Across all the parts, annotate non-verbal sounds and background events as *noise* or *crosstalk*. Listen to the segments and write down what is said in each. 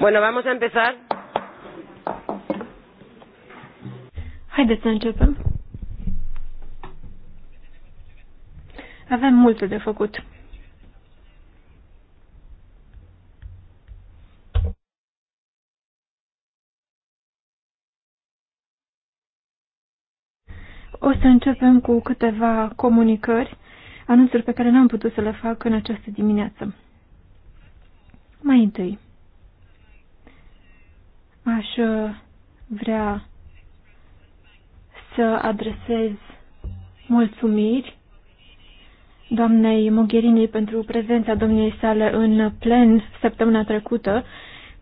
Bueno, vamos a empezar. Haideți să începem. Avem multe de făcut. O să începem cu câteva comunicări, anunțuri pe care n-am putut să le fac în această dimineață. Mai întâi, aș uh, vrea să adresez mulțumiri doamnei Mogherini pentru prezența domniei sale în plen săptămâna trecută,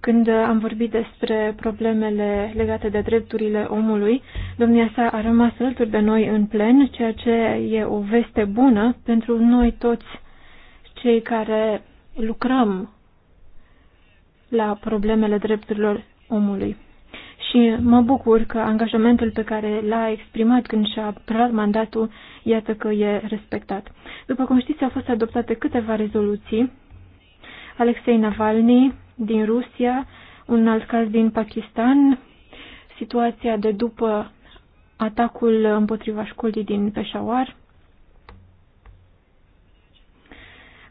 când am vorbit despre problemele legate de drepturile omului. Domnia sa a rămas alături de noi în plen, ceea ce e o veste bună pentru noi toți cei care lucrăm la problemele drepturilor omului. Și mă bucur că angajamentul pe care l-a exprimat când și-a preluat mandatul, iată că e respectat. După cum știți, au fost adoptate câteva rezoluții. Alexei Navalny din Rusia, un alt caz din Pakistan, situația de după atacul împotriva școlii din Peshawar.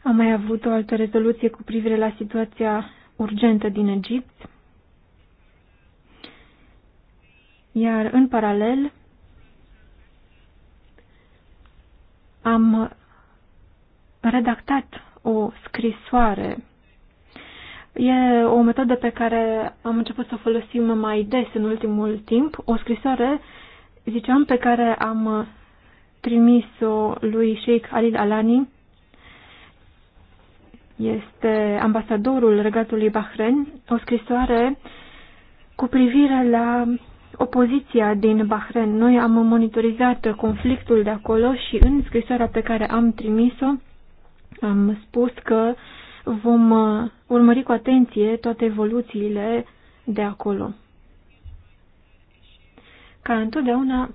Am mai avut o altă rezoluție cu privire la situația urgentă din Egipt, iar în paralel am redactat o scrisoare. E o metodă pe care am început să o folosim mai des în ultimul timp, o scrisoare, ziceam, pe care am trimis-o lui Sheikh Alil Alani este ambasadorul regatului Bahrain, o scrisoare cu privire la opoziția din Bahrain. Noi am monitorizat conflictul de acolo și în scrisoarea pe care am trimis-o am spus că vom uh, urmări cu atenție toate evoluțiile de acolo. Ca întotdeauna,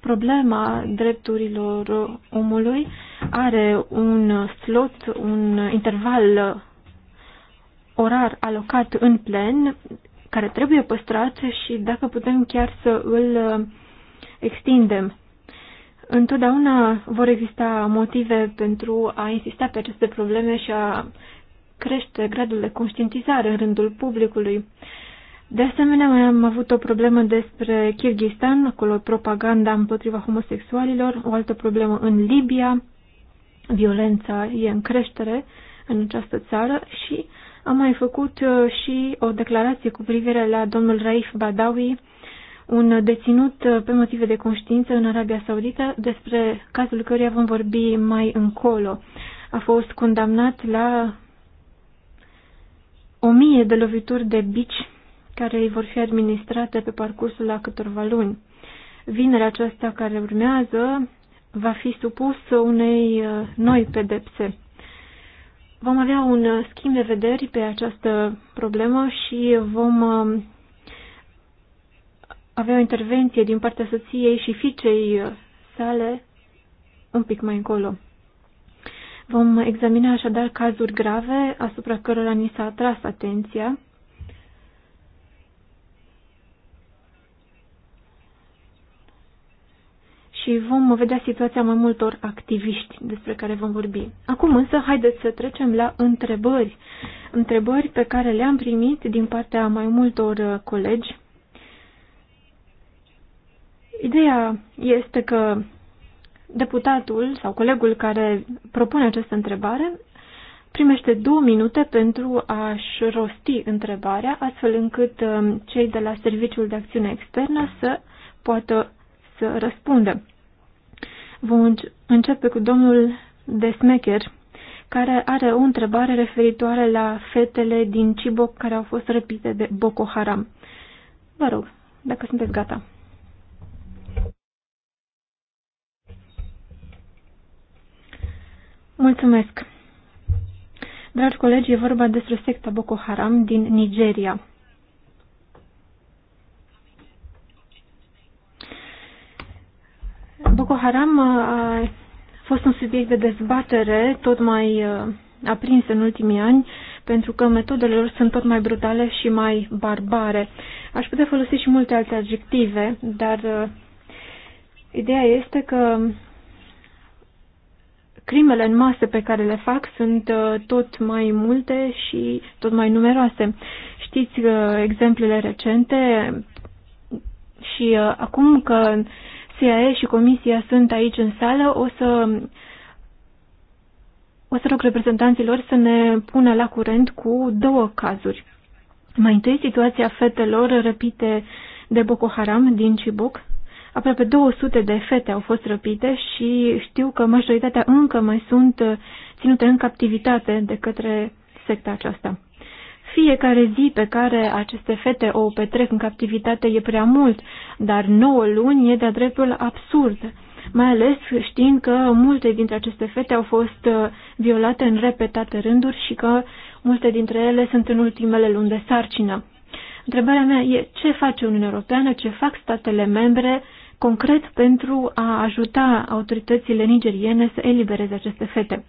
problema drepturilor omului are un slot, un interval orar alocat în plen, care trebuie păstrat și dacă putem chiar să îl uh, extindem. Întotdeauna vor exista motive pentru a insista pe aceste probleme și a crește gradul de conștientizare în rândul publicului. De asemenea, mai am avut o problemă despre Kirghistan, acolo propaganda împotriva homosexualilor, o altă problemă în Libia, Violența e în creștere în această țară și am mai făcut uh, și o declarație cu privire la domnul Raif Badawi, un deținut uh, pe motive de conștiință în Arabia Saudită, despre cazul căruia vom vorbi mai încolo. A fost condamnat la o mie de lovituri de bici care îi vor fi administrate pe parcursul la câtorva luni. Vinerea aceasta care urmează, va fi supus unei uh, noi pedepse. Vom avea un uh, schimb de vederi pe această problemă și vom uh, avea o intervenție din partea soției și fiicei sale un pic mai încolo. Vom examina așadar cazuri grave asupra cărora ni s-a atras atenția și vom vedea situația mai multor activiști despre care vom vorbi. Acum însă, haideți să trecem la întrebări. Întrebări pe care le-am primit din partea mai multor uh, colegi. Ideea este că deputatul sau colegul care propune această întrebare primește două minute pentru a-și rosti întrebarea, astfel încât uh, cei de la Serviciul de Acțiune Externă să poată să răspundă. Vom începe cu domnul Desmecher, care are o întrebare referitoare la fetele din Cibok care au fost răpite de Boko Haram. Vă rog, dacă sunteți gata. Mulțumesc! Dragi colegi, e vorba despre secta Boko Haram din Nigeria. Boko Haram a fost un subiect de dezbatere tot mai aprins în ultimii ani, pentru că metodele lor sunt tot mai brutale și mai barbare. Aș putea folosi și multe alte adjective, dar ideea este că crimele în masă pe care le fac sunt tot mai multe și tot mai numeroase. Știți exemplele recente și acum că E și Comisia sunt aici în sală, o să, o să rog reprezentanților să ne pună la curent cu două cazuri. Mai întâi, situația fetelor răpite de Boko Haram din Cibuc. Aproape 200 de fete au fost răpite și știu că majoritatea încă mai sunt ținute în captivitate de către secta aceasta. Fiecare zi pe care aceste fete o petrec în captivitate e prea mult, dar 9 luni e de-a dreptul absurd, mai ales știind că multe dintre aceste fete au fost uh, violate în repetate rânduri și că multe dintre ele sunt în ultimele luni de sarcină. Întrebarea mea e ce face Uniunea Europeană, ce fac statele membre concret pentru a ajuta autoritățile nigeriene să elibereze aceste fete.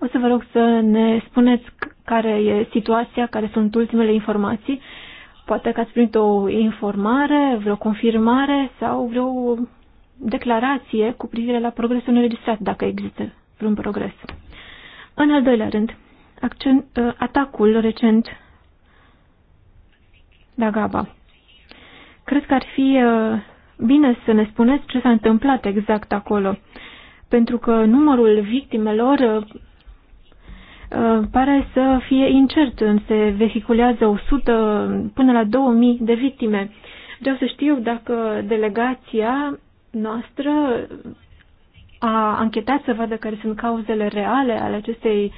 O să vă rog să ne spuneți care e situația, care sunt ultimele informații. Poate că ați primit o informare, vreo confirmare sau vreo declarație cu privire la progresul înregistrat, dacă există vreun progres. În al doilea rând, accent, ă, atacul recent la GABA. Cred că ar fi ă, bine să ne spuneți ce s-a întâmplat exact acolo, pentru că numărul victimelor ă, Uh, pare să fie incert, se vehiculează 100 până la 2000 de victime. Vreau să știu dacă delegația noastră a anchetat să vadă care sunt cauzele reale ale acestei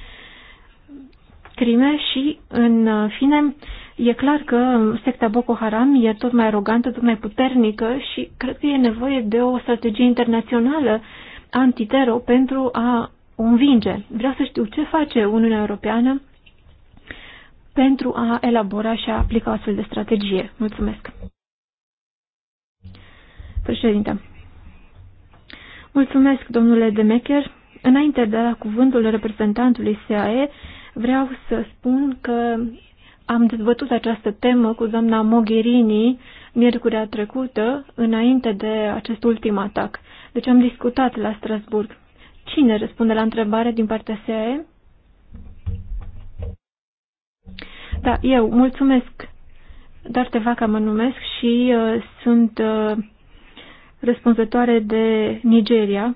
crime și, în fine, e clar că secta Boko Haram e tot mai arogantă, tot mai puternică și cred că e nevoie de o strategie internațională antitero pentru a convinge. Vreau să știu ce face Uniunea Europeană pentru a elabora și a aplica o astfel de strategie. Mulțumesc. Președinte. Mulțumesc, domnule Demecher. Înainte de la da cuvântul reprezentantului SAE, vreau să spun că am dezbătut această temă cu doamna Mogherini miercurea trecută, înainte de acest ultim atac. Deci am discutat la Strasburg. Cine răspunde la întrebare din partea SAE? Da, eu. Mulțumesc. Dar Tevaca mă numesc și uh, sunt uh, răspunzătoare de Nigeria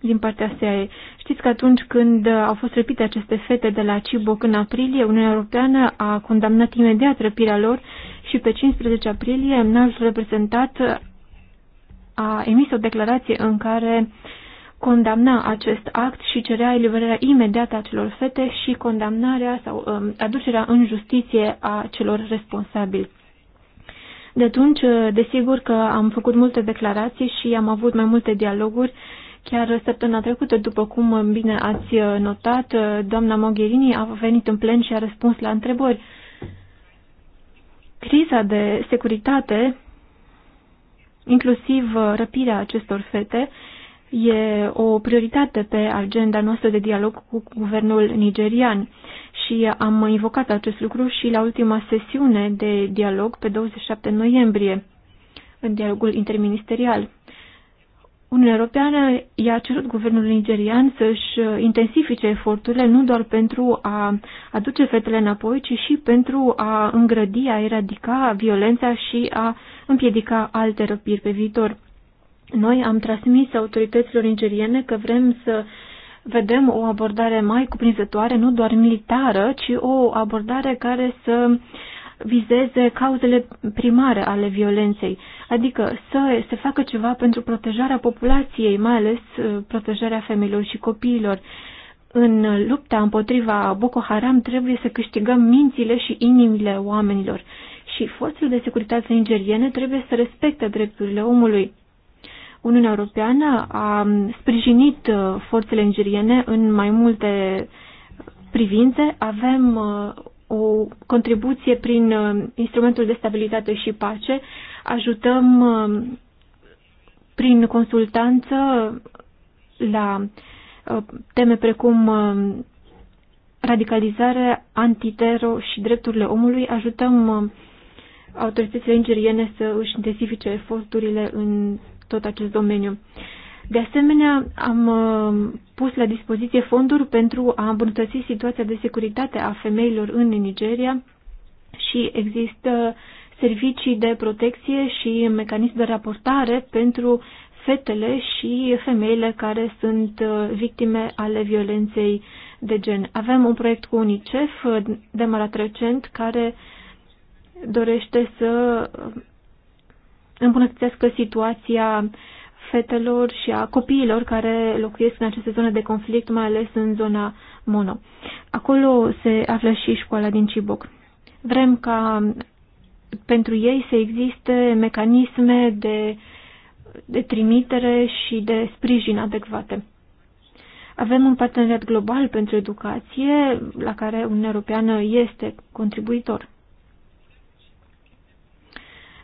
din partea SEAE. Știți că atunci când uh, au fost răpite aceste fete de la Ciboc în aprilie, Uniunea Europeană a condamnat imediat răpirea lor și pe 15 aprilie înalt reprezentat uh, a emis o declarație în care uh, condamna acest act și cerea eliberarea imediată a celor fete și condamnarea sau um, aducerea în justiție a celor responsabili. De atunci, uh, desigur că am făcut multe declarații și am avut mai multe dialoguri. Chiar săptămâna trecută, după cum bine ați uh, notat, uh, doamna Mogherini a venit în plen și a răspuns la întrebări. Criza de securitate, inclusiv răpirea acestor fete, e o prioritate pe agenda noastră de dialog cu guvernul nigerian și am invocat acest lucru și la ultima sesiune de dialog pe 27 noiembrie, în dialogul interministerial. Uniunea Europeană i-a cerut guvernul nigerian să-și intensifice eforturile nu doar pentru a aduce fetele înapoi, ci și pentru a îngrădi, a eradica violența și a împiedica alte răpiri pe viitor. Noi am transmis autorităților nigeriene că vrem să vedem o abordare mai cuprinzătoare, nu doar militară, ci o abordare care să vizeze cauzele primare ale violenței, adică să se facă ceva pentru protejarea populației, mai ales uh, protejarea femeilor și copiilor. În lupta împotriva Boko Haram trebuie să câștigăm mințile și inimile oamenilor și forțele de securitate nigeriene trebuie să respecte drepturile omului Uniunea Europeană a sprijinit uh, forțele nigeriene în mai multe uh, privințe. Avem uh, o contribuție prin instrumentul de stabilitate și pace. Ajutăm prin consultanță la teme precum radicalizare, antitero și drepturile omului. Ajutăm autoritățile nigeriene să își intensifice eforturile în tot acest domeniu. De asemenea, am uh, pus la dispoziție fonduri pentru a îmbunătăți situația de securitate a femeilor în Nigeria și există servicii de protecție și mecanism de raportare pentru fetele și femeile care sunt uh, victime ale violenței de gen. Avem un proiect cu UNICEF uh, demarat recent care dorește să îmbunătățească situația fetelor și a copiilor care locuiesc în aceste zone de conflict, mai ales în zona Mono. Acolo se află și școala din Ciboc. Vrem ca pentru ei să existe mecanisme de, de trimitere și de sprijin adecvate. Avem un parteneriat global pentru educație, la care Uniunea Europeană este contribuitor.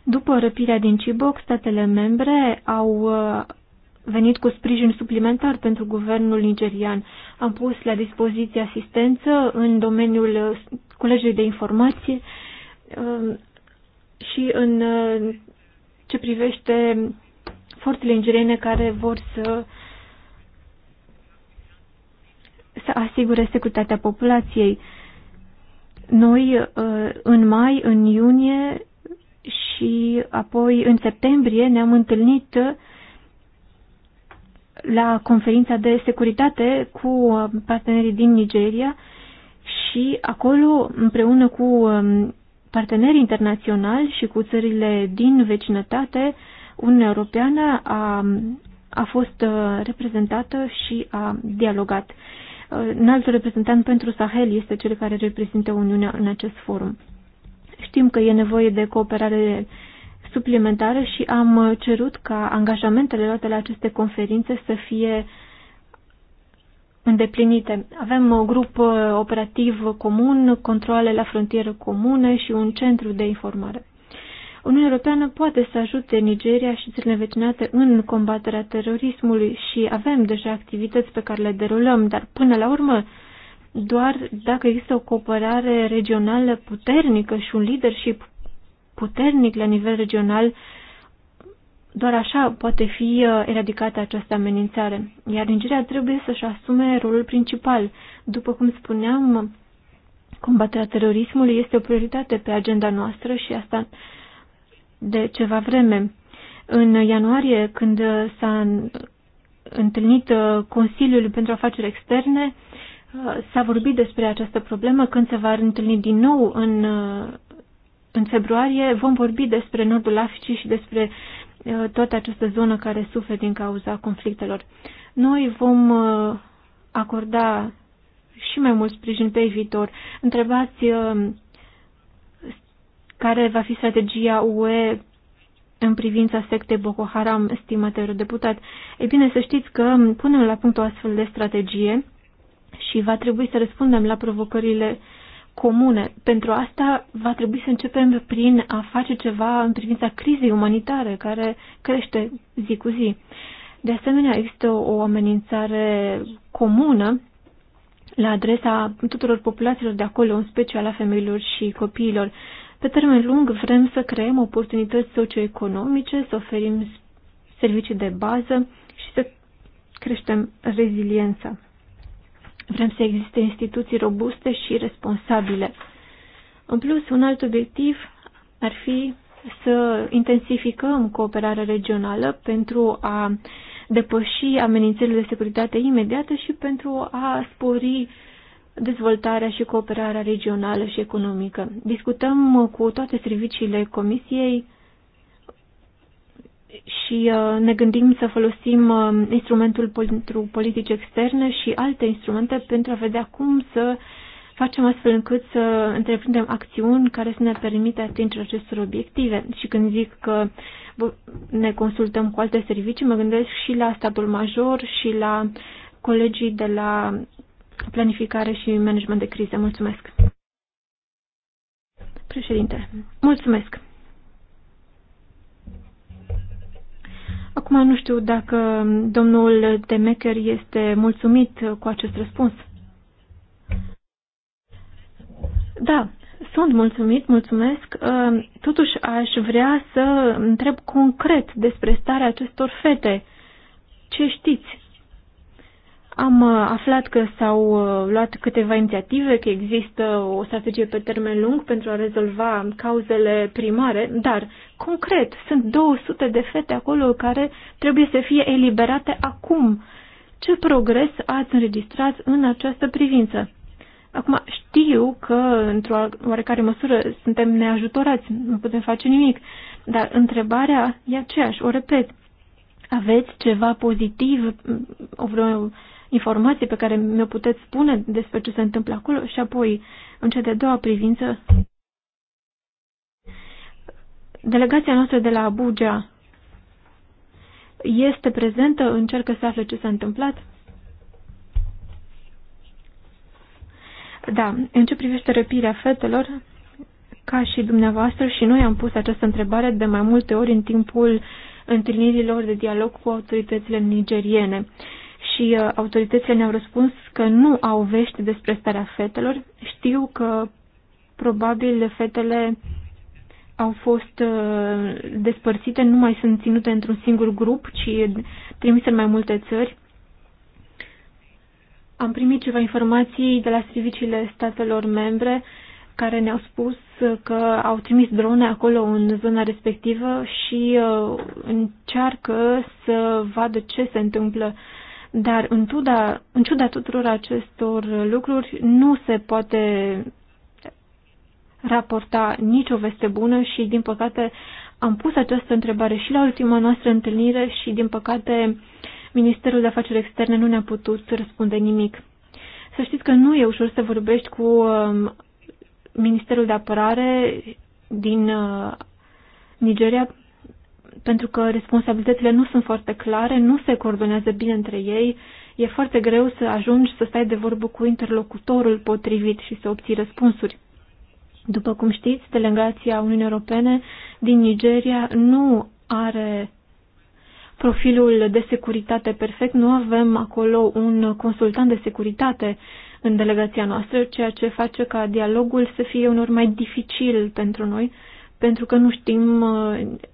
După răpirea din Ciboc, statele membre au uh, venit cu sprijin suplimentar pentru guvernul nigerian. Am pus la dispoziție asistență în domeniul uh, colegiului de informație um, și în uh, ce privește forțele nigeriene care vor să să asigure securitatea populației. Noi, în mai, în iunie, și apoi în septembrie ne-am întâlnit la conferința de securitate cu partenerii din Nigeria și acolo împreună cu um, parteneri internaționali și cu țările din vecinătate, Uniunea Europeană a, a fost uh, reprezentată și a dialogat. Uh, alt reprezentant pentru Sahel este cel care reprezintă Uniunea în acest forum. Știm că e nevoie de cooperare suplimentară și am cerut ca angajamentele luate la aceste conferințe să fie îndeplinite. Avem un grup operativ comun, controle la frontieră comune și un centru de informare. Uniunea Europeană poate să ajute Nigeria și țările vecinate în combaterea terorismului și avem deja activități pe care le derulăm, dar până la urmă doar dacă există o cooperare regională puternică și un leadership puternic la nivel regional, doar așa poate fi uh, eradicată această amenințare. Iar Nigeria trebuie să-și asume rolul principal. După cum spuneam, combaterea terorismului este o prioritate pe agenda noastră și asta de ceva vreme. În ianuarie, când s-a întâlnit uh, Consiliul pentru Afaceri Externe, S-a vorbit despre această problemă când se va întâlni din nou în, în februarie. Vom vorbi despre nordul Africii și despre uh, toată această zonă care suferă din cauza conflictelor. Noi vom uh, acorda și mai mult sprijin pe viitor. Întrebați uh, care va fi strategia UE în privința sectei Boko Haram, stimate eurodeputat. Ei bine, să știți că punem la punct o astfel de strategie și va trebui să răspundem la provocările comune. Pentru asta va trebui să începem prin a face ceva în privința crizei umanitare care crește zi cu zi. De asemenea, există o amenințare comună la adresa tuturor populațiilor de acolo, în special a femeilor și copiilor. Pe termen lung vrem să creăm oportunități socioeconomice, să oferim servicii de bază și să creștem reziliența. Vrem să existe instituții robuste și responsabile. În plus, un alt obiectiv ar fi să intensificăm cooperarea regională pentru a depăși amenințările de securitate imediată și pentru a spori dezvoltarea și cooperarea regională și economică. Discutăm cu toate serviciile Comisiei și uh, ne gândim să folosim uh, instrumentul pentru politici externe și alte instrumente pentru a vedea cum să facem astfel încât să întreprindem acțiuni care să ne permită atingerea acestor obiective. Și când zic că ne consultăm cu alte servicii, mă gândesc și la statul major și la colegii de la planificare și management de criză. Mulțumesc! Președinte, mulțumesc! Acum nu știu dacă domnul Demecher este mulțumit cu acest răspuns. Da, sunt mulțumit, mulțumesc. Ehm, totuși aș vrea să întreb concret despre starea acestor fete. Ce știți? Am uh, aflat că s-au uh, luat câteva inițiative, că există o strategie pe termen lung pentru a rezolva cauzele primare, dar, concret, sunt 200 de fete acolo care trebuie să fie eliberate acum. Ce progres ați înregistrat în această privință? Acum, știu că, într-o oarecare măsură, suntem neajutorați, nu putem face nimic, dar întrebarea e aceeași, o repet. Aveți ceva pozitiv, o vreo informații pe care mi-o puteți spune despre ce se întâmplă acolo și apoi, în cea de-a doua privință, delegația noastră de la Abuja este prezentă, încercă să afle ce s-a întâmplat. Da, în ce privește răpirea fetelor, ca și dumneavoastră și noi am pus această întrebare de mai multe ori în timpul întâlnirilor de dialog cu autoritățile nigeriene și uh, autoritățile ne-au răspuns că nu au vești despre starea fetelor. Știu că probabil fetele au fost uh, despărțite, nu mai sunt ținute într-un singur grup, ci trimise în mai multe țări. Am primit ceva informații de la serviciile statelor membre care ne-au spus că au trimis drone acolo în zona respectivă și uh, încearcă să vadă ce se întâmplă dar în ciuda, în ciuda tuturor acestor lucruri nu se poate raporta nicio veste bună și, din păcate, am pus această întrebare și la ultima noastră întâlnire și, din păcate, Ministerul de Afaceri Externe nu ne-a putut răspunde nimic. Să știți că nu e ușor să vorbești cu um, Ministerul de Apărare din uh, Nigeria pentru că responsabilitățile nu sunt foarte clare, nu se coordonează bine între ei, e foarte greu să ajungi să stai de vorbă cu interlocutorul potrivit și să obții răspunsuri. După cum știți, delegația Uniunii Europene din Nigeria nu are profilul de securitate perfect, nu avem acolo un consultant de securitate în delegația noastră, ceea ce face ca dialogul să fie unor mai dificil pentru noi, pentru că nu știm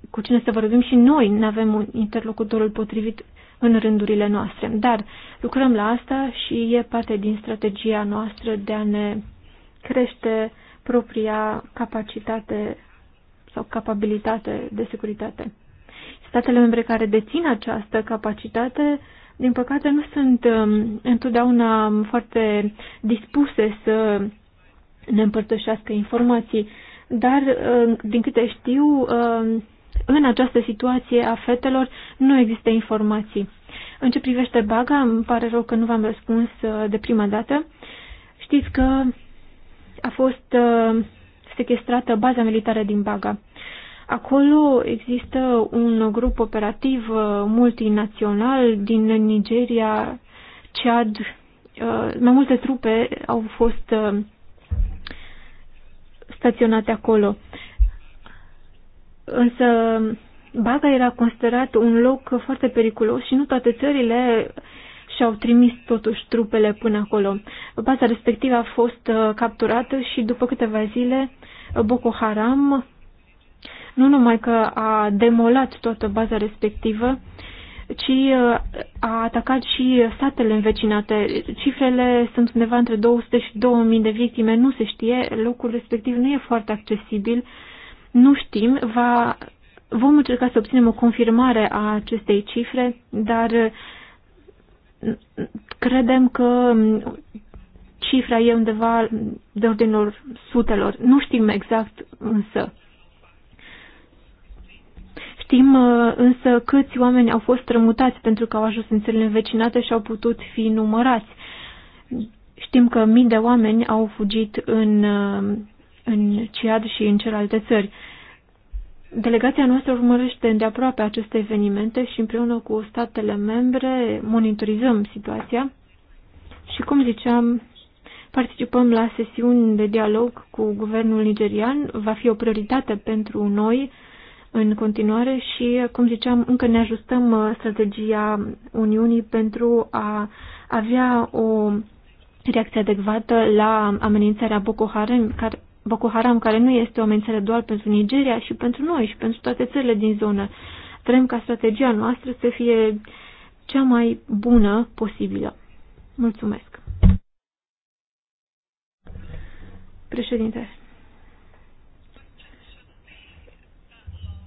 cu cine să vorbim și noi nu avem un interlocutorul potrivit în rândurile noastre. Dar lucrăm la asta și e parte din strategia noastră de a ne crește propria capacitate sau capabilitate de securitate. Statele membre care dețin această capacitate, din păcate, nu sunt um, întotdeauna foarte dispuse să ne împărtășească informații, dar, uh, din câte știu, uh, în această situație a fetelor nu există informații. În ce privește baga, îmi pare rău că nu v-am răspuns uh, de prima dată. Știți că a fost uh, sequestrată baza militară din Baga. Acolo există un grup operativ uh, multinațional din Nigeria, Chad. Mai multe trupe au fost staționate acolo. Însă Baga era considerat un loc foarte periculos și nu toate țările și-au trimis totuși trupele până acolo. Baza respectivă a fost uh, capturată și după câteva zile uh, Boko Haram nu numai că a demolat toată baza respectivă, ci uh, a atacat și satele învecinate. Cifrele sunt undeva între 200 și 2000 de victime, nu se știe, locul respectiv nu e foarte accesibil nu știm, va, vom încerca să obținem o confirmare a acestei cifre, dar mm, credem că mm, cifra e undeva de ordinul sutelor. Nu știm exact însă. Știm uh, însă câți oameni au fost rămutați pentru că au ajuns în țările învecinate și au putut fi numărați. Știm că mii de oameni au fugit în uh, în Ciad și în celelalte țări. Delegația noastră urmărește îndeaproape aceste evenimente și împreună cu statele membre monitorizăm situația și, cum ziceam, participăm la sesiuni de dialog cu guvernul nigerian. Va fi o prioritate pentru noi în continuare și, cum ziceam, încă ne ajustăm uh, strategia Uniunii pentru a avea o reacție adecvată la amenințarea Boko Haram, care Boko Haram, care nu este o amenințare doar pentru Nigeria și pentru noi și pentru toate țările din zonă. Vrem ca strategia noastră să fie cea mai bună posibilă. Mulțumesc. Președinte.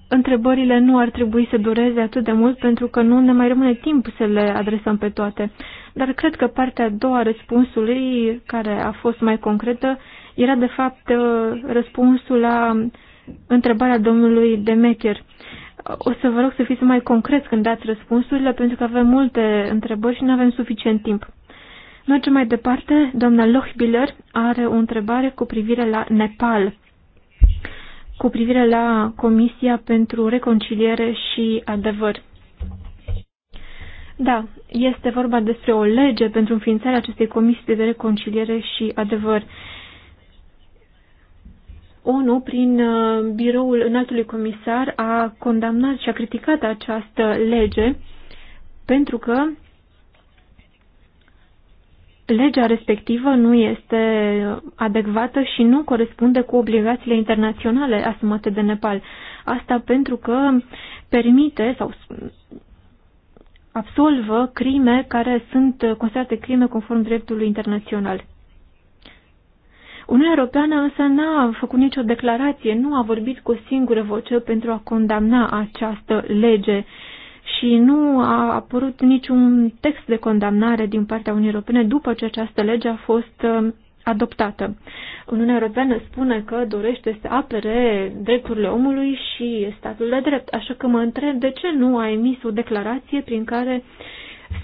Întrebările nu ar trebui să dureze atât de mult pentru că nu ne mai rămâne timp să le adresăm pe toate. Dar cred că partea a doua a răspunsului, care a fost mai concretă, era de fapt uh, răspunsul la întrebarea domnului Demecher. O să vă rog să fiți mai concret când dați răspunsurile, pentru că avem multe întrebări și nu avem suficient timp. Mergem mai departe. Doamna Lochbiller are o întrebare cu privire la Nepal, cu privire la Comisia pentru Reconciliere și Adevăr. Da, este vorba despre o lege pentru înființarea acestei comisii de reconciliere și adevăr. ONU, prin uh, biroul înaltului comisar, a condamnat și a criticat această lege pentru că legea respectivă nu este adecvată și nu corespunde cu obligațiile internaționale asumate de Nepal. Asta pentru că permite sau absolvă crime care sunt considerate crime conform dreptului internațional. Uniunea Europeană însă n-a făcut nicio declarație, nu a vorbit cu o singură voce pentru a condamna această lege și nu a apărut niciun text de condamnare din partea Uniunii Europene după ce această lege a fost uh, adoptată. Uniunea Europeană spune că dorește să apere drepturile omului și statul de drept, așa că mă întreb de ce nu a emis o declarație prin care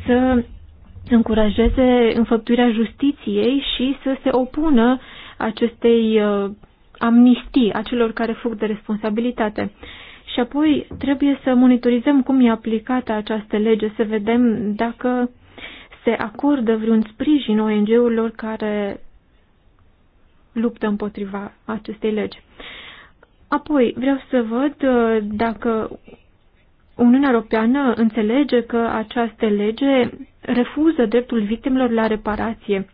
să încurajeze înfăptuirea justiției și să se opună acestei uh, amnistii a celor care fug de responsabilitate. Și apoi trebuie să monitorizăm cum e aplicată această lege, să vedem dacă se acordă vreun sprijin ONG-urilor care luptă împotriva acestei legi. Apoi, vreau să văd uh, dacă Uniunea Europeană înțelege că această lege refuză dreptul victimelor la reparație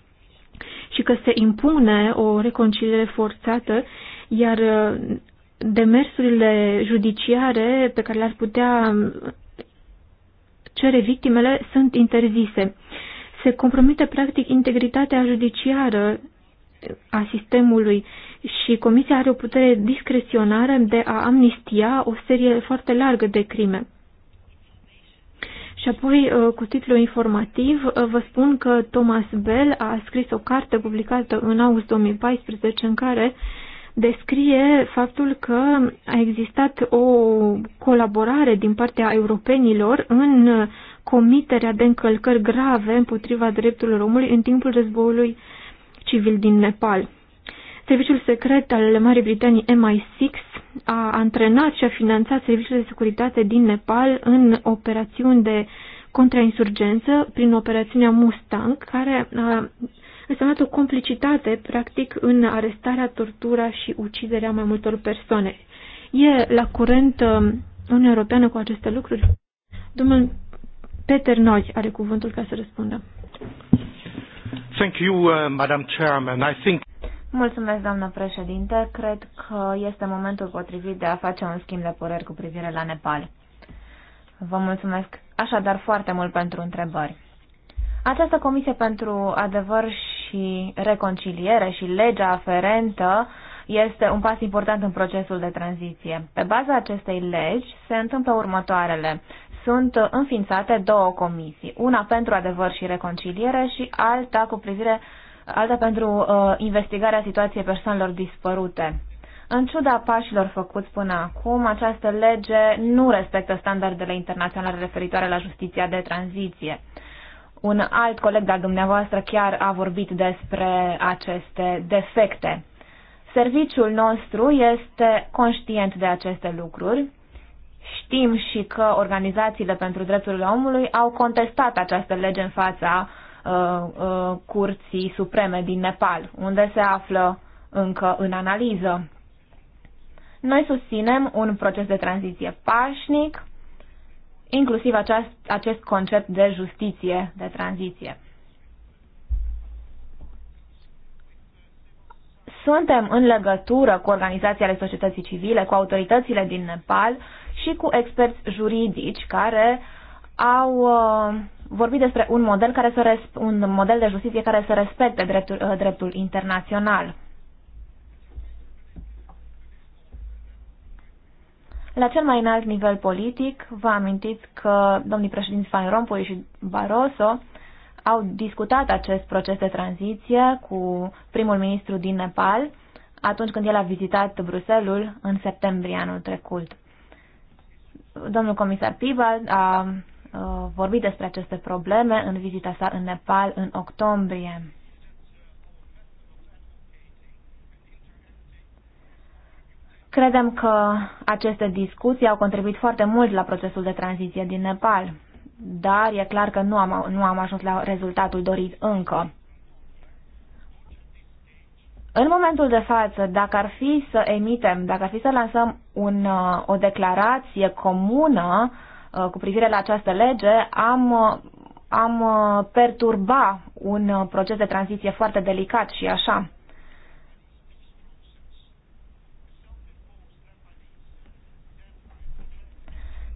și că se impune o reconciliere forțată, iar uh, demersurile judiciare pe care le-ar putea um, cere victimele sunt interzise. Se compromite practic integritatea judiciară a sistemului și Comisia are o putere discreționară de a amnistia o serie foarte largă de crime. Și apoi, uh, cu titlu informativ, uh, vă spun că Thomas Bell a scris o carte publicată în august 2014 în care descrie faptul că a existat o colaborare din partea europenilor în comiterea de încălcări grave împotriva drepturilor omului în timpul războiului civil din Nepal. Serviciul secret al Marii Britanii MI6 a antrenat și a finanțat serviciile de securitate din Nepal în operațiuni de contrainsurgență prin operațiunea Mustang, care a însemnat o complicitate, practic, în arestarea, tortura și uciderea mai multor persoane. E la curent um, Uniunea Europeană cu aceste lucruri? Domnul Peter Noi are cuvântul ca să răspundă. Thank you, uh, Madam Chairman. I think Mulțumesc, doamnă președinte. Cred că este momentul potrivit de a face un schimb de păreri cu privire la Nepal. Vă mulțumesc așadar foarte mult pentru întrebări. Această comisie pentru adevăr și reconciliere și legea aferentă este un pas important în procesul de tranziție. Pe baza acestei legi se întâmplă următoarele. Sunt înființate două comisii, una pentru adevăr și reconciliere și alta cu privire alta pentru uh, investigarea situației persoanelor dispărute. În ciuda pașilor făcuți până acum, această lege nu respectă standardele internaționale referitoare la justiția de tranziție. Un alt coleg de-al dumneavoastră chiar a vorbit despre aceste defecte. Serviciul nostru este conștient de aceste lucruri. Știm și că organizațiile pentru drepturile omului au contestat această lege în fața uh, Uh, uh, Curții Supreme din Nepal, unde se află încă în analiză. Noi susținem un proces de tranziție pașnic, inclusiv acest acest concept de justiție de tranziție. Suntem în legătură cu organizațiile ale societății civile, cu autoritățile din Nepal și cu experți juridici care au uh, vorbi despre un model, care să un model de justiție care să respecte dreptul, uh, dreptul internațional. La cel mai înalt nivel politic, vă amintiți că domnii președinți Van Rompuy și Barroso au discutat acest proces de tranziție cu primul ministru din Nepal atunci când el a vizitat Bruselul în septembrie anul trecut. Domnul comisar Pibal a Uh, vorbit despre aceste probleme în vizita sa în Nepal în octombrie. Credem că aceste discuții au contribuit foarte mult la procesul de tranziție din Nepal, dar e clar că nu am, nu am ajuns la rezultatul dorit încă. În momentul de față, dacă ar fi să emitem, dacă ar fi să lansăm un, uh, o declarație comună Uh, cu privire la această lege am, uh, am uh, perturba un proces de tranziție foarte delicat și așa.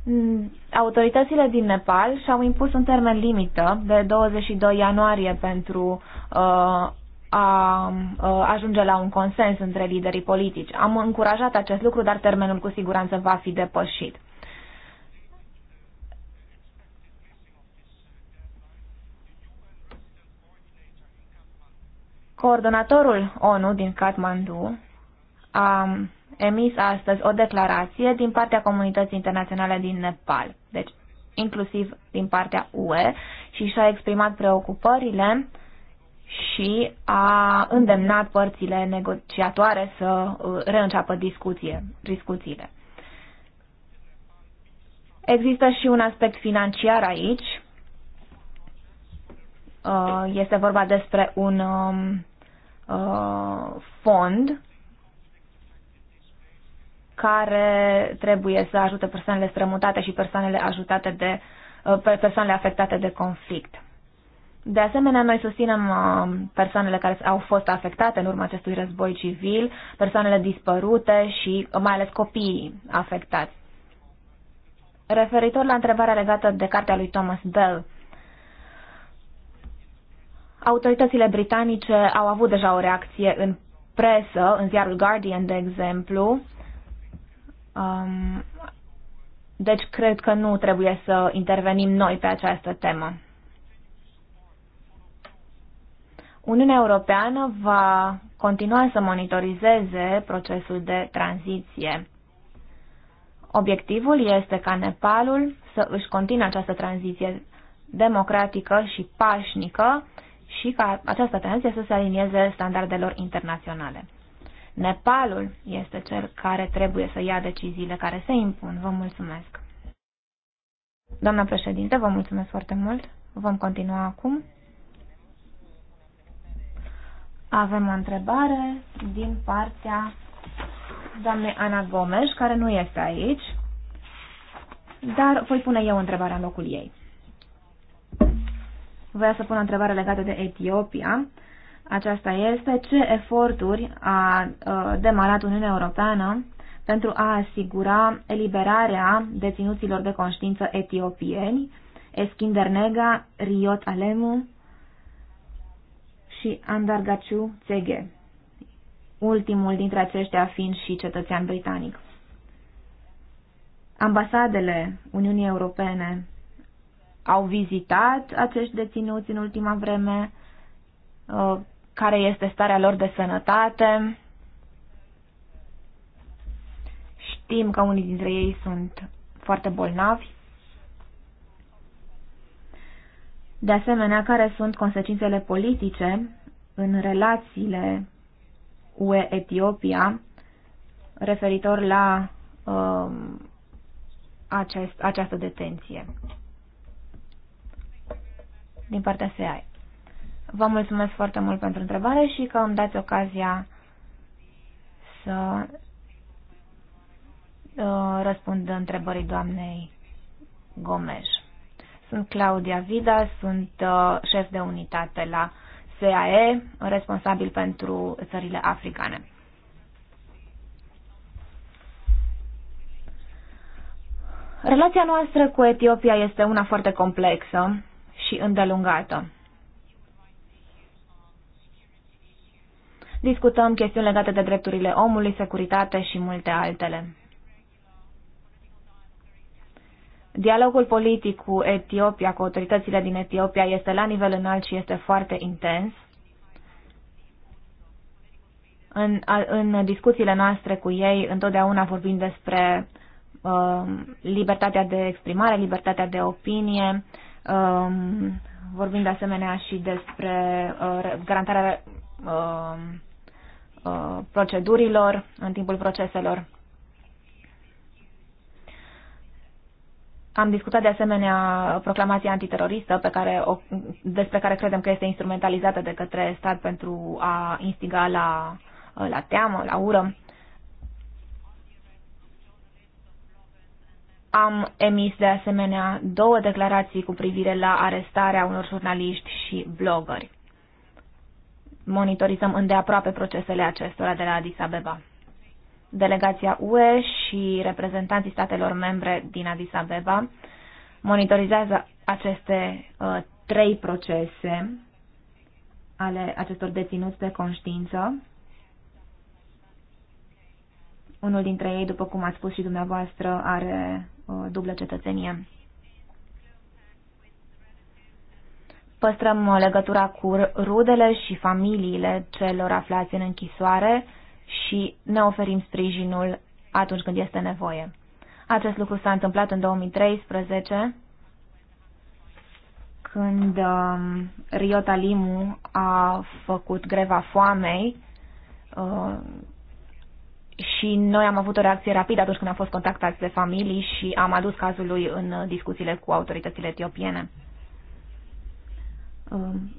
Mm, autoritățile din Nepal și-au impus un termen limită de 22 ianuarie pentru uh, a ajunge la un consens între liderii politici. Am încurajat acest lucru, dar termenul cu siguranță va fi depășit. Coordonatorul ONU din Kathmandu a emis astăzi o declarație din partea comunității internaționale din Nepal, deci inclusiv din partea UE, și și-a exprimat preocupările și a îndemnat părțile negociatoare să uh, reînceapă discuție, discuțiile. Există și un aspect financiar aici. Uh, este vorba despre un um, uh, fond care trebuie să ajute persoanele strămutate și persoanele ajutate de uh, persoanele afectate de conflict. De asemenea, noi susținem uh, persoanele care au fost afectate în urma acestui război civil, persoanele dispărute și uh, mai ales copiii afectați. Referitor la întrebarea legată de cartea lui Thomas Bell, Autoritățile britanice au avut deja o reacție în presă, în ziarul Guardian, de exemplu. Um, deci cred că nu trebuie să intervenim noi pe această temă. Uniunea Europeană va continua să monitorizeze procesul de tranziție. Obiectivul este ca Nepalul să își continue această tranziție democratică și pașnică și ca această atenție să se alinieze standardelor internaționale. Nepalul este cel care trebuie să ia deciziile care se impun. Vă mulțumesc. Doamna președinte, vă mulțumesc foarte mult. Vom continua acum. Avem o întrebare din partea doamnei Ana Gomes, care nu este aici, dar voi pune eu întrebarea în locul ei. Voia să pun o întrebare legată de Etiopia. Aceasta este ce eforturi a demarat Uniunea Europeană pentru a asigura eliberarea deținuților de conștiință etiopieni, Eskinder Nega, Riot Alemu și Andargaciu Tsege, ultimul dintre aceștia fiind și cetățean britanic. Ambasadele Uniunii Europene au vizitat acești deținuți în ultima vreme, uh, care este starea lor de sănătate. Știm că unii dintre ei sunt foarte bolnavi. De asemenea, care sunt consecințele politice în relațiile UE-Etiopia referitor la um, acest, această detenție din partea SEAI. Vă mulțumesc foarte mult pentru întrebare și că îmi dați ocazia să uh, răspund întrebării doamnei Gomes. Sunt Claudia Vida, sunt uh, șef de unitate la SAE, responsabil pentru țările africane. Relația noastră cu Etiopia este una foarte complexă și îndelungată. Discutăm chestiuni legate de drepturile omului, securitate și multe altele. Dialogul politic cu Etiopia, cu autoritățile din Etiopia, este la nivel înalt și este foarte intens. În, în discuțiile noastre cu ei, întotdeauna vorbim despre uh, libertatea de exprimare, libertatea de opinie, Um, vorbim de asemenea și despre uh, garantarea um, uh, procedurilor în timpul proceselor. Am discutat de asemenea proclamația antiteroristă pe care o, despre care credem că este instrumentalizată de către stat pentru a instiga la, la teamă, la ură. Am emis de asemenea două declarații cu privire la arestarea unor jurnaliști și blogări. Monitorizăm îndeaproape procesele acestora de la Addis Abeba. Delegația UE și reprezentanții statelor membre din Addis Abeba monitorizează aceste uh, trei procese ale acestor deținuți de conștiință. Unul dintre ei, după cum ați spus și dumneavoastră, are Uh, dublă cetățenie. Păstrăm uh, legătura cu rudele și familiile celor aflați în închisoare și ne oferim sprijinul atunci când este nevoie. Acest lucru s-a întâmplat în 2013, când um, Riota Limu a făcut greva foamei, uh, și noi am avut o reacție rapidă atunci când am fost contactați de familii și am adus cazul lui în uh, discuțiile cu autoritățile etiopiene. Um,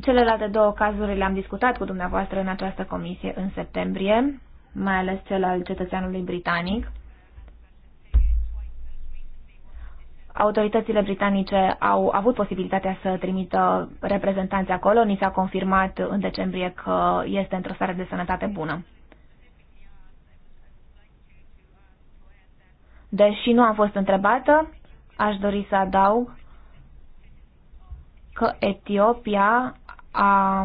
celelalte două cazuri le-am discutat cu dumneavoastră în această comisie în septembrie, mai ales cel al cetățeanului britanic. autoritățile britanice au avut posibilitatea să trimită reprezentanți acolo. Ni s-a confirmat în decembrie că este într-o stare de sănătate bună. Deși nu am fost întrebată, aș dori să adaug că Etiopia a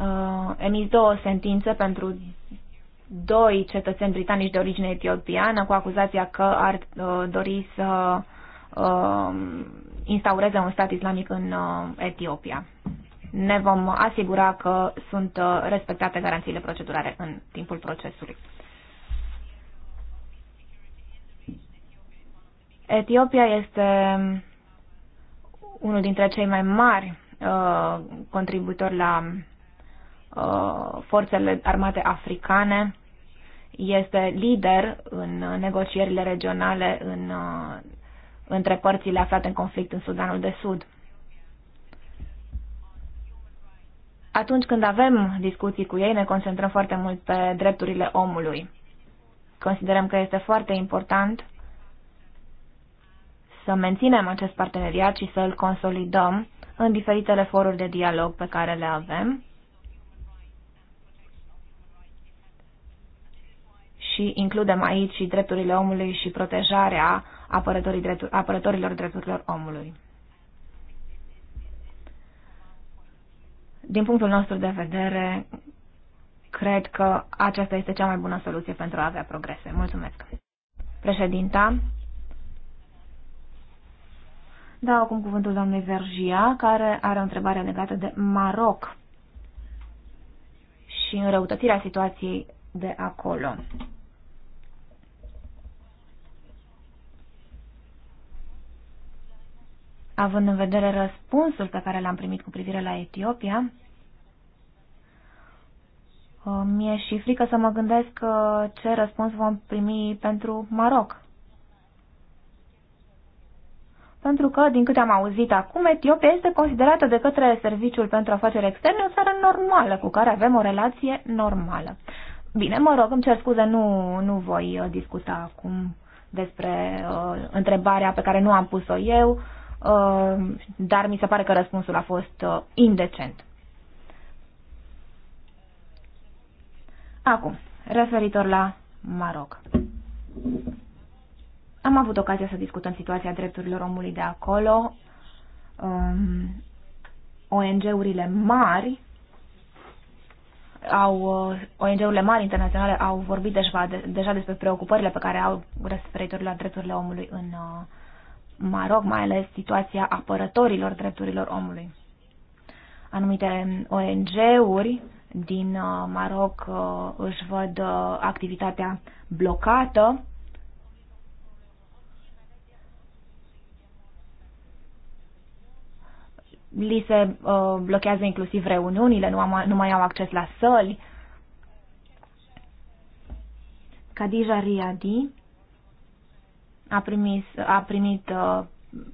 uh, emis două sentințe pentru doi cetățeni britanici de origine etiopiană cu acuzația că ar uh, dori să uh, instaureze un stat islamic în uh, Etiopia. Ne vom asigura că sunt uh, respectate garanțiile procedurare în timpul procesului. Etiopia este unul dintre cei mai mari uh, contribuitori la uh, forțele armate africane este lider în negocierile regionale în, uh, între părțile aflate în conflict în Sudanul de Sud. Atunci când avem discuții cu ei, ne concentrăm foarte mult pe drepturile omului. Considerăm că este foarte important să menținem acest parteneriat și să îl consolidăm în diferitele foruri de dialog pe care le avem și includem aici și drepturile omului și protejarea apărătorii dreptur, apărătorilor drepturilor omului. Din punctul nostru de vedere, cred că aceasta este cea mai bună soluție pentru a avea progrese. Mulțumesc. Președinta, Da, acum cuvântul doamnei Vergia, care are o întrebare legată de Maroc și înrăutățirea situației de acolo. având în vedere răspunsul pe care l-am primit cu privire la Etiopia, uh, mi-e și frică să mă gândesc uh, ce răspuns vom primi pentru Maroc. Pentru că, din câte am auzit acum, Etiopia este considerată de către Serviciul pentru Afaceri Externe o țară normală, cu care avem o relație normală. Bine, mă rog, îmi cer scuze, nu, nu voi uh, discuta acum despre uh, întrebarea pe care nu am pus-o eu. Uh, Uh, dar mi se pare că răspunsul a fost uh, indecent. Acum, referitor la Maroc. Am avut ocazia să discutăm situația drepturilor omului de acolo. Um, ONG-urile mari au, uh, ONG-urile mari internaționale au vorbit deja, de, deja despre preocupările pe care au referitor la drepturile omului în uh, Maroc, mai ales situația apărătorilor drepturilor omului. Anumite ONG-uri din uh, Maroc uh, își văd uh, activitatea blocată. Li se blochează inclusiv reuniunile, nu, mai au acces la săli. Khadija Riadi a, primis, a primit uh,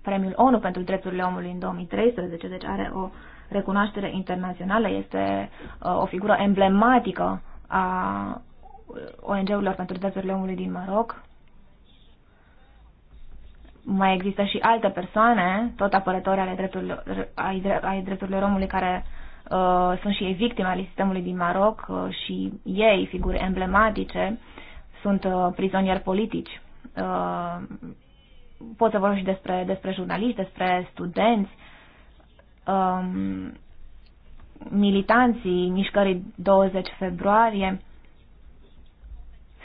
premiul ONU pentru drepturile omului în 2013, deci are o recunoaștere internațională, este uh, o figură emblematică a ONG-urilor pentru drepturile omului din Maroc. Mai există și alte persoane, tot apărători ale drepturilor, ai drepturilor omului, care uh, sunt și ei victime ale sistemului din Maroc uh, și ei, figuri emblematice, sunt uh, prizonieri politici uh, pot să vorbesc și despre, despre jurnaliști, despre studenți, um, militanții mișcării 20 februarie.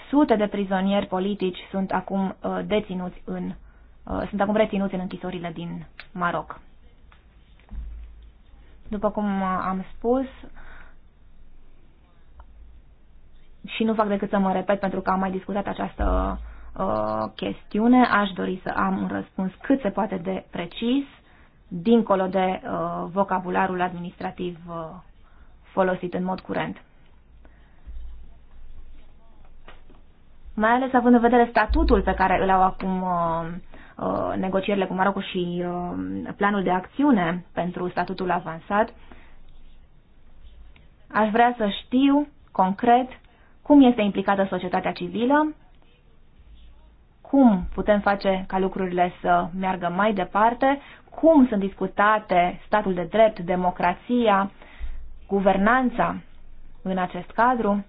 Sute de prizonieri politici sunt acum uh, deținuți în uh, sunt acum reținuți în închisorile din Maroc. După cum uh, am spus, și nu fac decât să mă repet pentru că am mai discutat această Uh, chestiune. Aș dori să am un răspuns cât se poate de precis, dincolo de uh, vocabularul administrativ uh, folosit în mod curent. Mai ales având în vedere statutul pe care îl au acum uh, uh, negocierile cu Marocul și uh, planul de acțiune pentru statutul avansat, aș vrea să știu concret cum este implicată societatea civilă cum putem face ca lucrurile să meargă mai departe, cum sunt discutate statul de drept, democrația, guvernanța în acest cadru.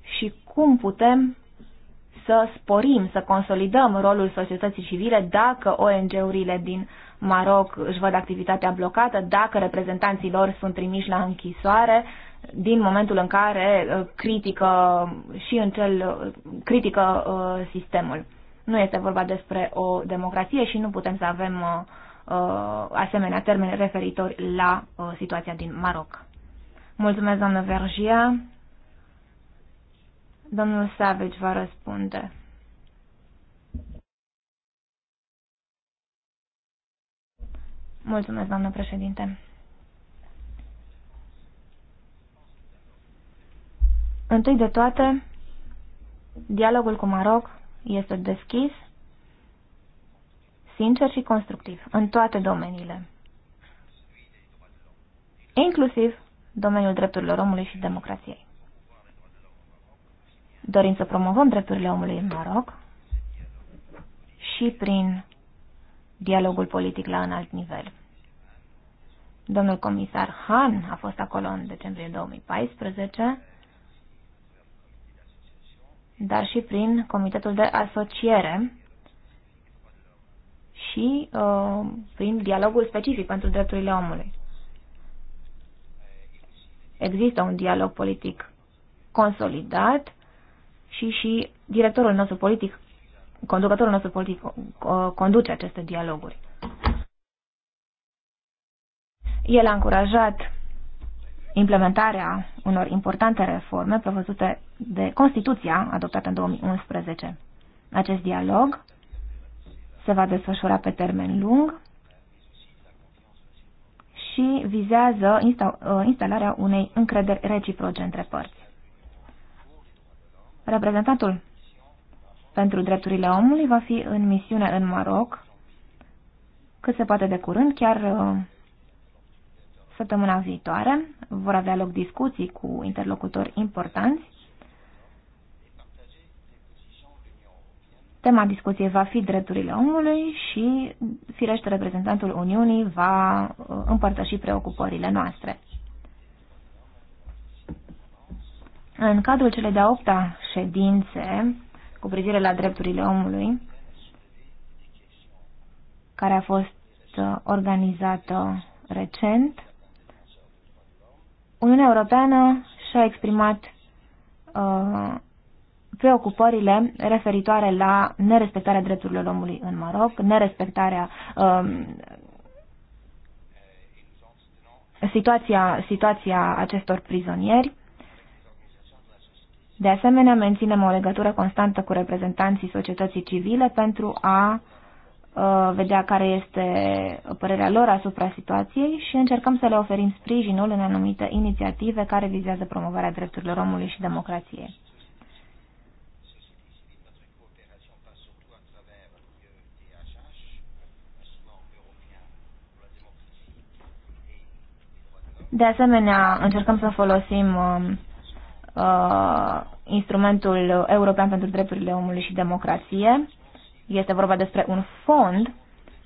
Și cum putem să sporim, să consolidăm rolul societății civile dacă ONG-urile din Maroc își văd activitatea blocată, dacă reprezentanții lor sunt trimiși la închisoare, din momentul în care uh, critică și în cel uh, critică uh, sistemul. Nu este vorba despre o democrație și nu putem să avem asemenea termeni referitori la situația din Maroc. Mulțumesc, doamnă Vergia. Domnul Savage va răspunde. Mulțumesc, doamnă președinte. Întâi de toate, dialogul cu Maroc este deschis, sincer și constructiv, în toate domeniile, inclusiv domeniul drepturilor omului și democrației. Dorim să promovăm drepturile omului în Maroc și prin dialogul politic la înalt nivel. Domnul comisar Han a fost acolo în decembrie 2014 dar și prin Comitetul de Asociere și uh, prin dialogul specific pentru drepturile omului. Există un dialog politic consolidat și și directorul nostru politic, conducătorul nostru politic uh, conduce aceste dialoguri. El a încurajat implementarea unor importante reforme prevăzute de Constituția adoptată în 2011. Acest dialog se va desfășura pe termen lung și vizează insta uh, instalarea unei încrederi reciproce între părți. Reprezentantul pentru drepturile omului va fi în misiune în Maroc cât se poate de curând, chiar uh, Săptămâna viitoare vor avea loc discuții cu interlocutori importanți. Tema discuției va fi drepturile omului și, firește, reprezentantul Uniunii va uh, împărtăși preocupările noastre. În cadrul cele de-a opta ședințe cu privire la drepturile omului, care a fost uh, organizată recent, Uniunea Europeană și-a exprimat uh, preocupările referitoare la nerespectarea drepturilor omului în Maroc, nerespectarea uh, situația, situația acestor prizonieri. De asemenea, menținem o legătură constantă cu reprezentanții societății civile pentru a Uh, vedea care este părerea lor asupra situației și încercăm să le oferim sprijinul în anumite inițiative care vizează promovarea drepturilor omului și democrației. De asemenea, încercăm să folosim um, uh, instrumentul european pentru drepturile omului și democrație, este vorba despre un fond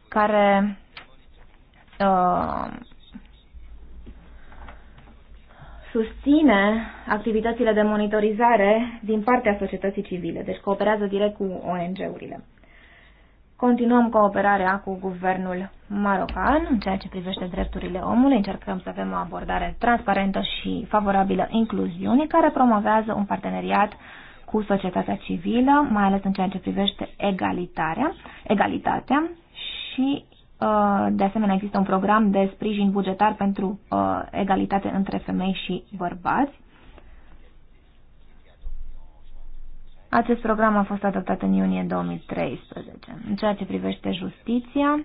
care uh, susține activitățile de monitorizare din partea societății civile, deci cooperează direct cu ONG-urile. Continuăm cooperarea cu guvernul marocan în ceea ce privește drepturile omului. Încercăm să avem o abordare transparentă și favorabilă incluziunii care promovează un parteneriat uh, cu societatea civilă, mai ales în ceea ce privește egalitarea, egalitatea și uh, de asemenea există un program de sprijin bugetar pentru uh, egalitate între femei și bărbați. Acest program a fost adoptat în iunie 2013. În ceea ce privește justiția,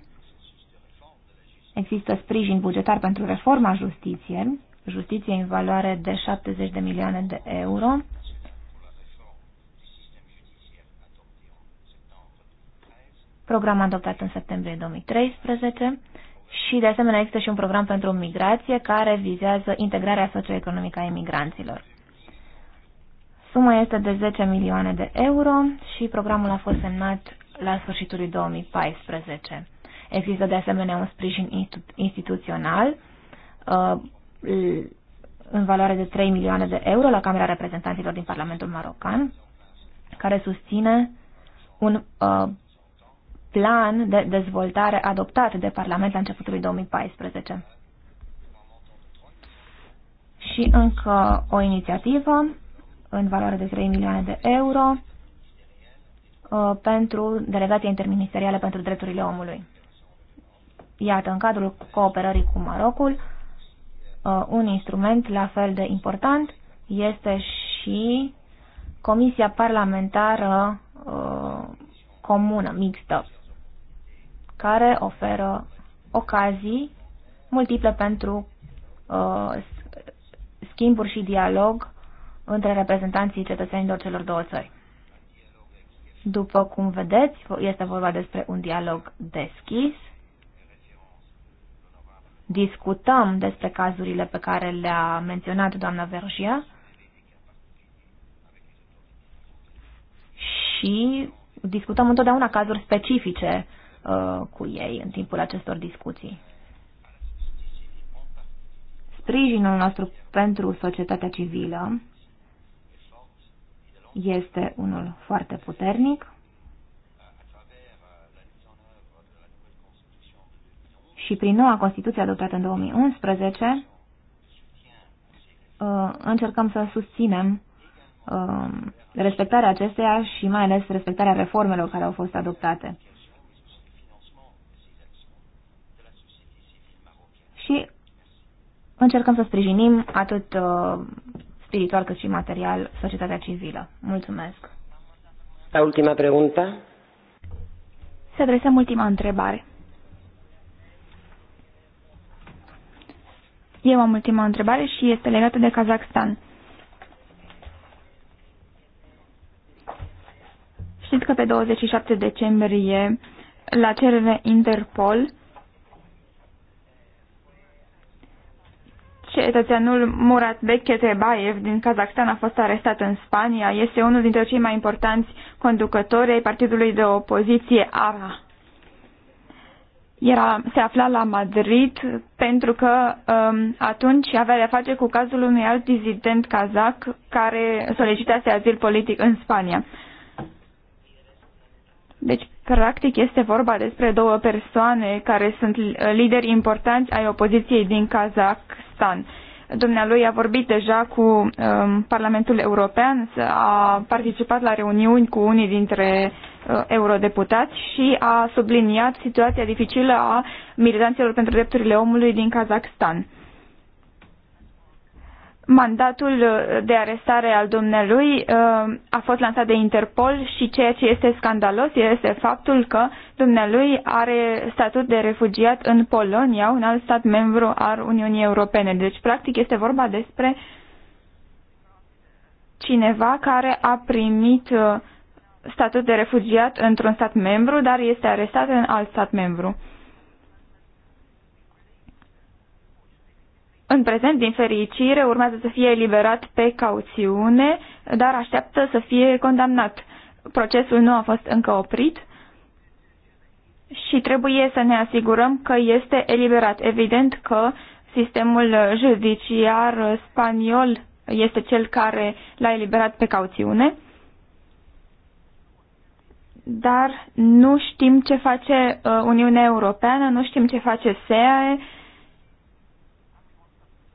există sprijin bugetar pentru reforma justiției, justiție în valoare de 70 de milioane de euro, program adoptat în septembrie 2013 și, de asemenea, există și un program pentru migrație care vizează integrarea socioeconomică a emigranților. Suma este de 10 milioane de euro și programul a fost semnat la sfârșitul lui 2014. Există de asemenea un sprijin instituțional uh, în valoare de 3 milioane de euro la Camera Reprezentanților din Parlamentul Marocan, care susține un uh, plan de dezvoltare adoptat de Parlament la începutul 2014. Și încă o inițiativă în valoare de 3 milioane de euro uh, pentru Delegația Interministerială pentru Drepturile Omului. Iată, în cadrul cooperării cu Marocul, uh, un instrument la fel de important este și Comisia Parlamentară uh, Comună, Mixtă care oferă ocazii multiple pentru uh, schimburi și dialog între reprezentanții cetățenilor celor două țări. După cum vedeți, este vorba despre un dialog deschis. Discutăm despre cazurile pe care le-a menționat doamna Vergia și discutăm întotdeauna cazuri specifice Uh, cu ei în timpul acestor discuții. Sprijinul nostru pentru societatea civilă este unul foarte puternic și prin noua Constituție adoptată în 2011 uh, încercăm să susținem uh, respectarea acesteia și mai ales respectarea reformelor care au fost adoptate. și încercăm să sprijinim atât uh, spiritual cât și material societatea civilă. Mulțumesc! La ultima pregunta. Se adresăm ultima întrebare. Eu am ultima întrebare și este legată de Kazakhstan. Știți că pe 27 decembrie, la cerere Interpol, Cetățeanul Murat Ketebaev din Kazakhstan a fost arestat în Spania. Este unul dintre cei mai importanți conducători ai partidului de opoziție ARA. Era, se afla la Madrid pentru că um, atunci avea de-a face cu cazul unui alt dizident kazak care solicitase azil politic în Spania. Deci Practic este vorba despre două persoane care sunt lideri importanți ai opoziției din Kazakhstan. Dumnealui a vorbit deja cu um, Parlamentul European, a participat la reuniuni cu unii dintre uh, eurodeputați și a subliniat situația dificilă a militanților pentru drepturile omului din Kazakhstan. Mandatul uh, de arestare al domnului uh, a fost lansat de Interpol și ceea ce este scandalos este faptul că domnului are statut de refugiat în Polonia, un alt stat membru al Uniunii Europene. Deci, practic, este vorba despre cineva care a primit uh, statut de refugiat într-un stat membru, dar este arestat în alt stat membru. în prezent, din fericire, urmează să fie eliberat pe cauțiune, dar așteaptă să fie condamnat. Procesul nu a fost încă oprit și trebuie să ne asigurăm că este eliberat. Evident că sistemul judiciar spaniol este cel care l-a eliberat pe cauțiune, dar nu știm ce face uh, Uniunea Europeană, nu știm ce face SEAE,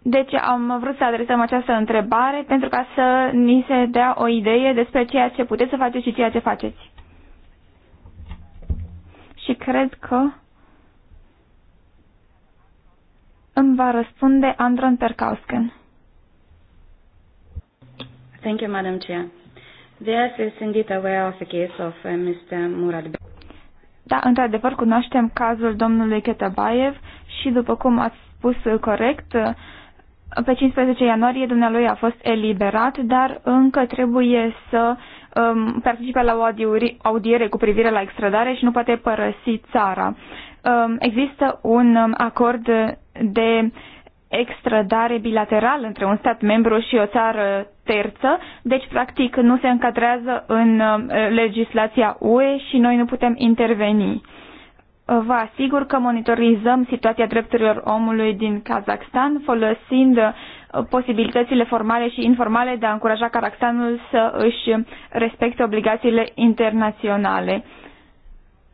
deci am vrut să adresăm această întrebare pentru ca să ni se dea o idee despre ceea ce puteți să faceți și ceea ce faceți. Și cred că îmi va răspunde Andron Perkausken. Thank you, Madam Chair. This is indeed aware of the case of uh, Mr. Murad Da, într-adevăr, cunoaștem cazul domnului Ketabayev și, după cum ați spus uh, corect, uh, pe 15 ianuarie dumnealui a fost eliberat, dar încă trebuie să um, participe la o audiere cu privire la extradare și nu poate părăsi țara. Um, există un um, acord de extradare bilateral între un stat membru și o țară terță, deci practic nu se încadrează în um, legislația UE și noi nu putem interveni. Vă asigur că monitorizăm situația drepturilor omului din Kazakhstan, folosind uh, posibilitățile formale și informale de a încuraja Kazakhstanul să își respecte obligațiile internaționale.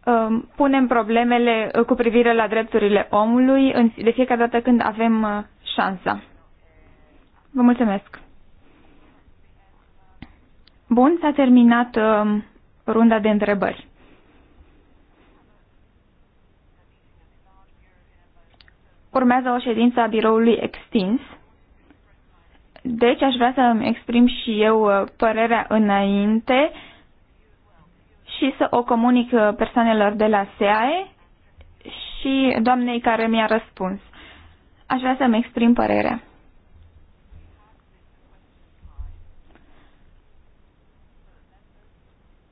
Um, punem problemele uh, cu privire la drepturile omului de fiecare dată când avem uh, șansa. Vă mulțumesc! Bun, s-a terminat um, runda de întrebări. urmează o ședință a biroului extins. Deci aș vrea să îmi exprim și eu uh, părerea înainte și să o comunic uh, persoanelor de la SEAE și doamnei care mi-a răspuns. Aș vrea să-mi exprim părerea.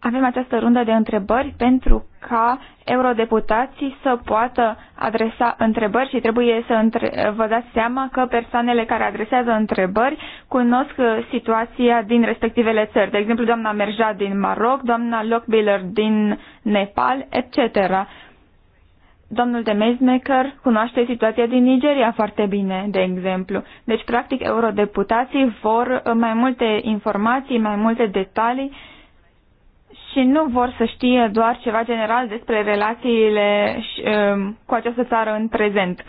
avem această rundă de întrebări pentru ca eurodeputații să poată adresa întrebări și trebuie să între... vă dați seama că persoanele care adresează întrebări cunosc uh, situația din respectivele țări. De exemplu, doamna Merja din Maroc, doamna Lockbiller din Nepal, etc. Domnul de Mezmecker cunoaște situația din Nigeria foarte bine, de exemplu. Deci, practic, eurodeputații vor uh, mai multe informații, mai multe detalii și nu vor să știe doar ceva general despre relațiile um, cu această țară în prezent.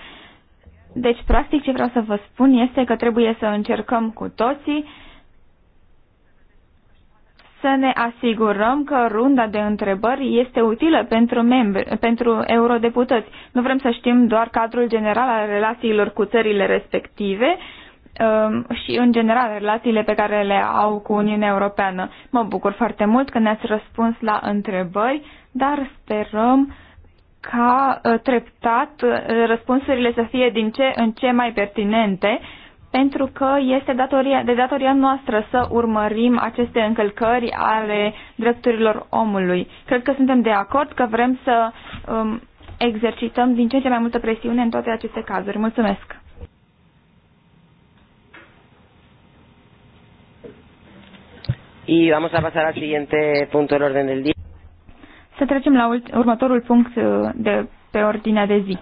Deci, practic, ce vreau să vă spun este că trebuie să încercăm cu toții să ne asigurăm că runda de întrebări este utilă pentru, membri, pentru eurodeputați. Nu vrem să știm doar cadrul general al relațiilor cu țările respective, Um, și, în general, relațiile pe care le au cu Uniunea Europeană. Mă bucur foarte mult că ne-ați răspuns la întrebări, dar sperăm ca uh, treptat uh, răspunsurile să fie din ce în ce mai pertinente, pentru că este datoria, de datoria noastră să urmărim aceste încălcări ale drepturilor omului. Cred că suntem de acord că vrem să um, exercităm din ce în ce mai multă presiune în toate aceste cazuri. Mulțumesc! Y vamos a pasar al siguiente punto del orden del día. Să trecem la următorul punct uh, de pe ordinea de zi.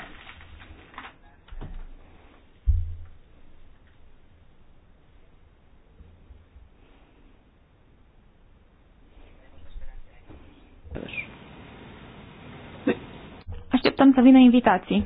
Așteptăm să vină invitații.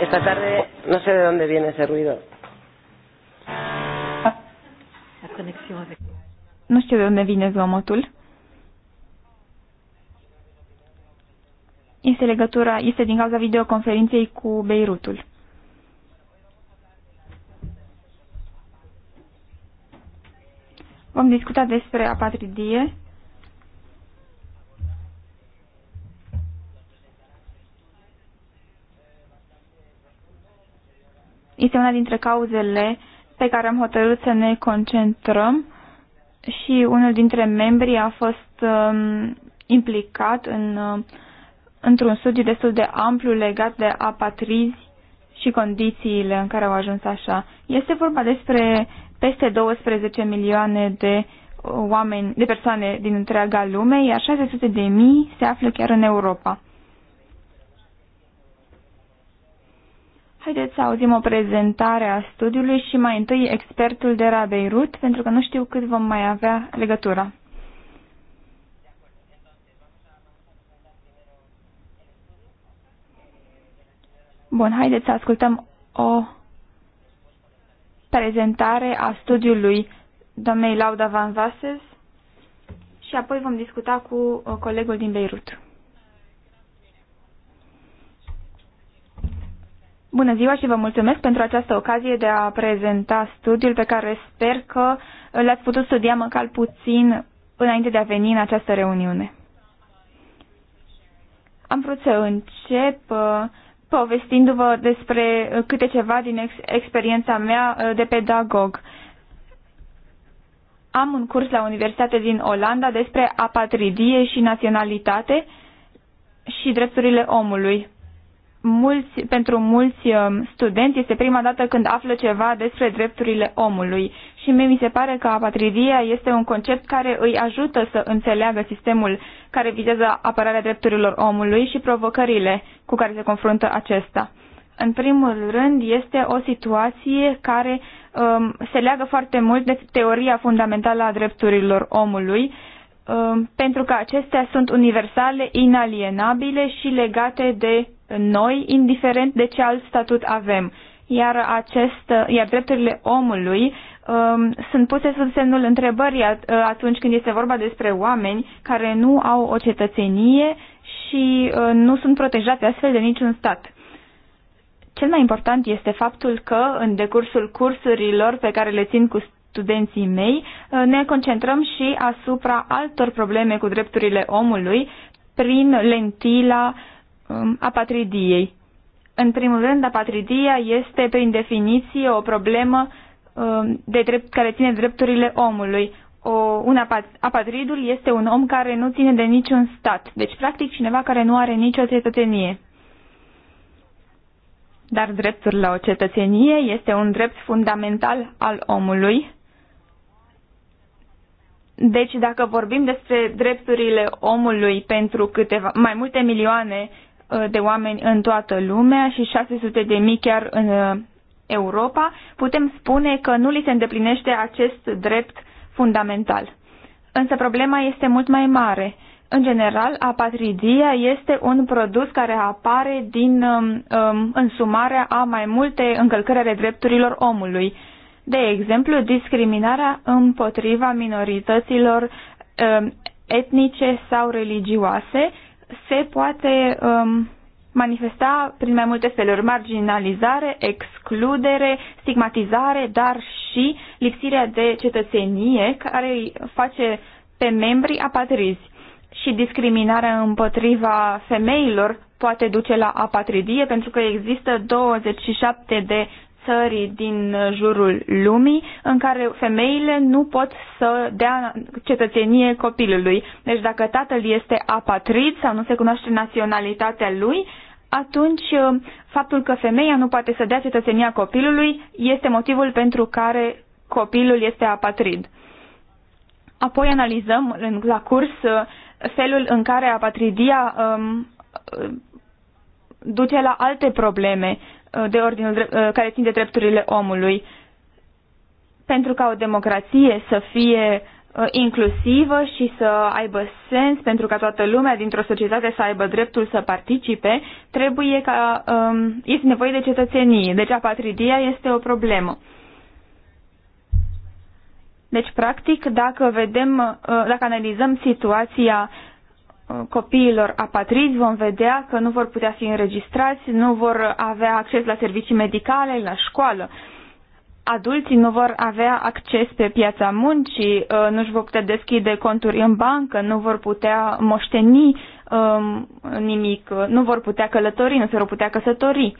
Esta tarde no sé de dónde viene ese ruido. Nu știu de unde vine zgomotul. Este legătura, este din cauza videoconferinței cu Beirutul. Vom discuta despre apatridie. este una dintre cauzele pe care am hotărât să ne concentrăm și unul dintre membrii a fost um, implicat în, uh, într-un studiu destul de amplu legat de apatrizi și condițiile în care au ajuns așa. Este vorba despre peste 12 milioane de uh, oameni, de persoane din întreaga lume, iar 600 de mii se află chiar în Europa. Haideți să auzim o prezentare a studiului și mai întâi expertul de la Beirut, pentru că nu știu cât vom mai avea legătura. Bun, haideți să ascultăm o prezentare a studiului doamnei Lauda Van Vases și apoi vom discuta cu uh, colegul din Beirut. Bună ziua și vă mulțumesc pentru această ocazie de a prezenta studiul pe care sper că l-ați putut studia măcar puțin înainte de a veni în această reuniune. Am vrut să încep uh, povestindu-vă despre câte ceva din ex- experiența mea uh, de pedagog. Am un curs la Universitate din Olanda despre apatridie și naționalitate și drepturile omului mulți, pentru mulți um, studenți este prima dată când află ceva despre drepturile omului și mie mi se pare că apatridia este un concept care îi ajută să înțeleagă sistemul care vizează apărarea drepturilor omului și provocările cu care se confruntă acesta. În primul rând, este o situație care um, se leagă foarte mult de teoria fundamentală a drepturilor omului, um, pentru că acestea sunt universale, inalienabile și legate de noi, indiferent de ce alt statut avem. Iar, acest, iar drepturile omului um, sunt puse sub semnul întrebării uh, atunci când este vorba despre oameni care nu au o cetățenie și uh, nu sunt protejați astfel de niciun stat. Cel mai important este faptul că, în decursul cursurilor pe care le țin cu studenții mei, uh, ne concentrăm și asupra altor probleme cu drepturile omului prin lentila Um, apatridiei. În primul rând, apatridia este, prin definiție, o problemă um, de drept, care ține drepturile omului. O, un apat, apatridul este un om care nu ține de niciun stat, deci practic cineva care nu are nicio cetățenie. Dar dreptul la o cetățenie este un drept fundamental al omului. Deci dacă vorbim despre drepturile omului pentru câteva, mai multe milioane Uh, de oameni în toată lumea și 600 de mii chiar în uh, Europa, putem spune că nu li se îndeplinește acest drept fundamental. Însă problema este mult mai mare. În general, apatridia este un produs care apare din um, um, însumarea a mai multe încălcări ale drepturilor omului. De exemplu, discriminarea împotriva minorităților um, etnice sau religioase, se poate um, manifesta prin mai multe feluri, marginalizare, excludere, stigmatizare, dar și lipsirea de cetățenie care îi face pe membrii apatrizi. Și discriminarea împotriva femeilor poate duce la apatridie pentru că există 27 de țări din jurul lumii în care femeile nu pot să dea cetățenie copilului. Deci dacă tatăl este apatrid sau nu se cunoaște naționalitatea lui, atunci uh, faptul că femeia nu poate să dea cetățenia copilului este motivul pentru care copilul este apatrid. Apoi analizăm la curs uh, felul în care apatridia um, uh, duce la alte probleme, Uh, de ordinul uh, care țin de drepturile omului. Pentru ca o democrație să fie uh, inclusivă și să aibă sens pentru ca toată lumea dintr-o societate să aibă dreptul să participe, trebuie ca um, este nevoie de cetățenie. Deci apatridia este o problemă. Deci, practic, dacă vedem, dacă analizăm situația Uh, copiilor apatrizi, vom vedea că nu vor putea fi înregistrați, nu vor avea acces la servicii medicale, la școală. Adulții nu vor avea acces pe piața muncii, uh, nu își vor putea deschide conturi în bancă, nu vor putea moșteni um, nimic, uh, nu vor putea călători, nu se vor putea căsători.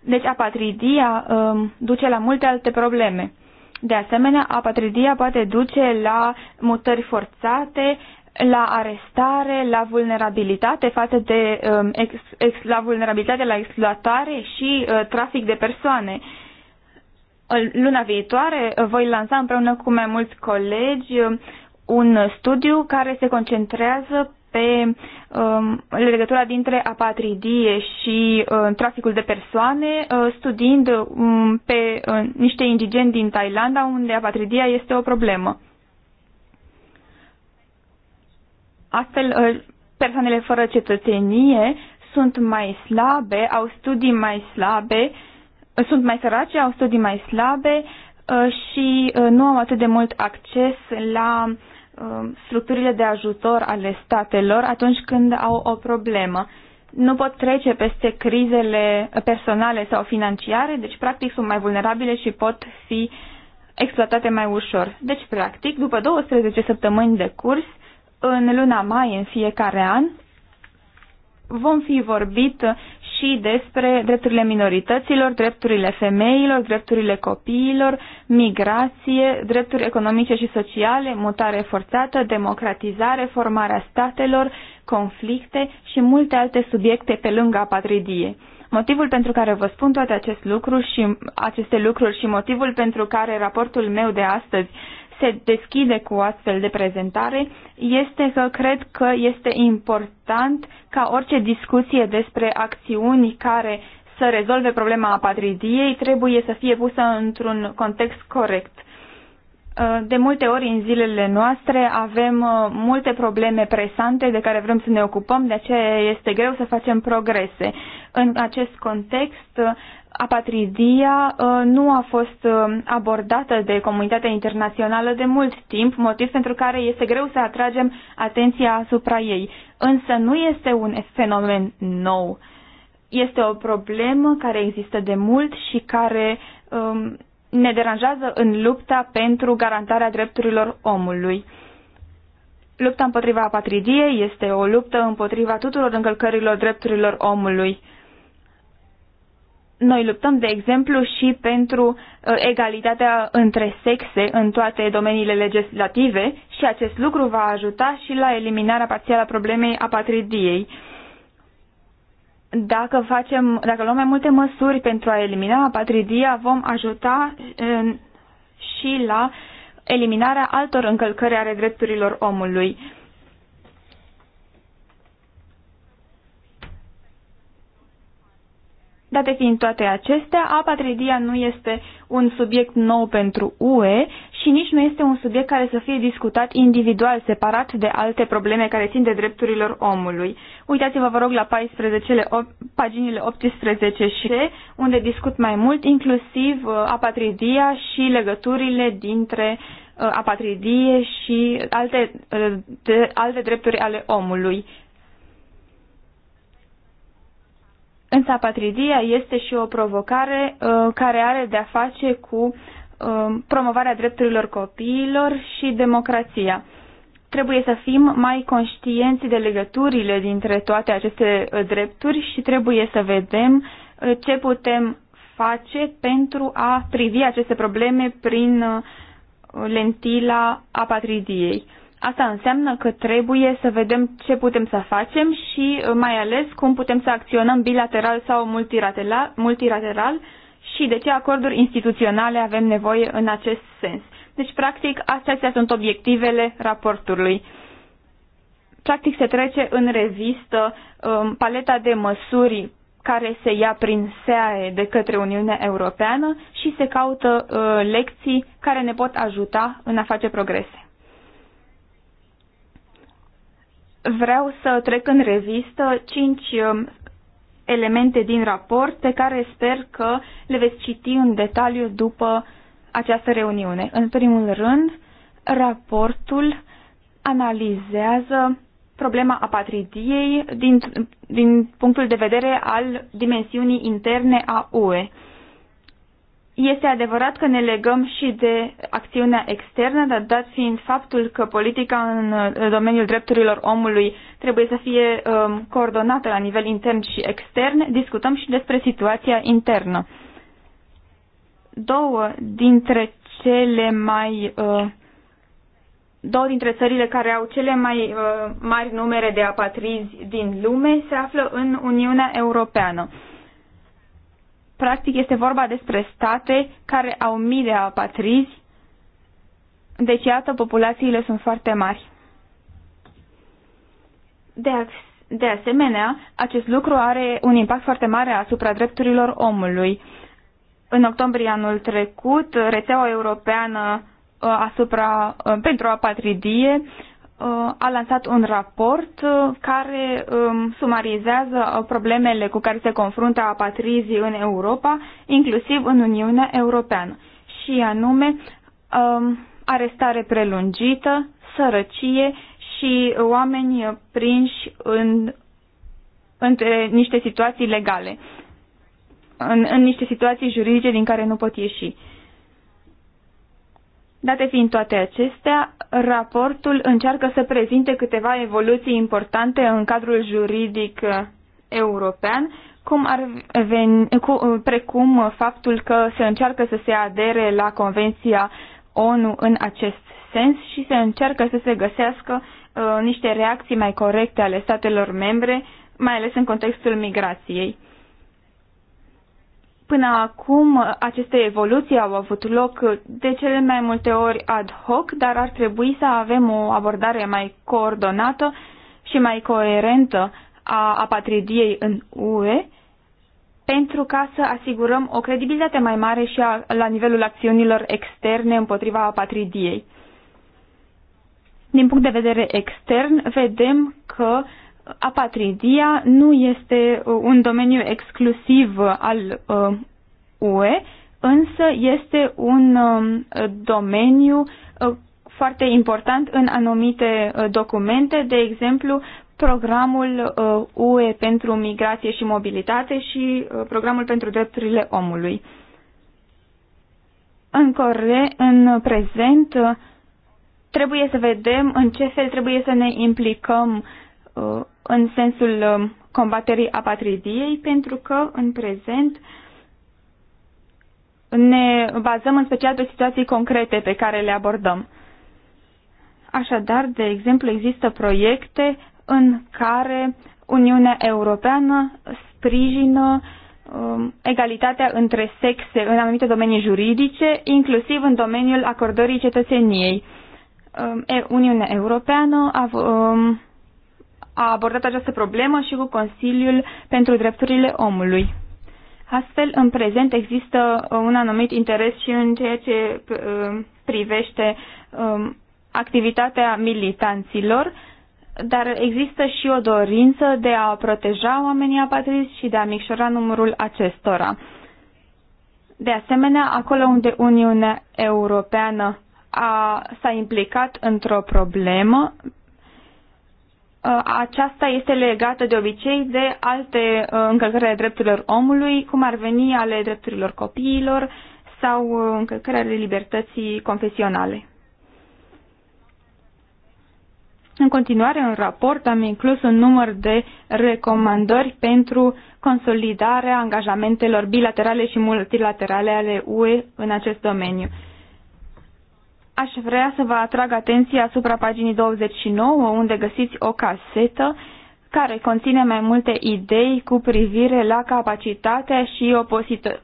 Deci apatridia um, duce la multe alte probleme. De asemenea, apatridia poate duce la mutări forțate, la arestare, la vulnerabilitate față de um, ex, ex, la vulnerabilitate la exploatare și uh, trafic de persoane. Luna viitoare uh, voi lansa împreună cu mai mulți colegi um, un studiu care se concentrează pe um, legătura dintre apatridie și uh, traficul de persoane, uh, studiind um, pe uh, niște indigeni din Thailanda unde apatridia este o problemă. Astfel, uh, persoanele fără cetățenie sunt mai slabe, au studii mai slabe, uh, sunt mai sărace, au studii mai slabe uh, și nu au atât de mult acces la structurile de ajutor ale statelor atunci când au o problemă. Nu pot trece peste crizele personale sau financiare, deci practic sunt mai vulnerabile și pot fi exploatate mai ușor. Deci practic, după 12 săptămâni de curs, în luna mai în fiecare an vom fi vorbit și despre drepturile minorităților, drepturile femeilor, drepturile copiilor, migrație, drepturi economice și sociale, mutare forțată, democratizare, formarea statelor, conflicte și multe alte subiecte pe lângă apatridie. Motivul pentru care vă spun toate acest lucru și, aceste lucruri și motivul pentru care raportul meu de astăzi se deschide cu astfel de prezentare este că cred că este important ca orice discuție despre acțiuni care să rezolve problema apatridiei trebuie să fie pusă într-un context corect. Uh, de multe ori în zilele noastre avem uh, multe probleme presante de care vrem să ne ocupăm, de aceea este greu să facem progrese. În acest context uh, apatridia uh, nu a fost uh, abordată de comunitatea internațională de mult timp, motiv pentru care este greu să atragem atenția asupra ei. Însă nu este un fenomen nou. Este o problemă care există de mult și care um, ne deranjează în lupta pentru garantarea drepturilor omului. Lupta împotriva apatridiei este o luptă împotriva tuturor încălcărilor drepturilor omului noi luptăm, de exemplu, și pentru uh, egalitatea între sexe în toate domeniile legislative și acest lucru va ajuta și la eliminarea parțială a problemei apatridiei. Dacă, facem, dacă luăm mai multe măsuri pentru a elimina apatridia, vom ajuta uh, și la eliminarea altor încălcări ale drepturilor omului Date fiind toate acestea, apatridia nu este un subiect nou pentru UE și nici nu este un subiect care să fie discutat individual, separat de alte probleme care țin de drepturilor omului. Uitați-vă, vă rog, la 14, paginile 18 și unde discut mai mult, inclusiv uh, apatridia și legăturile dintre uh, apatridie și alte, uh, de, alte drepturi ale omului. Însă apatridia este și o provocare uh, care are de-a face cu uh, promovarea drepturilor copiilor și democrația. Trebuie să fim mai conștienți de legăturile dintre toate aceste uh, drepturi și trebuie să vedem uh, ce putem face pentru a privi aceste probleme prin uh, lentila apatridiei. Asta înseamnă că trebuie să vedem ce putem să facem și uh, mai ales cum putem să acționăm bilateral sau multilateral, și de ce acorduri instituționale avem nevoie în acest sens. Deci, practic, astea sunt obiectivele raportului. Practic, se trece în revistă um, paleta de măsuri care se ia prin SEAE de către Uniunea Europeană și se caută uh, lecții care ne pot ajuta în a face progrese. vreau să trec în revistă cinci um, elemente din raport pe care sper că le veți citi în detaliu după această reuniune. În primul rând, raportul analizează problema apatridiei din, din punctul de vedere al dimensiunii interne a UE. Este adevărat că ne legăm și de acțiunea externă, dar dat fiind faptul că politica în domeniul drepturilor omului trebuie să fie um, coordonată la nivel intern și extern, discutăm și despre situația internă. Două dintre cele mai uh, două dintre țările care au cele mai uh, mari numere de apatrizi din lume se află în Uniunea Europeană. Uh, Practic este vorba despre state care au mii de apatrizi, deci iată, populațiile sunt foarte mari. De, de asemenea, acest lucru are un impact foarte mare asupra drepturilor omului. În octombrie anul trecut, rețeaua europeană uh, asupra, uh, pentru apatridie a lansat un raport uh, care um, sumarizează uh, problemele cu care se confruntă apatrizii în Europa, inclusiv în Uniunea Europeană, și anume um, arestare prelungită, sărăcie și oameni prinși în, între niște situații legale, în, în niște situații juridice din care nu pot ieși. Uh, Date fiind toate acestea, raportul încearcă să prezinte câteva evoluții importante în cadrul juridic uh, european, cum ar veni, cu, uh, precum uh, faptul că se încearcă să se adere la Convenția ONU în acest sens și se încearcă să se găsească uh, niște reacții mai corecte ale statelor membre, mai ales în contextul migrației. Până acum, aceste evoluții au avut loc de cele mai multe ori ad hoc, dar ar trebui să avem o abordare mai coordonată și mai coerentă a apatridiei în UE pentru ca să asigurăm o credibilitate mai mare și a, la nivelul acțiunilor externe împotriva apatridiei. Din punct de vedere extern, vedem că uh, apatridia nu este uh, un domeniu exclusiv al UE, uh, însă este un um, domeniu uh, foarte important în anumite documente, de exemplu programul UE pentru migrație și mobilitate și programul pentru drepturile omului. În, core, în prezent trebuie să vedem în ce fel trebuie să ne implicăm în sensul um, combaterii apatridiei, pentru că în prezent ne bazăm în special pe situații concrete pe care le abordăm. Așadar, de exemplu, există proiecte în care Uniunea Europeană sprijină um, egalitatea între sexe în anumite domenii juridice, inclusiv în domeniul acordării cetățeniei. Um, Uniunea Europeană a um, a abordat această problemă și cu Consiliul pentru Drepturile Omului. Astfel, în prezent există uh, un anumit interes și în ceea ce uh, privește um, activitatea militanților, dar există și o dorință de a proteja oamenii apatriți și de a micșora numărul acestora. De asemenea, acolo unde Uniunea Europeană a, s-a implicat într-o problemă, Uh, aceasta este legată de obicei de alte uh, încălcări ale drepturilor omului, cum ar veni ale drepturilor copiilor sau uh, încălcări ale libertății confesionale. În continuare, în raport am inclus un număr de recomandări pentru consolidarea angajamentelor bilaterale și multilaterale ale UE în acest domeniu. Aș vrea să vă atrag atenția asupra paginii 29, unde găsiți o casetă care conține mai multe idei cu privire la capacitatea și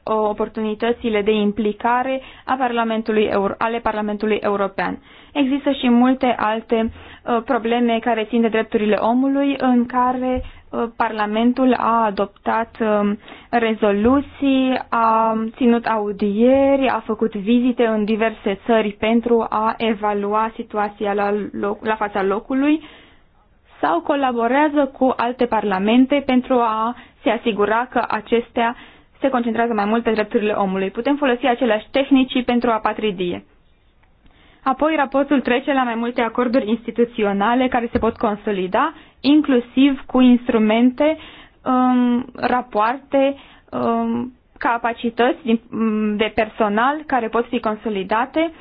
oportunitățile de implicare a Parlamentului Euro- ale Parlamentului European. Există și multe alte uh, probleme care țin de drepturile omului, în care Parlamentul a adoptat um, rezoluții, a ținut audieri, a făcut vizite în diverse țări pentru a evalua situația la, loc, la fața locului sau colaborează cu alte parlamente pentru a se asigura că acestea se concentrează mai mult pe drepturile omului. Putem folosi aceleași tehnici pentru apatridie. Apoi raportul trece la mai multe acorduri instituționale care se pot consolida inclusiv cu instrumente, um, rapoarte, um, capacități mm, de personal care pot fi consolidate,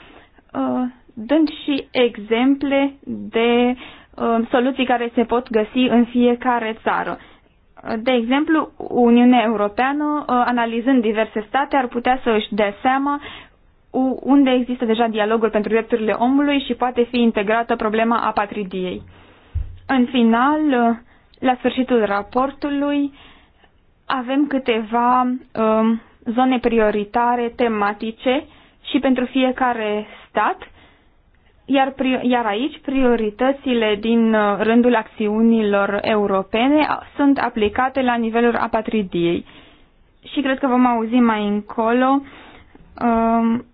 uh, dând și exemple de um, soluții care se pot găsi în fiecare țară. De exemplu, Uniunea Europeană, uh, analizând diverse state, ar putea să își dea seama unde există deja dialogul pentru drepturile omului și poate fi integrată problema apatridiei. În final, la sfârșitul raportului, avem câteva um, zone prioritare tematice și pentru fiecare stat, iar, iar aici prioritățile din uh, rândul acțiunilor europene sunt aplicate la nivelul apatridiei. Și cred că vom auzi mai încolo um,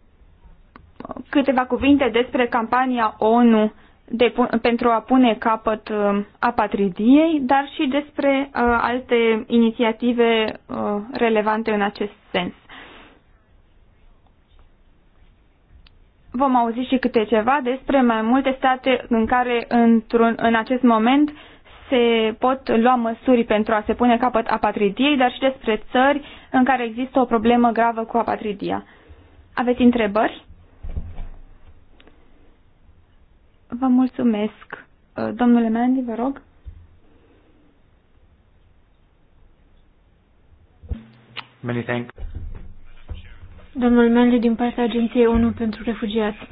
câteva cuvinte despre campania ONU de, pentru a pune capăt uh, apatridiei, dar și despre uh, alte inițiative uh, relevante în acest sens. Vom auzi și câte ceva despre mai multe state în care într-un, în acest moment se pot lua măsuri pentru a se pune capăt apatridiei, dar și despre țări în care există o problemă gravă cu apatridia. Aveți întrebări? Vă mulțumesc. Uh, domnule Mandy, vă rog. Many thanks. Domnul Mandy din partea Agenției ONU pentru Refugiați.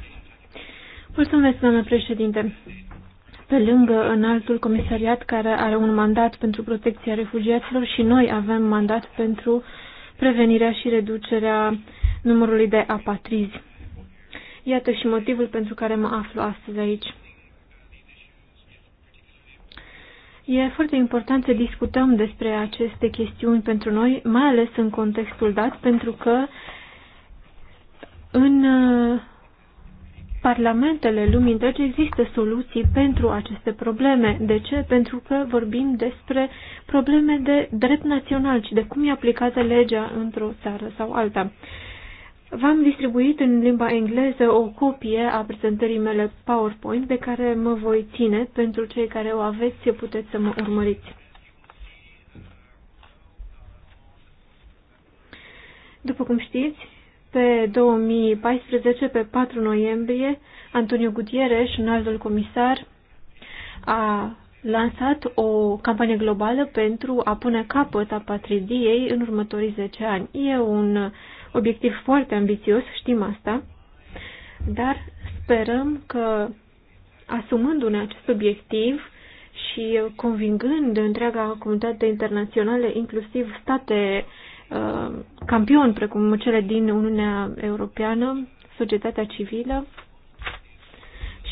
Mulțumesc, doamnă președinte. Pe lângă înaltul comisariat care are un mandat pentru protecția refugiaților și noi avem mandat pentru prevenirea și reducerea numărului de apatrizi. Iată și motivul pentru care mă aflu astăzi aici. E foarte important să discutăm despre aceste chestiuni pentru noi, mai ales în contextul dat, pentru că în uh, parlamentele lumii întregi există soluții pentru aceste probleme. De ce? Pentru că vorbim despre probleme de drept național și de cum e aplicată legea într-o țară sau alta. V-am distribuit în limba engleză o copie a prezentării mele PowerPoint de care mă voi ține. Pentru cei care o aveți, puteți să mă urmăriți. După cum știți, pe 2014, pe 4 noiembrie, Antonio Gutierrez, altul comisar, a lansat o campanie globală pentru a pune capăt a patridiei în următorii 10 ani. E un obiectiv foarte ambițios, știm asta, dar sperăm că asumându-ne acest obiectiv și convingând întreaga comunitate internațională, inclusiv state uh, campion precum cele din Uniunea Europeană, societatea civilă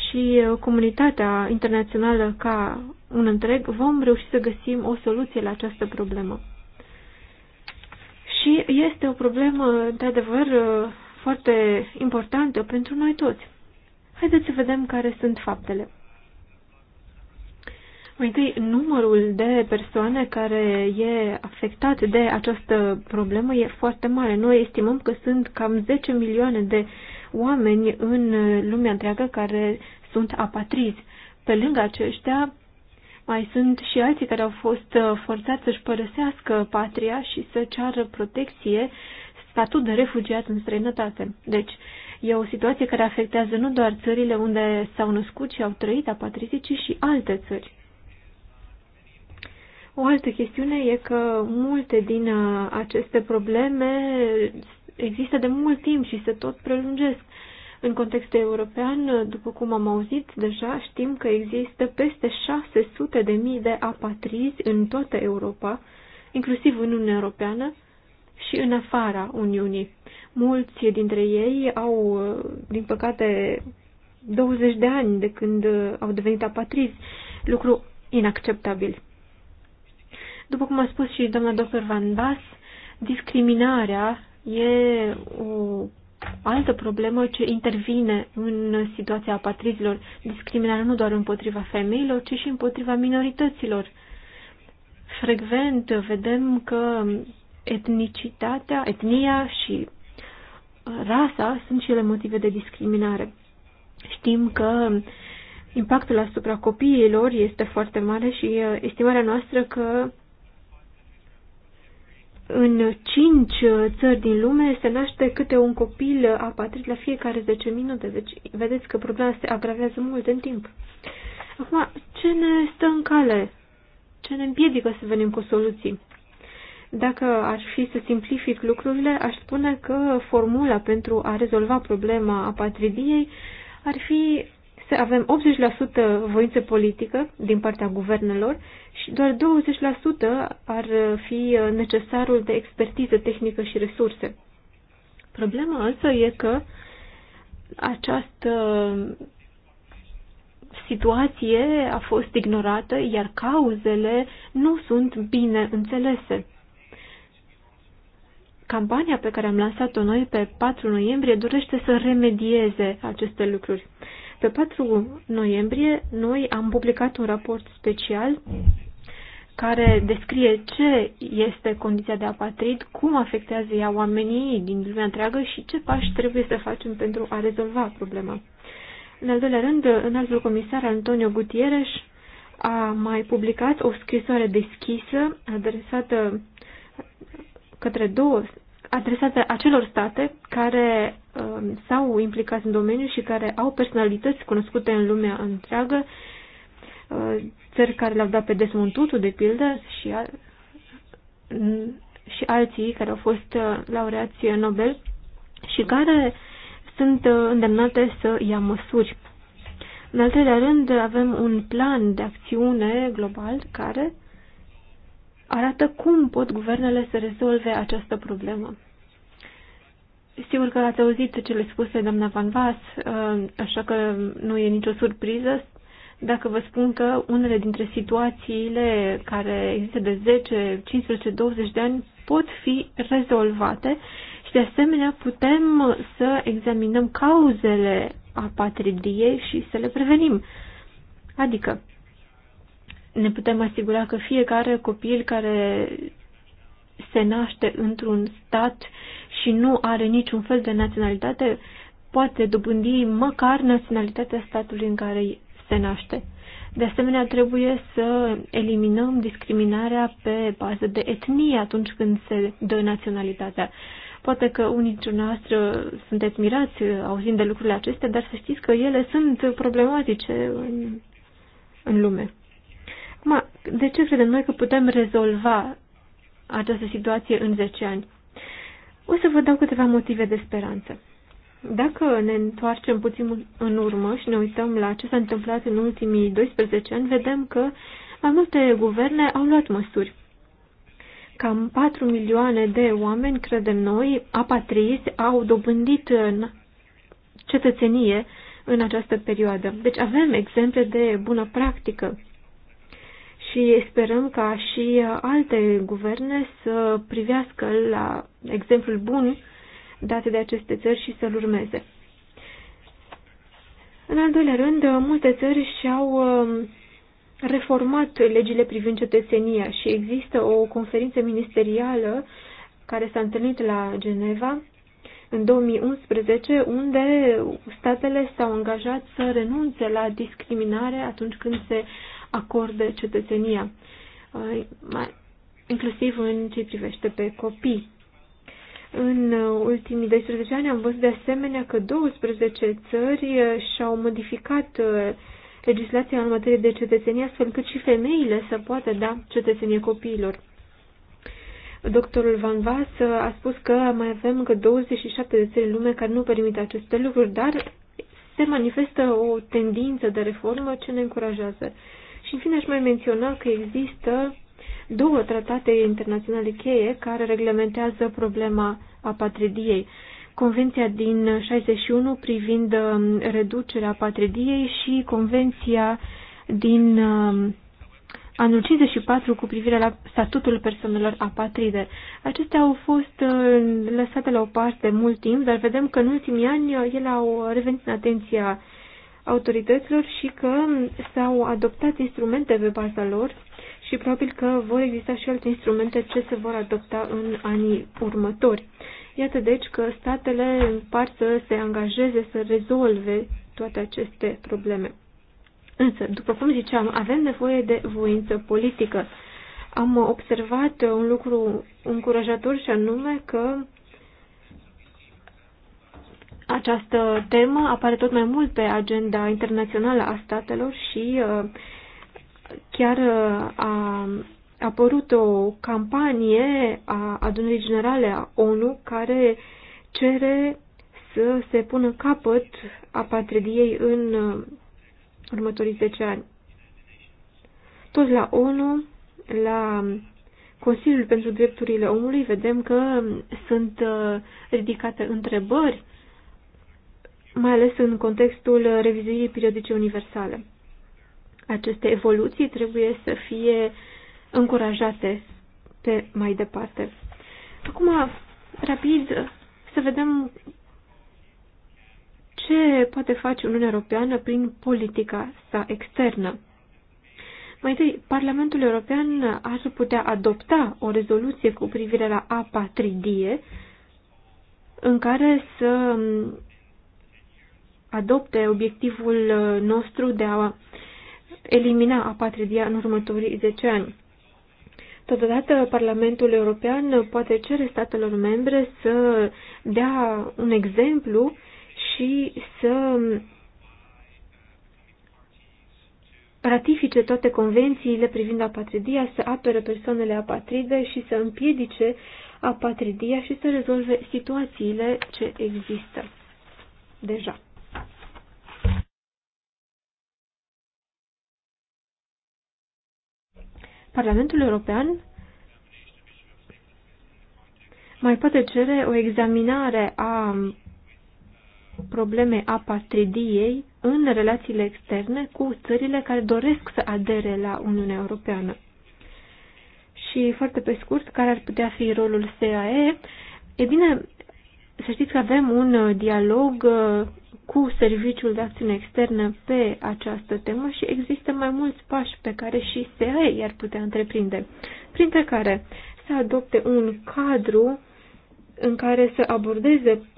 și comunitatea internațională ca un întreg, vom reuși să găsim o soluție la această problemă. Și este o problemă, într-adevăr, foarte importantă pentru noi toți. Haideți să vedem care sunt faptele. Mai întâi, numărul de persoane care e afectat de această problemă e foarte mare. Noi estimăm că sunt cam 10 milioane de oameni în lumea întreagă care sunt apatrizi. Pe lângă aceștia, mai sunt și alții care au fost uh, forțați să-și părăsească patria și să ceară protecție, statut de refugiat în străinătate. Deci, e o situație care afectează nu doar țările unde s-au născut și au trăit apatrizii, ci și alte țări. O altă chestiune e că multe din uh, aceste probleme există de mult timp și se tot prelungesc. În contextul european, după cum am auzit deja, știm că există peste 600 de mii de apatrizi în toată Europa, inclusiv în Uniunea Europeană și în afara Uniunii. Mulți dintre ei au, din păcate, 20 de ani de când au devenit apatrizi, lucru inacceptabil. După cum a spus și doamna doctor Van Bas, discriminarea e o altă problemă ce intervine în situația apatrizilor, discriminarea nu doar împotriva femeilor, ci și împotriva minorităților. Frecvent vedem că etnicitatea, etnia și uh, rasa sunt și ele motive de discriminare. Știm că impactul asupra copiilor este foarte mare și uh, estimarea noastră că în cinci uh, țări din lume se naște câte un copil apatrit la fiecare 10 minute, deci vedeți că problema se agravează mult în timp. Acum, ce ne stă în cale? Ce ne împiedică să venim cu soluții? Dacă aș fi să simplific lucrurile, aș spune că formula pentru a rezolva problema apatridiei ar fi să avem 80% voință politică din partea guvernelor și doar 20% ar fi uh, necesarul de expertiză tehnică și resurse. Problema însă e că această situație a fost ignorată, iar cauzele nu sunt bine înțelese. Campania pe care am lansat-o noi pe 4 noiembrie dorește să remedieze aceste lucruri. Pe 4 noiembrie noi am publicat un raport special care descrie ce este condiția de apatrid, cum afectează ea oamenii din lumea întreagă și ce pași trebuie să facem pentru a rezolva problema. În al doilea rând, înaltul comisar Antonio Gutierrez a mai publicat o scrisoare deschisă adresată către două adresată acelor state care Um, sau implicați în domeniu și care au personalități cunoscute în lumea întreagă, uh, țări care le-au dat pe Desmond Tutu, de pildă, și, al, și alții care au fost uh, laureați Nobel și care sunt uh, îndemnate să ia măsuri. În al treilea rând, avem un plan de acțiune global care arată cum pot guvernele să rezolve această problemă. Sigur că ați auzit ce le spuse doamna Van Vas, uh, așa că nu e nicio surpriză dacă vă spun că unele dintre situațiile care există de 10, 15, 20 de ani pot fi rezolvate și de asemenea putem să examinăm cauzele apatridiei și să le prevenim. Adică ne putem asigura că fiecare copil care se naște într-un stat uh, și nu are niciun fel de naționalitate, poate dobândi măcar naționalitatea statului în care se naște. De asemenea, trebuie să eliminăm discriminarea pe bază de etnie atunci când se dă naționalitatea. Poate că unii dintre noastre sunteți mirați auzind de lucrurile acestea, dar să știți că ele sunt problematice în, în lume. Acum, de ce credem noi că putem rezolva această situație în 10 ani? O să vă dau câteva motive de speranță. Dacă ne întoarcem puțin în urmă și ne uităm la ce s-a întâmplat în ultimii 12 ani, vedem că mai multe guverne au luat măsuri. Cam 4 milioane de oameni, credem noi, apatrizi, au dobândit în cetățenie în această perioadă. Deci avem exemple de bună practică și sperăm ca și alte guverne să privească la exemplul bun dat de aceste țări și să-l urmeze. În al doilea rând, multe țări și-au um, reformat legile privind cetățenia și există o conferință ministerială care s-a întâlnit la Geneva în 2011, unde statele s-au angajat să renunțe la discriminare atunci când se acordă cetățenia, uh, inclusiv în ce privește pe copii. În ultimii 12 ani am văzut de asemenea că 12 țări uh, și-au modificat uh, legislația în materie de cetățenie, astfel cât și femeile să poată da cetățenie copiilor. Doctorul Van Vas uh, a spus că mai avem încă 27 de țări în lume care nu permit aceste lucruri, dar se manifestă o tendință de reformă ce ne încurajează. Și în fine aș mai menționa că există două tratate internaționale cheie care reglementează problema apatridiei. Convenția din 61 privind um, reducerea apatridiei și Convenția din um, anul 54 cu privire la statutul persoanelor apatride. Acestea au fost uh, lăsate la o parte mult timp, dar vedem că în ultimii ani uh, ele au revenit în atenția autorităților și că s-au adoptat instrumente pe baza lor și probabil că vor exista și alte instrumente ce se vor adopta în anii următori. Iată deci că statele par să se angajeze să rezolve toate aceste probleme. Însă, după cum ziceam, avem nevoie de voință politică. Am observat un lucru încurajator și anume că această temă apare tot mai mult pe agenda internațională a statelor și uh, chiar uh, a apărut o campanie a adunării generale a ONU care cere să se pună capăt apatridiei în uh, următorii 10 ani. Tot la ONU, la Consiliul pentru Drepturile Omului, vedem că sunt uh, ridicate întrebări, mai ales în contextul revizuirii periodice universale. Aceste evoluții trebuie să fie încurajate pe mai departe. Acum, rapid, să vedem ce poate face Uniunea Europeană prin politica sa externă. Mai întâi, Parlamentul European ar putea adopta o rezoluție cu privire la apatridie, în care să adopte obiectivul nostru de a elimina apatridia în următorii 10 ani. Totodată, Parlamentul European poate cere statelor membre să dea un exemplu și să ratifice toate convențiile privind apatridia, să apere persoanele apatride și să împiedice apatridia și să rezolve situațiile ce există deja. Parlamentul European mai poate cere o examinare a problemei apatridiei în relațiile externe cu țările care doresc să adere la Uniunea Europeană. Și foarte pe scurt, care ar putea fi rolul SAE? E bine, să știți că avem un dialog cu Serviciul de Acțiune Externă pe această temă și există mai mulți pași pe care și SEAE i-ar putea întreprinde, printre care să adopte un cadru în care să abordeze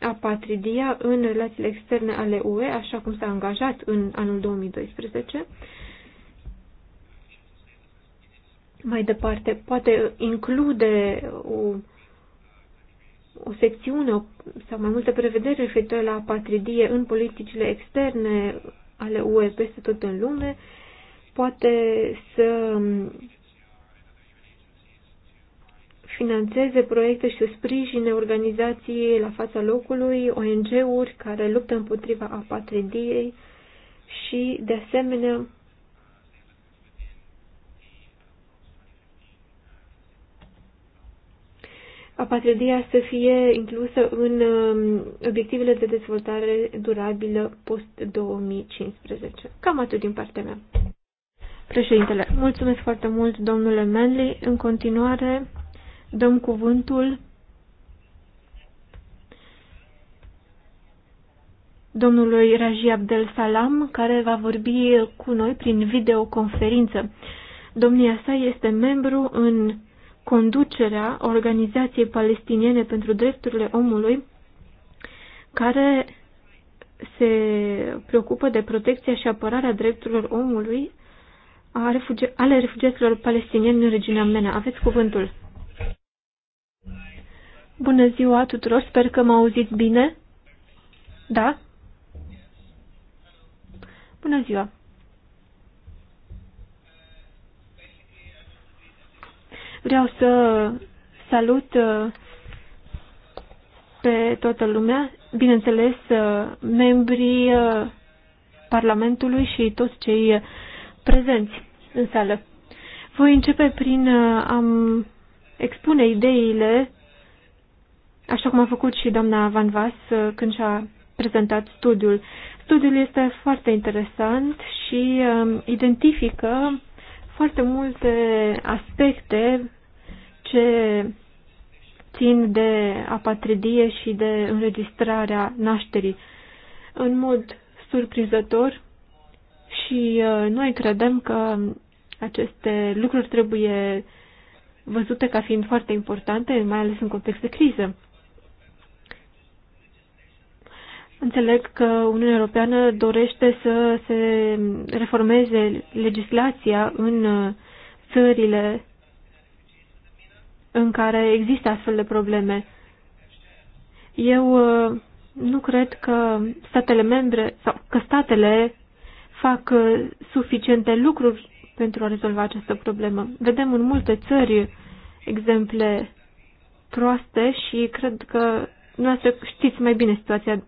apatridia în relațiile externe ale UE, așa cum s-a angajat în anul 2012. Mai departe, poate include o o secțiune sau mai multe prevederi referitoare la patridie în politicile externe ale UE peste tot în lume, poate să financeze proiecte și să sprijine organizații la fața locului, ONG-uri care luptă împotriva apatridiei și, de asemenea, a apatridia să fie inclusă în um, obiectivele de dezvoltare durabilă post-2015. Cam atât din partea mea. Președintele, mulțumesc foarte mult, domnule Manley. În continuare, dăm cuvântul domnului Raji Abdel Salam, care va vorbi cu noi prin videoconferință. Domnia sa este membru în conducerea Organizației Palestiniene pentru Drepturile Omului, care se preocupă de protecția și apărarea drepturilor omului ale refugiaților palestinieni în regiunea MENA. Aveți cuvântul. Bună ziua tuturor, sper că mă auziți bine. Da? Bună ziua. Vreau să salut uh, pe toată lumea, bineînțeles, uh, membrii uh, Parlamentului și toți cei prezenți în sală. Voi începe prin a expune ideile, așa cum a făcut și doamna Van Vas când și-a prezentat studiul. Studiul este foarte interesant și identifică foarte multe aspecte ce țin de apatridie și de înregistrarea nașterii. În mod surprinzător și uh, noi credem că aceste lucruri trebuie văzute ca fiind foarte importante, mai ales în context de criză. Înțeleg că Uniunea Europeană dorește să se reformeze legislația în uh, țările în care există astfel de probleme. Eu uh, nu cred că statele membre sau că statele fac uh, suficiente lucruri pentru a rezolva această problemă. Vedem în multe țări exemple proaste și cred că dumneavoastră știți mai bine situația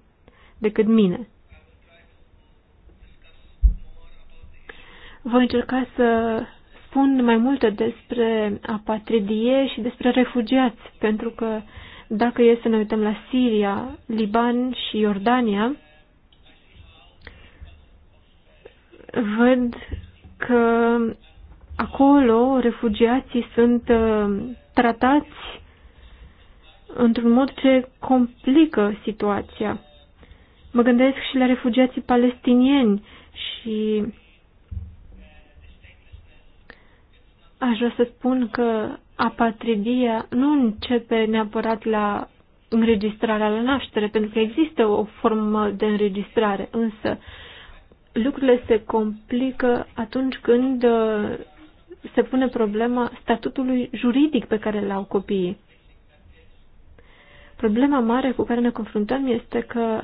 decât mine. Voi încerca să spun mai multe despre apatridie și despre refugiați, pentru că dacă e să ne uităm la Siria, Liban și Iordania, văd că acolo refugiații sunt uh, tratați într-un mod ce complică situația. Mă gândesc și la refugiații palestinieni și Aș vrea să spun că apatridia nu începe neapărat la înregistrarea la naștere, pentru că există o formă de înregistrare, însă lucrurile se complică atunci când uh, se pune problema statutului juridic pe care îl au copiii. Problema mare cu care ne confruntăm este că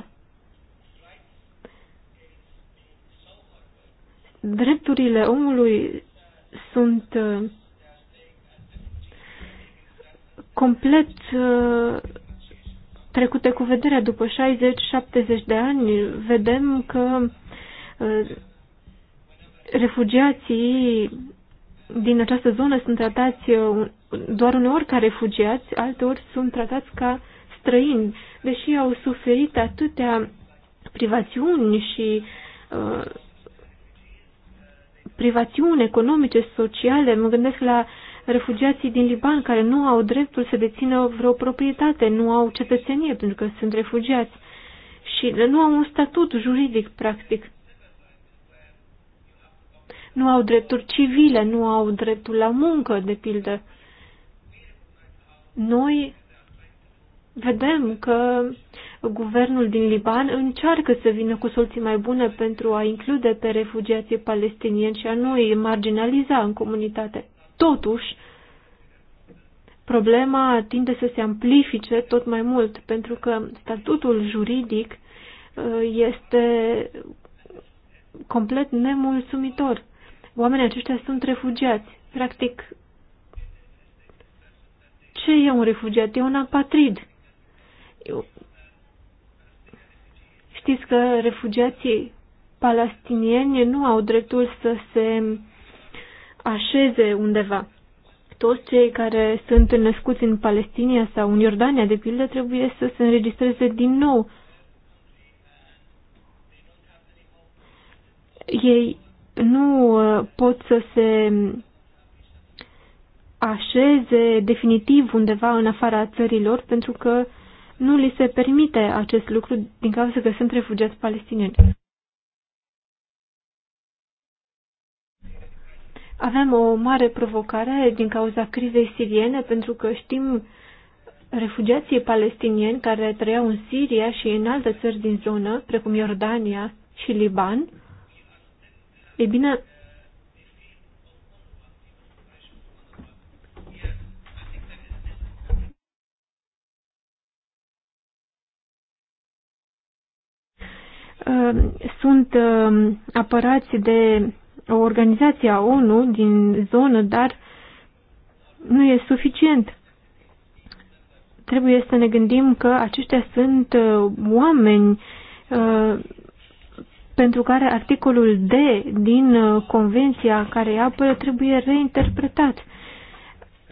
drepturile omului sunt uh, complet uh, trecute cu vederea. După 60-70 de ani vedem că uh, refugiații din această zonă sunt tratați doar uneori ca refugiați, alteori sunt tratați ca străini, deși au suferit atâtea privațiuni și uh, privațiuni economice, sociale. Mă gândesc la refugiații din Liban care nu au dreptul să dețină vreo proprietate, nu au cetățenie pentru că sunt refugiați și nu au un statut juridic, practic. Nu au drepturi civile, nu au dreptul la muncă, de pildă. Noi vedem că guvernul din Liban încearcă să vină cu soluții mai bune pentru a include pe refugiații palestinieni și a nu îi marginaliza în comunitate. Totuși, problema tinde să se amplifice tot mai mult, pentru că statutul juridic uh, este complet nemulțumitor. Oamenii aceștia sunt refugiați. Practic, ce e un refugiat? E un apatrid Știți că refugiații palestinieni nu au dreptul să se așeze undeva. Toți cei care sunt născuți în Palestina sau în Iordania, de pildă, trebuie să se înregistreze din nou. Ei nu uh, pot să se așeze definitiv undeva în afara țărilor pentru că uh, nu li se permite acest lucru din cauza că sunt refugiați palestinieni. Avem o mare provocare din cauza crizei siriene, pentru că știm refugiații palestinieni care trăiau în Siria și în alte țări din zonă, precum Iordania și Liban. Ei bine, Uh, sunt uh, apărați de o organizație a ONU din zonă, dar nu e suficient. Trebuie să ne gândim că aceștia sunt uh, oameni pentru care articolul D din convenția care îi apără trebuie reinterpretat.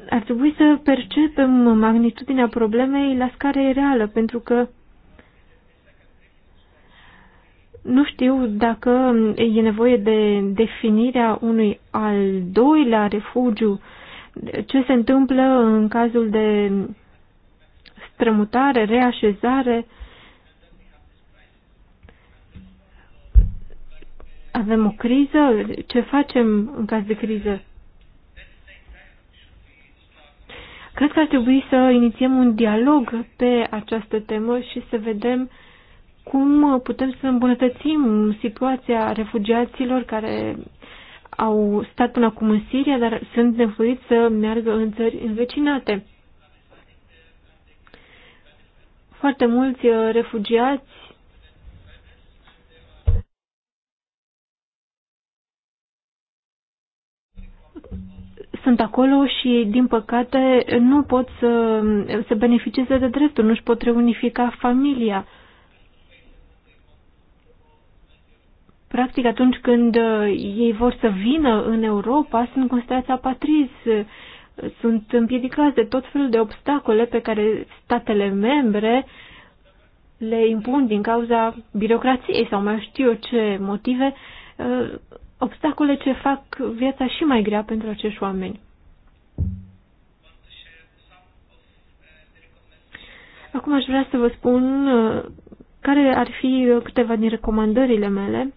Ar trebui să percepem magnitudinea problemei la scară reală, pentru că nu știu dacă e nevoie de definirea unui al doilea refugiu, ce se întâmplă în cazul de strămutare, reașezare. Avem o criză? Ce facem în caz de criză? Cred că ar trebui să inițiem un dialog pe această temă și să vedem cum putem să îmbunătățim situația refugiaților care au stat până acum în Siria, dar sunt nevoiți să meargă în țări învecinate. Foarte mulți uh, refugiați sunt acolo și, din păcate, nu pot să, se beneficieze de dreptul, nu-și pot reunifica familia. Practic, atunci când uh, ei vor să vină în Europa, sunt considerați apatrizi, uh, sunt împiedicați de tot felul de obstacole pe care statele membre le impun din cauza birocrației sau mai știu eu ce motive, uh, obstacole ce fac viața și mai grea pentru acești oameni. Acum aș vrea să vă spun care ar fi câteva din recomandările mele.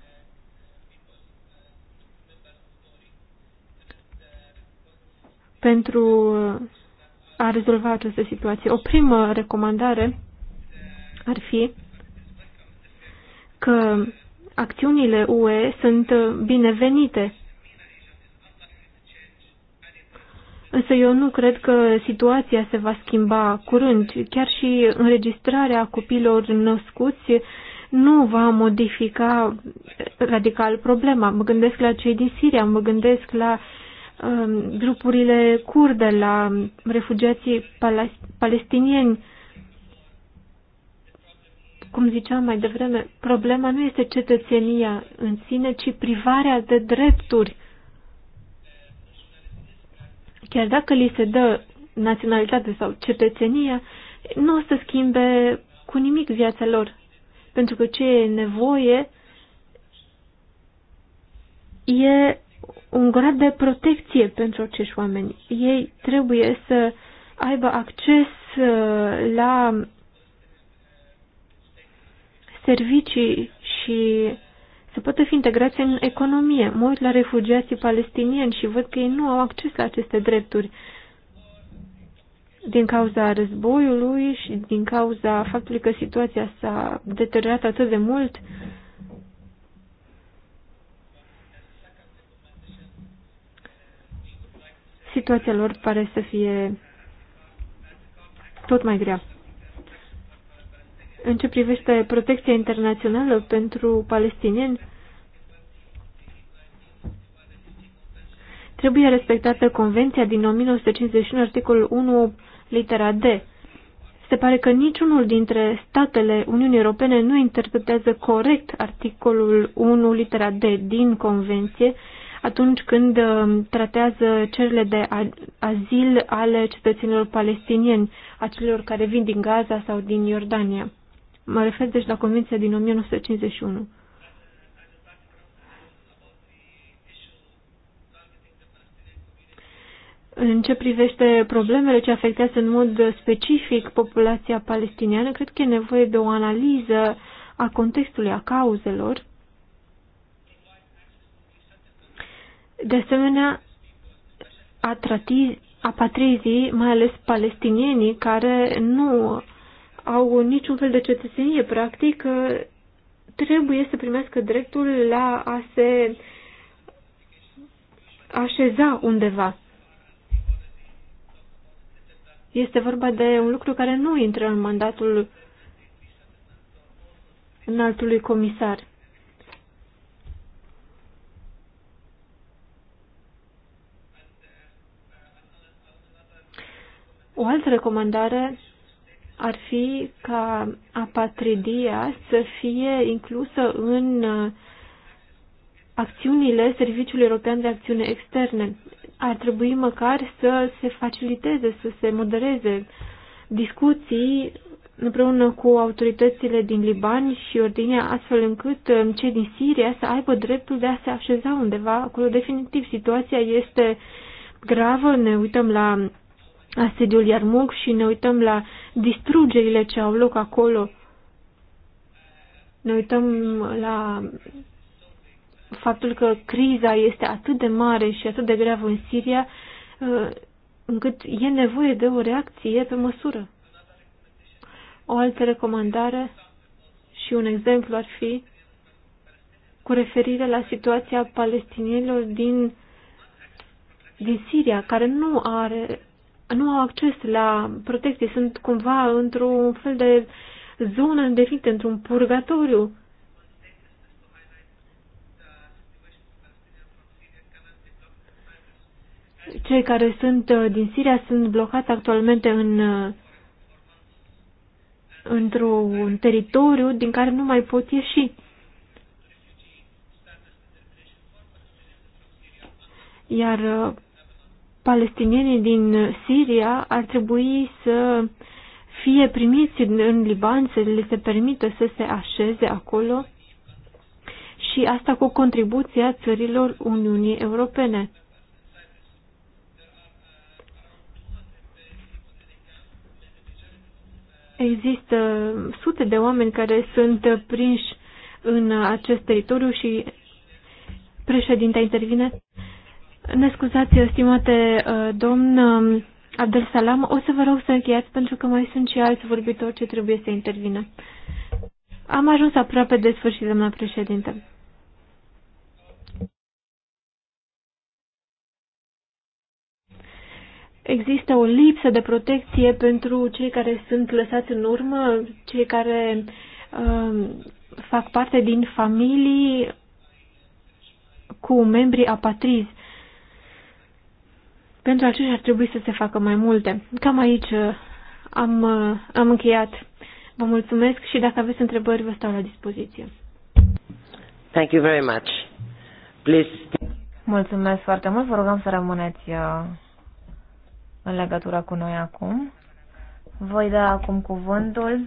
pentru a rezolva această situație. O primă recomandare ar fi că acțiunile UE sunt binevenite. Însă eu nu cred că situația se va schimba curând. Chiar și înregistrarea copilor născuți nu va modifica radical problema. Mă gândesc la cei din Siria, mă gândesc la uh, Um, grupurile curde, la refugiații palestinieni. Cum ziceam mai devreme, problema nu este cetățenia în sine, ci privarea de drepturi. Chiar dacă li se dă naționalitate sau cetățenia, nu o să schimbe cu nimic viața lor. Pentru că ce e nevoie e un grad de protecție pentru acești oameni. Ei trebuie să aibă acces uh, la servicii și să poată fi integrați în economie. Mă uit la refugiații palestinieni și văd că ei nu au acces la aceste drepturi din cauza războiului și din cauza faptului că situația s-a deteriorat atât de mult. Uh, situația lor pare să fie tot mai grea. În ce privește protecția internațională pentru palestinieni, trebuie respectată Convenția din 1951, articolul 1, litera D. Se pare că niciunul dintre statele Uniunii Europene nu interpretează corect articolul 1, litera D din Convenție atunci când uh, tratează cerile de azil ale cetățenilor palestinieni, acelor care vin din Gaza sau din Iordania. Mă refer deci la Convenția din 1951. În ce privește problemele ce afectează în mod specific populația palestiniană, cred că e nevoie de o analiză a contextului, a cauzelor De asemenea, apatrizii, mai ales palestinienii, care nu au niciun fel de cetățenie, practic, trebuie să primească dreptul la a se așeza undeva. Este vorba de un lucru care nu intră în mandatul înaltului comisar. O altă recomandare ar fi ca apatridia să fie inclusă în uh, acțiunile Serviciului European de Acțiune Externe. Ar trebui măcar să se faciliteze, să se modereze discuții împreună cu autoritățile din Liban și Ordinea, astfel încât um, cei din Siria să aibă dreptul de a se așeza undeva acolo. Definitiv, situația este gravă, ne uităm la asediul Iarmug și ne uităm la distrugerile ce au loc acolo, ne uităm la faptul că criza este atât de mare și atât de gravă în Siria, uh, încât e nevoie de o reacție pe măsură. O altă recomandare și un exemplu ar fi cu referire la situația palestinienilor din, din Siria, care nu are nu au acces la protecție, sunt cumva într-un fel de zonă definită, într-un purgatoriu. Cei care sunt uh, din Siria sunt blocați actualmente în uh, într-un teritoriu din care nu mai pot ieși. Iar uh, palestinienii din Siria ar trebui să fie primiți în Liban, să le se permită să se așeze acolo și asta cu contribuția țărilor Uniunii Europene. Există sute de oameni care sunt prinși în acest teritoriu și președinta intervine. Ne scuzați, stimate uh, domn um, Abdel Salam, o să vă rog să încheiați pentru că mai sunt și alți vorbitori ce trebuie să intervină. Am ajuns aproape de sfârșit, doamna președinte. Există o lipsă de protecție pentru cei care sunt lăsați în urmă, cei care uh, fac parte din familii cu membrii apatrizi. Pentru aceștia ar trebui să se facă mai multe. Cam aici uh, am, uh, am încheiat. Vă mulțumesc și dacă aveți întrebări, vă stau la dispoziție. Thank you very much. Please. Mulțumesc foarte mult. Vă rugăm să rămâneți uh, în legătură cu noi acum. Voi da acum cuvântul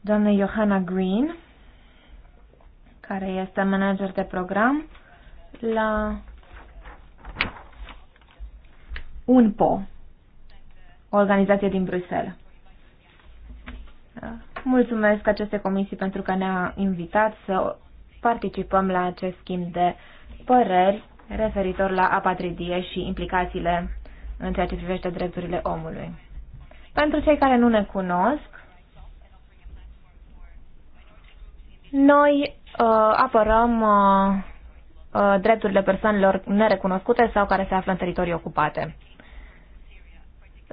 doamnei Johanna Green, care este manager de program la UNPO, o organizație din Bruxelles. Mulțumesc aceste comisii pentru că ne-a invitat să participăm la acest schimb de păreri referitor la apatridie și implicațiile în ceea ce privește drepturile omului. Pentru cei care nu ne cunosc, noi uh, apărăm uh, uh, drepturile persoanelor nerecunoscute sau care se află în teritorii ocupate.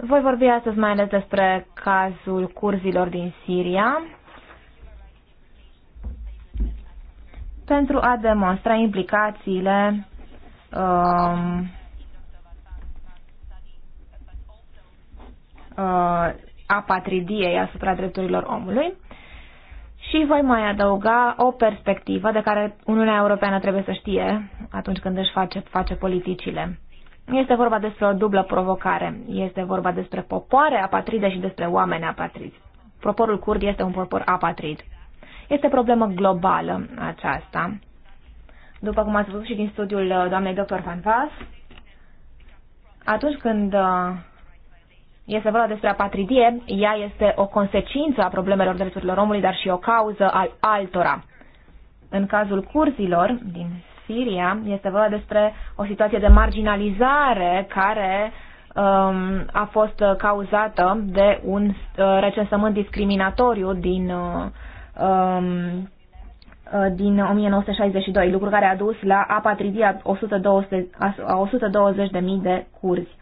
Voi vorbi astăzi mai ales despre cazul curzilor din Siria pentru a demonstra implicațiile um, uh, apatridiei asupra drepturilor omului și voi mai adăuga o perspectivă de care Uniunea Europeană trebuie să știe atunci când își face, face politicile. Este vorba despre o dublă provocare. Este vorba despre popoare apatride și despre oameni apatriți. Poporul curd este un popor apatrid. Este problemă globală aceasta. După cum ați văzut și din studiul uh, doamnei dr. Van Vas, atunci când uh, este vorba despre apatridie, ea este o consecință a problemelor drepturilor omului, dar și o cauză al altora. În cazul curzilor din Siria, este vorba despre o situație de marginalizare care um, a fost cauzată de un uh, recensământ discriminatoriu din, uh, um, uh, din 1962, lucru care a dus la apatridia 120.000 de curzi.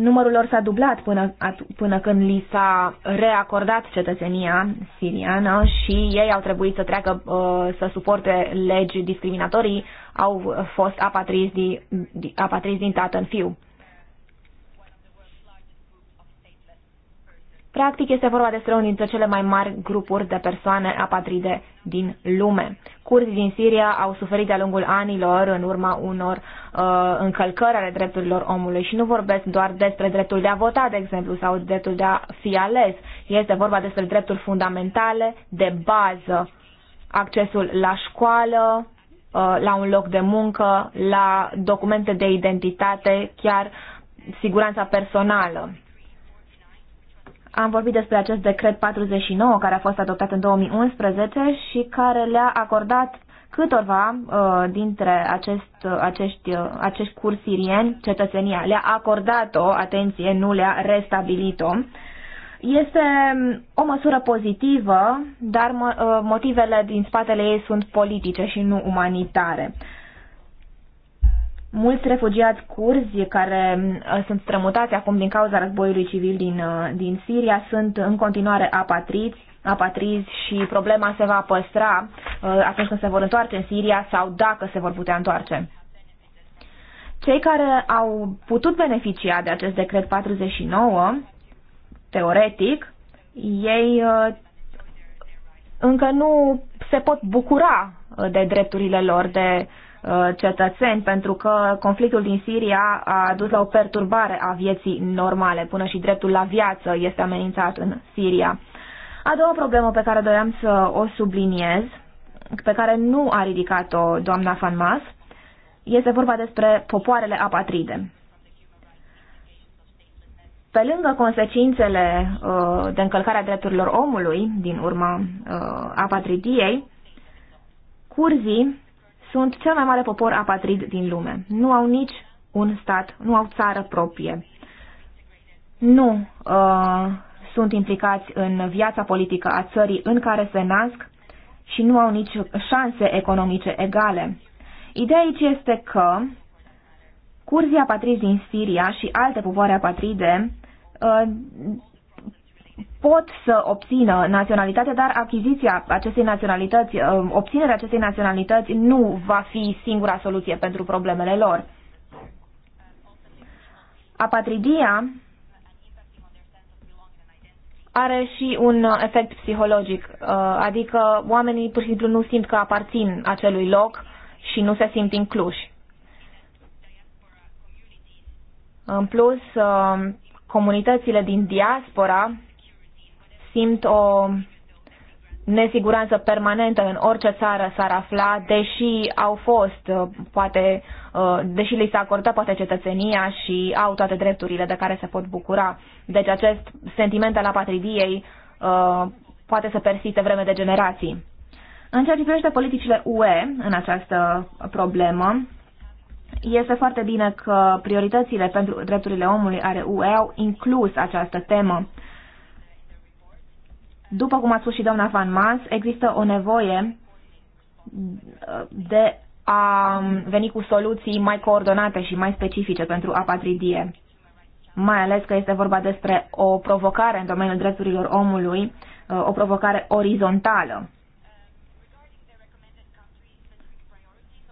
Numărul lor s-a dublat până, până când li s-a reacordat cetățenia siriană și ei au trebuit să treacă uh, să suporte legi discriminatorii, au fost apatrizi, apatrizi din tată în fiu. Practic este vorba despre unul dintre cele mai mari grupuri de persoane apatride din lume. Curzii din Siria au suferit de-a lungul anilor în urma unor uh, încălcări ale drepturilor omului și nu vorbesc doar despre dreptul de a vota, de exemplu, sau dreptul de a fi ales. Este vorba despre drepturi fundamentale de bază, accesul la școală, uh, la un loc de muncă, la documente de identitate, chiar siguranța personală am vorbit despre acest decret 49 care a fost adoptat în 2011 și care le-a acordat câtorva uh, dintre acest, uh, acești, uh, acești curs sirieni cetățenia. Le-a acordat-o, atenție, nu le-a restabilit-o. Este um, o măsură pozitivă, dar uh, motivele din spatele ei sunt politice și nu umanitare mulți refugiați curzi care uh, sunt strămutați acum din cauza războiului civil din, uh, din Siria sunt în continuare apatriți, apatrizi și problema se va păstra uh, atunci când se vor întoarce în Siria sau dacă se vor putea întoarce. Cei care au putut beneficia de acest decret 49, teoretic, ei încă nu se pot bucura de drepturile lor, de uh, Uh, cetățeni, pentru că conflictul din Siria a dus la o perturbare a vieții normale, până și dreptul la viață este amenințat în Siria. A doua problemă pe care doream să o subliniez, pe care nu a ridicat-o doamna Fanmas, este vorba despre popoarele apatride. Pe lângă consecințele uh, de încălcarea drepturilor omului din urma uh, apatridiei, curzii sunt cel mai mare popor apatrid din lume. Nu au nici un stat, nu au țară proprie. Nu uh, sunt implicați în viața politică a țării în care se nasc și nu au nici șanse economice egale. Ideea aici este că curzii apatrizi din Siria și alte popoare apatride uh, pot să obțină naționalitatea, dar achiziția acestei naționalități, uh, obținerea acestei naționalități nu va fi singura soluție pentru problemele lor. Apatridia are și un efect psihologic, uh, adică oamenii pur și simplu nu simt că aparțin acelui loc și nu se simt incluși. În plus, uh, comunitățile din diaspora simt o nesiguranță permanentă în orice țară s-ar afla, deși au fost, uh, poate, uh, deși li s-a acordat poate cetățenia și au toate drepturile de care se pot bucura. Deci acest sentiment al apatridiei uh, poate să persiste vreme de generații. În ceea ce privește politicile UE în această problemă, este foarte bine că prioritățile pentru drepturile omului are UE au inclus această temă după cum a spus și doamna Van Mans, există o nevoie uh, de a veni cu soluții mai coordonate și mai specifice pentru apatridie, mai ales că este vorba despre o provocare în domeniul drepturilor omului, uh, o provocare orizontală.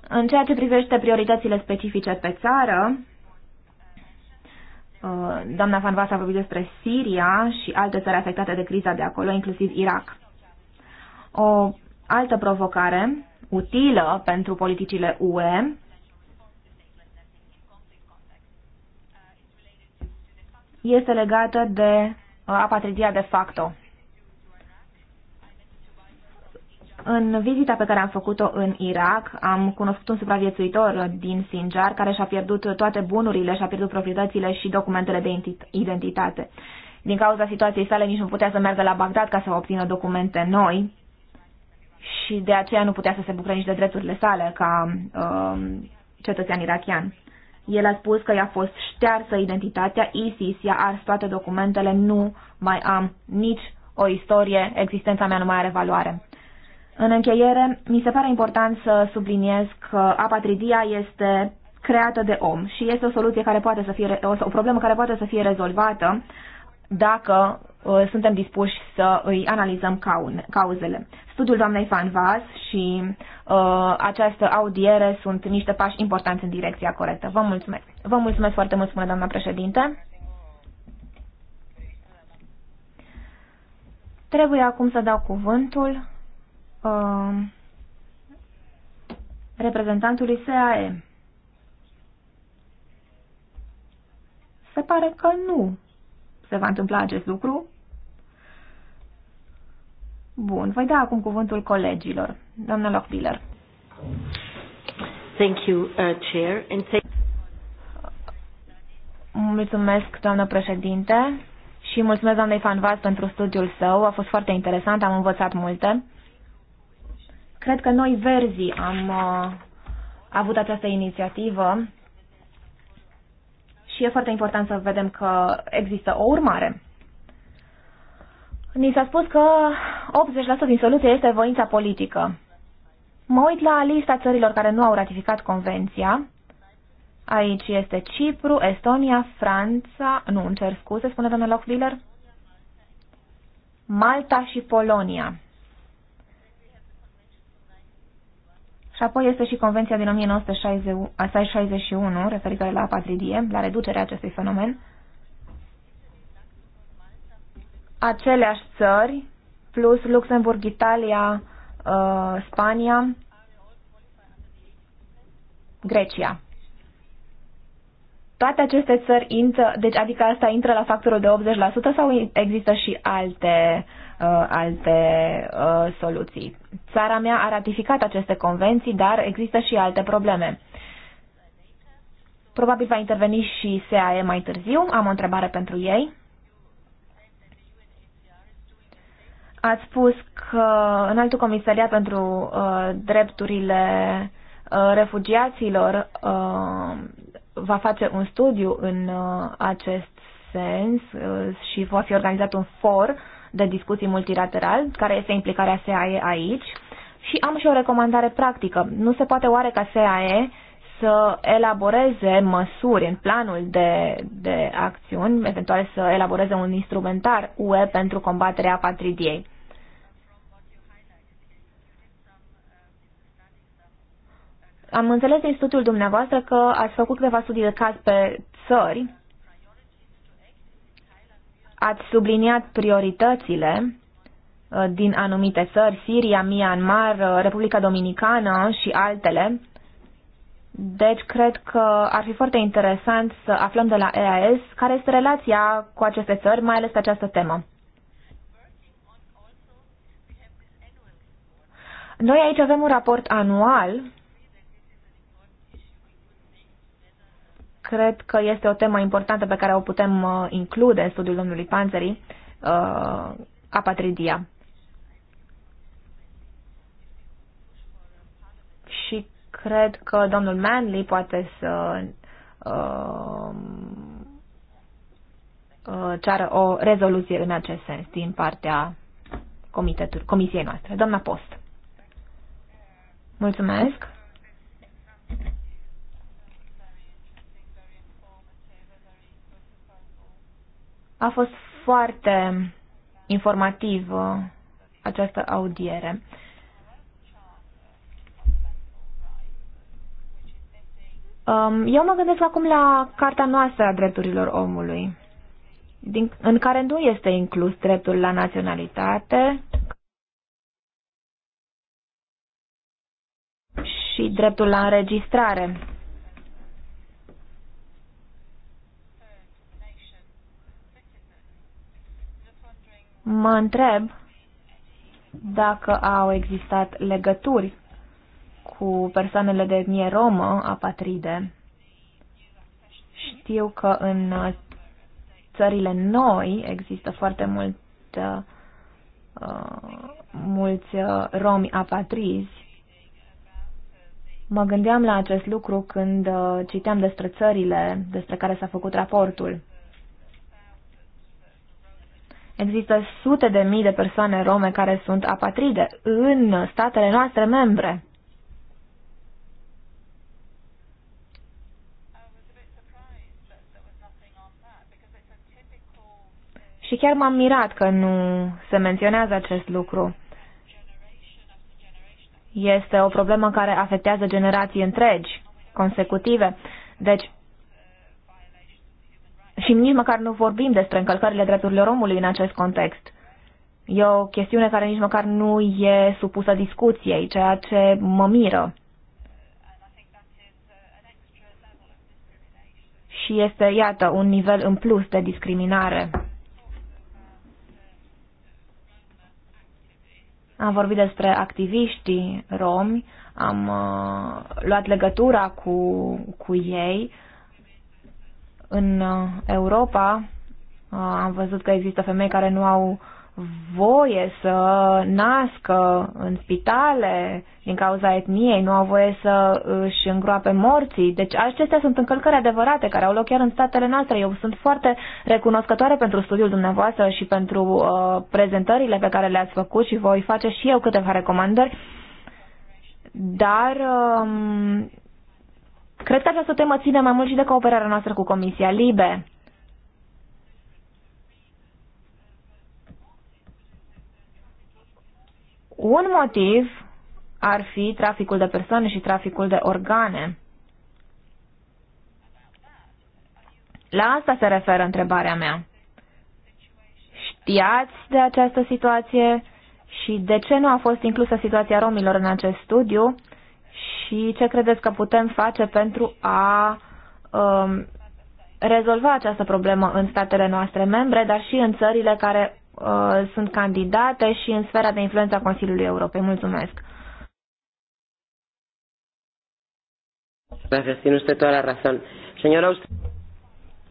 În ceea ce privește prioritățile specifice pe țară, Uh, doamna Van Vas a vorbit despre Siria și alte țări afectate de criza de acolo, inclusiv Irak. O altă provocare utilă pentru politicile UE este legată de uh, apatridia de facto. În vizita pe care am făcut-o în Irak, am cunoscut un supraviețuitor din Sinjar care și-a pierdut toate bunurile, și-a pierdut proprietățile și documentele de identitate. Din cauza situației sale nici nu putea să meargă la Bagdad ca să obțină documente noi și de aceea nu putea să se bucure nici de drepturile sale ca uh, cetățean irachian. El a spus că i-a fost ștearsă identitatea, ISIS i-a ars toate documentele, nu mai am nici o istorie, existența mea nu mai are valoare. În încheiere, mi se pare important să subliniez că apatridia este creată de om și este o soluție care poate să fie, o problemă care poate să fie rezolvată dacă uh, suntem dispuși să îi analizăm caune, cauzele. Studiul doamnei Van Vaz și uh, această audiere sunt niște pași importanți în direcția corectă. Vă mulțumesc. Vă mulțumesc foarte mult, spune doamna președinte. Trebuie acum să dau cuvântul Um, reprezentantului SAE. Se pare că nu se va întâmpla acest lucru. Bun, voi da acum cuvântul colegilor. Doamna Lochbiller. Thank you, uh, Chair. And thank mulțumesc, doamnă președinte, și mulțumesc doamnei Fanvas pentru studiul său. A fost foarte interesant, am învățat multe. Cred că noi, verzii, am uh, avut această inițiativă și e foarte important să vedem că există o urmare. Ni s-a spus că 80% din soluție este voința politică. Mă uit la lista țărilor care nu au ratificat convenția. Aici este Cipru, Estonia, Franța, nu, îmi cer scuze, spune domnul Lockbiller, Malta și Polonia. Și apoi este și Convenția din 1961 referitoare la apatridie, la reducerea acestui fenomen. Aceleași țări, plus Luxemburg, Italia, uh, Spania, Grecia. Toate aceste țări intră, deci adică asta intră la factorul de 80% sau există și alte uh, uh, alte uh, soluții. Țara mea a ratificat aceste convenții, dar există și alte probleme. Probabil va interveni și SAE mai târziu. Am o întrebare pentru ei. Ați spus că în altul comisariat pentru uh, drepturile uh, refugiaților uh, va face un studiu în uh, acest sens uh, și va fi organizat un for de discuții multilateral, care este implicarea SAE aici. Și am și o recomandare practică. Nu se poate oare ca SAE să elaboreze măsuri în planul de, de acțiuni, eventual să elaboreze un instrumentar UE pentru combaterea apatridiei. Am înțeles din studiul dumneavoastră că ați făcut câteva studii de caz pe țări Ați subliniat prioritățile uh, din anumite țări, Siria, Myanmar, uh, Republica Dominicană și altele. Deci cred că ar fi foarte interesant să aflăm de la EAS care este relația cu aceste țări, mai ales această temă. Noi aici avem un raport anual cred că este o temă importantă pe care o putem uh, include în studiul domnului Panzeri, uh, apatridia. Și cred că domnul Manley poate să uh, ceară o rezoluție în acest sens din partea comisiei noastre. Doamna Post. Mulțumesc. A fost foarte informativă uh, această audiere. Um, eu mă gândesc acum la Carta noastră a drepturilor omului, din, în care nu este inclus dreptul la naționalitate și dreptul la înregistrare. Mă întreb dacă au existat legături cu persoanele de etnie romă, apatride. Știu că în țările noi există foarte mult, uh, mulți uh, romi apatrizi. Mă gândeam la acest lucru când uh, citeam despre țările despre care s-a făcut raportul. Există sute de mii de persoane rome care sunt apatride în statele noastre membre. Și chiar m-am mirat că nu se menționează acest lucru. Este o problemă care afectează generații întregi, consecutive. Deci, și nici măcar nu vorbim despre încălcările drepturilor omului în acest context. E o chestiune care nici măcar nu e supusă discuției, ceea ce mă miră. Și este, iată, un nivel în plus de discriminare. Am vorbit despre activiștii romi, am uh, luat legătura cu, cu ei, uh, în uh, Europa uh, am văzut că există femei care nu au voie să nască în spitale din cauza etniei, nu au voie să își îngroape morții. Deci acestea sunt încălcări adevărate care au loc chiar în statele noastre. Eu sunt foarte recunoscătoare pentru studiul dumneavoastră și pentru uh, prezentările pe care le-ați făcut și voi face și eu câteva recomandări. Dar uh, Cred că această temă ține mai mult și de cooperarea noastră cu Comisia Libe. Un motiv ar fi traficul de persoane și traficul de organe. La asta se referă întrebarea mea. Știați de această situație și de ce nu a fost inclusă situația romilor în acest studiu? și ce credeți că putem face pentru a um, rezolva această problemă în statele noastre membre, dar și în țările care uh, sunt candidate și în sfera de influență a Consiliului Europei. Mulțumesc!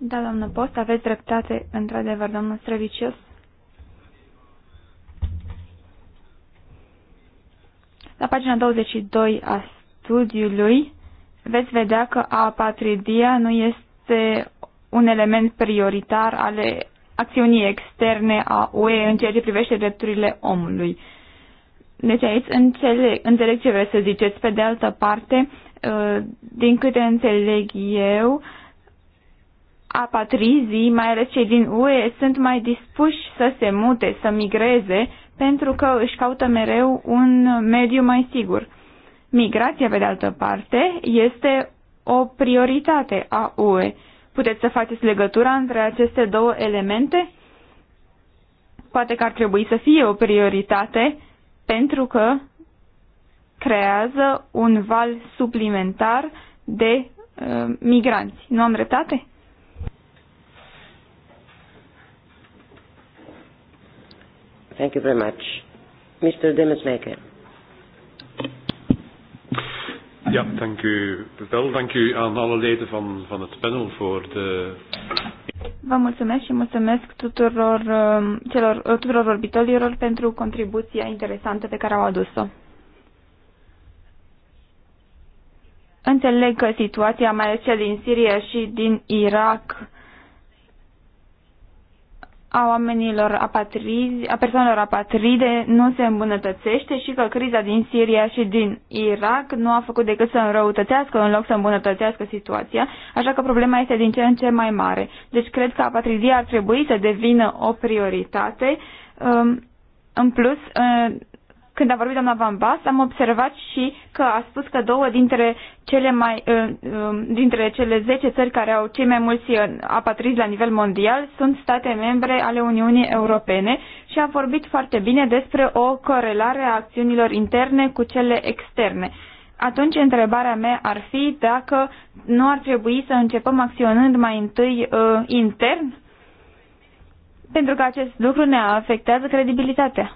Da, doamnă Post, aveți dreptate, într-adevăr, doamnă Strevicius. La pagina 22 a studiului veți vedea că a patridia nu este un element prioritar ale acțiunii externe a UE în ceea ce privește drepturile omului. Deci aici înțeleg, înțeleg ce vreți să ziceți. Pe de altă parte, uh, din câte înțeleg eu, apatrizii, mai ales cei din UE, sunt mai dispuși să se mute, să migreze, pentru că își caută mereu un mediu mai sigur. Migrația, pe de altă parte, este o prioritate a UE. Puteți să faceți legătura între aceste două elemente? Poate că ar trebui să fie o prioritate pentru că creează un val suplimentar de uh, migranți. Nu am dreptate? Thank you very much. Mr. Demesmaker. Ja, dank u wel. Dank u aan alle leden van, van het panel voor de... Vă mulțumesc și mulțumesc tuturor, um, celor, uh, tuturor orbitorilor pentru contribuția interesantă pe care au adus-o. Înțeleg că situația, mai ales cea din Siria și din Irak, a oamenilor apatrizi, a persoanelor apatride nu se îmbunătățește și că criza din Siria și din Irak nu a făcut decât să înrăutățească în loc să îmbunătățească situația, așa că problema este din ce în ce mai mare. Deci cred că apatridia ar trebui să devină o prioritate. Um, în plus, uh, când a vorbit doamna Van Bas, am observat și că a spus că două dintre cele, mai, uh, um, dintre cele 10 țări care au cei mai mulți uh, apatrizi la nivel mondial sunt state membre ale Uniunii Europene și a vorbit foarte bine despre o corelare a acțiunilor interne cu cele externe. Atunci întrebarea mea ar fi dacă nu ar trebui să începem acționând mai întâi uh, intern, pentru că acest lucru ne afectează credibilitatea.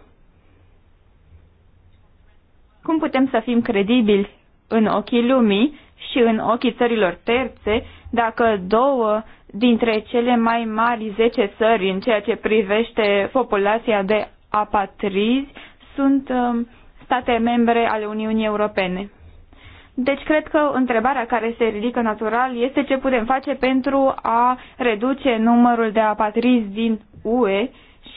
Cum putem să fim credibili în ochii lumii și în ochii țărilor terțe dacă două dintre cele mai mari zece țări în ceea ce privește populația de apatrizi sunt um, state membre ale Uniunii Europene? Deci cred că întrebarea care se ridică natural este ce putem face pentru a reduce numărul de apatrizi din UE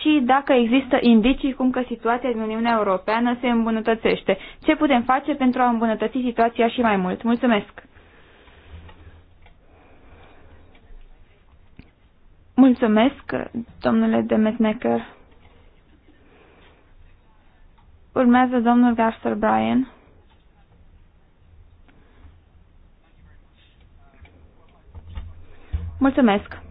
și dacă există indicii cum că situația din Uniunea Europeană se îmbunătățește. Ce putem face pentru a îmbunătăți situația și mai mult? Mulțumesc! Mulțumesc, domnule Demetnecker. Urmează domnul Garster Bryan. Mulțumesc.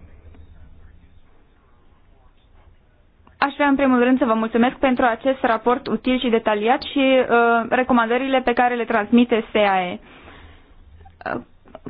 Aș vrea în primul rând să vă mulțumesc pentru acest raport util și detaliat și uh, recomandările pe care le transmite SAE. Uh,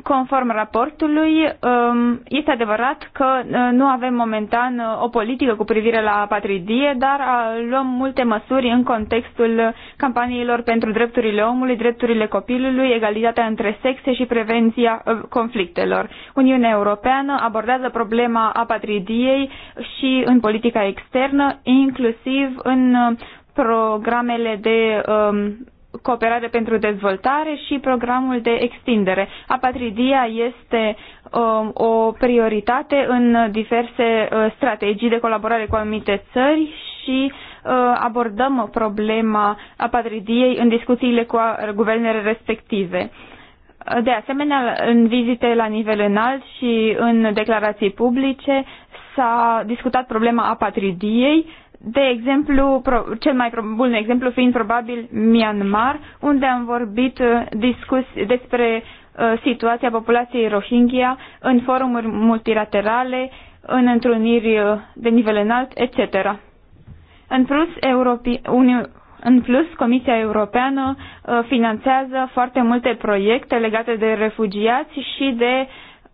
Conform raportului, um, este adevărat că uh, nu avem momentan uh, o politică cu privire la patridie, dar uh, luăm multe măsuri în contextul campaniilor pentru drepturile omului, drepturile copilului, egalitatea între sexe și prevenția conflictelor. Uniunea Europeană abordează problema apatridiei și în politica externă, inclusiv în programele de um, cooperare pentru dezvoltare și programul de extindere. Apatridia este um, o prioritate în diverse uh, strategii de colaborare cu anumite țări și uh, abordăm problema apatridiei în discuțiile cu uh, guvernele respective. De asemenea, în vizite la nivel înalt și în declarații publice s-a discutat problema apatridiei de exemplu, cel mai bun exemplu fiind probabil Myanmar, unde am vorbit uh, discus despre uh, situația populației Rohingya în forumuri multilaterale, în întruniri uh, de nivel înalt, etc. În plus, Europi, Uni, în plus, Comisia Europeană finanțează foarte multe proiecte legate de refugiați și de uh,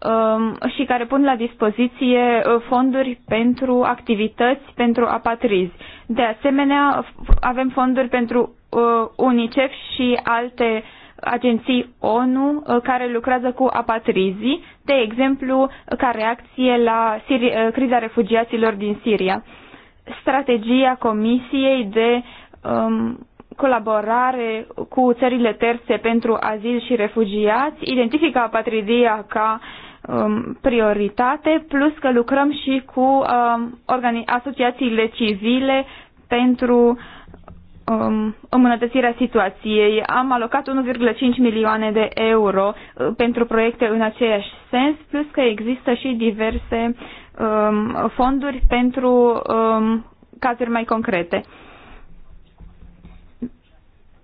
Um, și care pun la dispoziție uh, fonduri pentru activități pentru apatrizi. De asemenea, avem fonduri pentru uh, UNICEF și alte agenții ONU uh, care lucrează cu apatrizii, de exemplu, ca reacție la Siri- criza refugiaților din Siria. Strategia Comisiei de um, colaborare cu țările terțe pentru azil și refugiați identifică apatridia ca uh, um, prioritate, plus că lucrăm și cu um, asociațiile civile pentru um, îmbunătățirea situației. Am alocat 1,5 milioane de euro uh, pentru proiecte în aceeași sens, plus că există și diverse um, fonduri pentru um, cazuri mai concrete.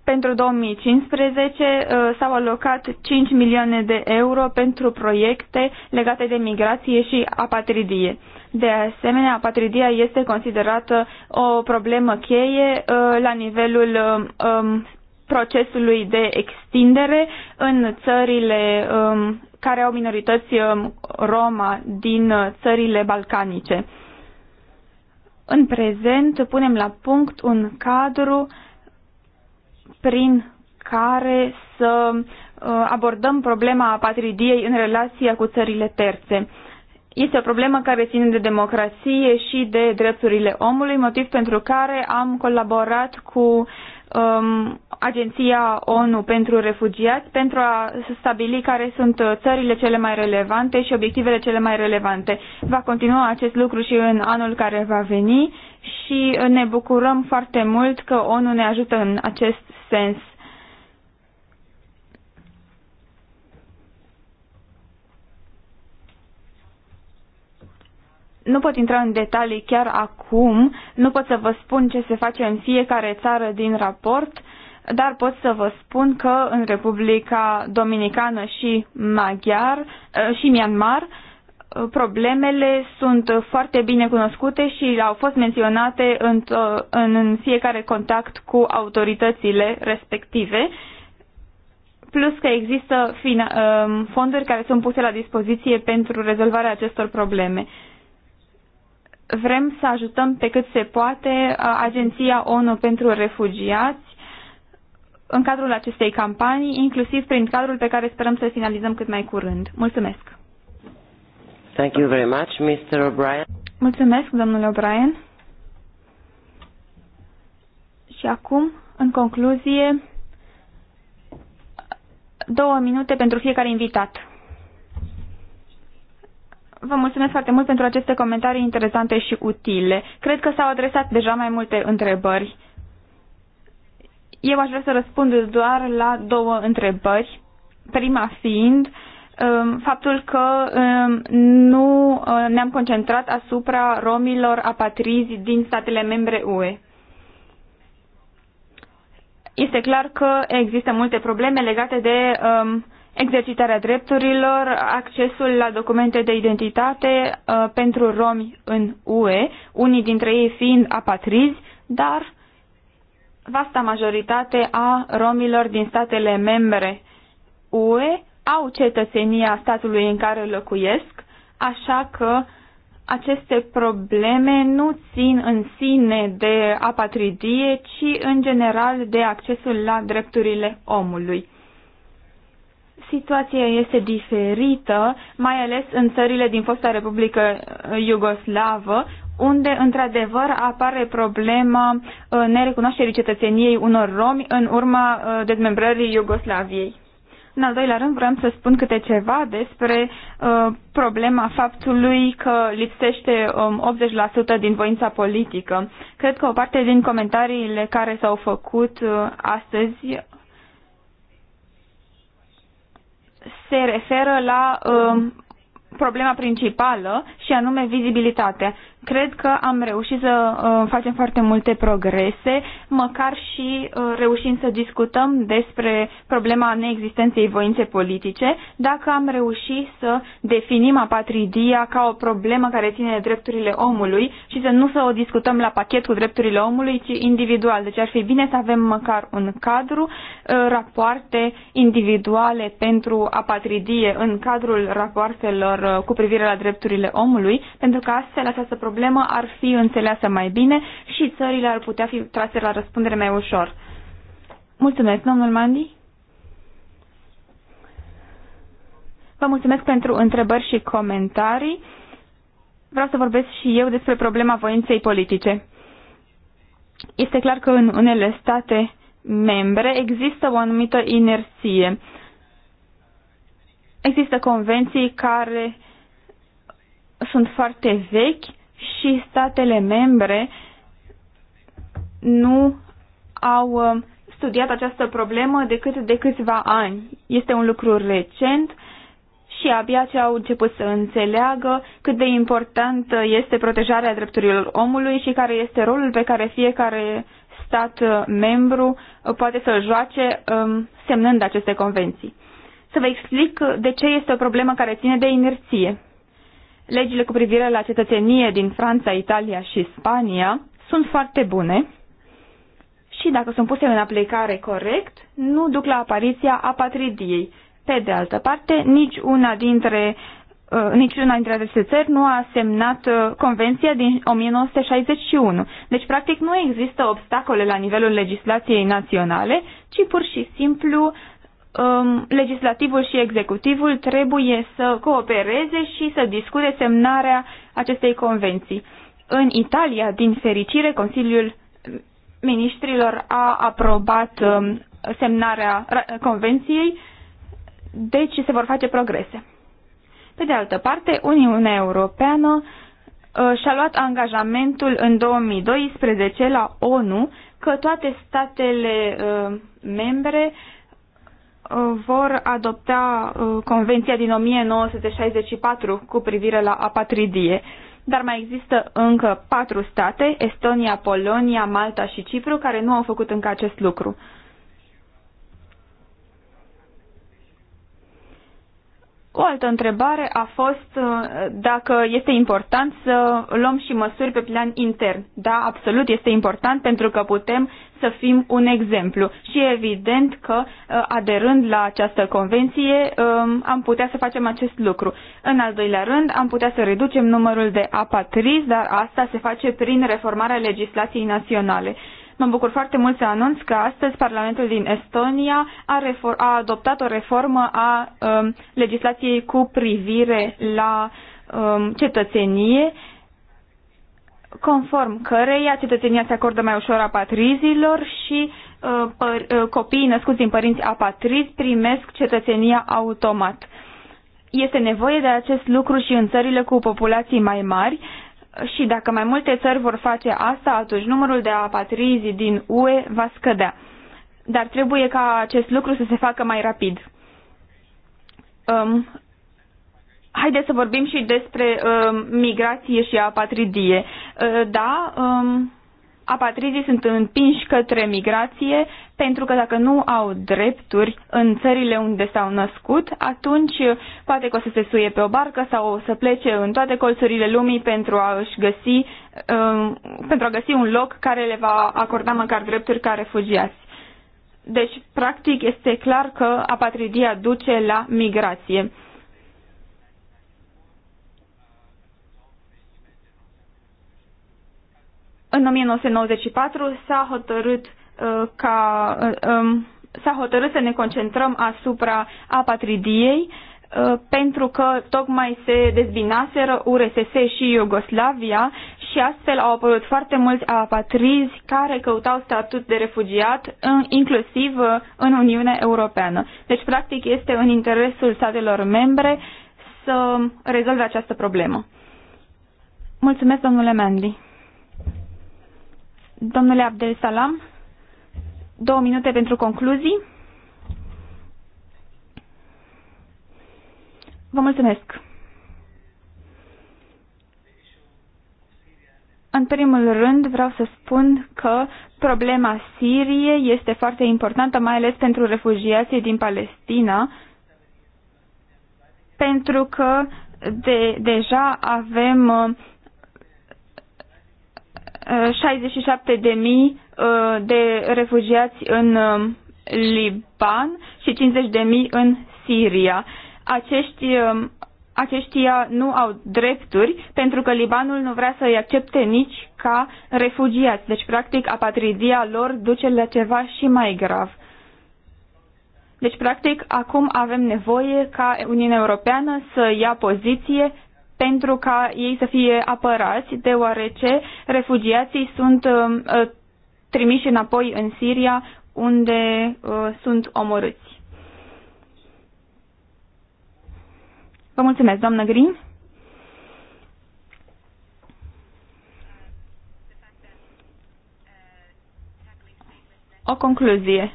Pentru 2015 uh, s-au alocat 5 milioane de euro pentru proiecte legate de migrație și apatridie. De asemenea, apatridia este considerată o problemă cheie uh, la nivelul uh, um, procesului de extindere în țările um, care au minorități um, roma din țările balcanice. În prezent punem la punct un cadru prin care să uh, abordăm problema apatridiei în relația cu țările terțe. Este o problemă care ține de democrație și de drepturile omului, motiv pentru care am colaborat cu um, Agenția ONU pentru Refugiați pentru a stabili care sunt țările cele mai relevante și obiectivele cele mai relevante. Va continua acest lucru și în anul care va veni și ne bucurăm foarte mult că ONU ne ajută în acest sens. Nu pot intra în detalii chiar acum, nu pot să vă spun ce se face în fiecare țară din raport, dar pot să vă spun că în Republica Dominicană și Maghiar eh, și Myanmar problemele sunt foarte bine cunoscute și au fost menționate în, în fiecare contact cu autoritățile respective, plus că există um, fonduri care sunt puse la dispoziție pentru rezolvarea acestor probleme. Vrem să ajutăm pe cât se poate Agenția ONU pentru Refugiați în cadrul acestei campanii, inclusiv prin cadrul pe care sperăm să-l finalizăm cât mai curând. Mulțumesc! Thank you very much, Mr. O'Brien. Mulțumesc, domnule O'Brien. Și acum, în concluzie, două minute pentru fiecare invitat. Vă mulțumesc foarte mult pentru aceste comentarii interesante și utile. Cred că s-au adresat deja mai multe întrebări. Eu aș vrea să răspund doar la două întrebări. Prima fiind, uh, Um, faptul că um, nu uh, ne-am concentrat asupra romilor apatrizi din statele membre UE. Este clar că există multe probleme legate de um, exercitarea drepturilor, accesul la documente de identitate uh, pentru romi în UE, unii dintre ei fiind apatrizi, dar vasta majoritate a romilor din statele membre UE au cetățenia statului în care locuiesc, așa că aceste probleme nu țin în sine de apatridie, ci în general de accesul la drepturile omului. Situația este diferită, mai ales în țările din fosta Republică Iugoslavă, unde într-adevăr apare problema uh, nerecunoașterii cetățeniei unor romi în urma uh, dezmembrării Iugoslaviei. În al doilea rând vreau să spun câte ceva despre uh, problema faptului că lipsește um, 80% din voința politică. Cred că o parte din comentariile care s-au făcut uh, astăzi se referă la uh, problema principală și anume vizibilitatea cred că am reușit să uh, facem foarte multe progrese, măcar și uh, reușind să discutăm despre problema neexistenței voințe politice, dacă am reușit să definim apatridia ca o problemă care ține de drepturile omului și să nu să o discutăm la pachet cu drepturile omului, ci individual. Deci ar fi bine să avem măcar un cadru, uh, rapoarte individuale pentru apatridie în cadrul rapoartelor cu privire la drepturile omului, pentru că astfel această problemă problemă ar fi înțeleasă mai bine și țările ar putea fi trase la răspundere mai ușor. Mulțumesc, domnul Mandi. Vă mulțumesc pentru întrebări și comentarii. Vreau să vorbesc și eu despre problema voinței politice. Este clar că în unele state membre există o anumită inerție. Există convenții care sunt foarte vechi și statele membre nu au uh, studiat această problemă decât de câțiva ani. Este un lucru recent și abia ce au început să înțeleagă cât de important este protejarea drepturilor omului și care este rolul pe care fiecare stat uh, membru uh, poate să-l joace um, semnând aceste convenții. Să vă explic de ce este o problemă care ține de inerție. Legile cu privire la cetățenie din Franța, Italia și Spania sunt foarte bune și, dacă sunt puse în aplicare corect, nu duc la apariția apatridiei. Pe de altă parte, nici una dintre uh, niciuna dintre aceste țări nu a semnat uh, convenția din 1961. Deci, practic, nu există obstacole la nivelul legislației naționale, ci pur și simplu um, legislativul și executivul trebuie să coopereze și să discute semnarea acestei convenții. În Italia, din fericire, Consiliul Ministrilor a aprobat um, semnarea convenției, deci se vor face progrese. Pe de altă parte, Uniunea Europeană uh, și-a luat angajamentul în 2012 la ONU că toate statele uh, membre vor adopta uh, Convenția din 1964 cu privire la apatridie, dar mai există încă patru state, Estonia, Polonia, Malta și Cipru, care nu au făcut încă acest lucru. O altă întrebare a fost uh, dacă este important să luăm și măsuri pe plan intern. Da, absolut este important pentru că putem să fim un exemplu și evident că uh, aderând la această convenție um, am putea să facem acest lucru. În al doilea rând, am putea să reducem numărul de apatrizi, dar asta se face prin reformarea legislației naționale. Mă bucur foarte mult să anunț că astăzi Parlamentul din Estonia a, a adoptat o reformă a um, legislației cu privire la um, cetățenie, conform căreia cetățenia se acordă mai ușor apatrizilor și uh, păr, uh, copiii născuți din părinți apatrizi primesc cetățenia automat. Este nevoie de acest lucru și în țările cu populații mai mari, și dacă mai multe țări vor face asta, atunci numărul de apatrizi din UE va scădea. Dar trebuie ca acest lucru să se facă mai rapid. Um, haideți să vorbim și despre um, migrație și apatridie. Uh, da, um, apatrizii sunt împinși către migrație pentru că dacă nu au drepturi în țările unde s-au născut, atunci uh, poate că o să se suie pe o barcă sau o să plece în toate colțurile lumii pentru a -și găsi um, pentru a găsi un loc care le va acorda măcar drepturi ca refugiați. Deci, practic, este clar că apatridia duce la migrație. În 1994 s-a hotărât uh, ca uh, um, s-a hotărât să ne concentrăm asupra apatridiei uh, pentru că tocmai se dezbinaseră URSS și Iugoslavia și astfel au apărut foarte mulți apatrizi care căutau statut de refugiat, în, inclusiv în Uniunea Europeană. Deci, practic, este în interesul statelor membre să rezolve această problemă. Mulțumesc, domnule Mandy. Domnule Abdel Salam, două minute pentru concluzii. Vă mulțumesc. În primul rând vreau să spun că problema Siriei este foarte importantă, mai ales pentru refugiații din Palestina, pentru că de, deja avem uh, 67.000 de uh, de refugiați în um, Liban și 50.000 în Siria. Acești, um, aceștia nu au drepturi pentru că Libanul nu vrea să îi accepte nici ca refugiați. Deci, practic, apatridia lor duce la ceva și mai grav. Deci, practic, acum avem nevoie ca Uniunea Europeană să ia poziție pentru ca ei să fie apărați, deoarece refugiații sunt uh, uh, trimiși înapoi în Siria, unde uh, sunt omorâți. Vă mulțumesc, doamnă Green. O concluzie.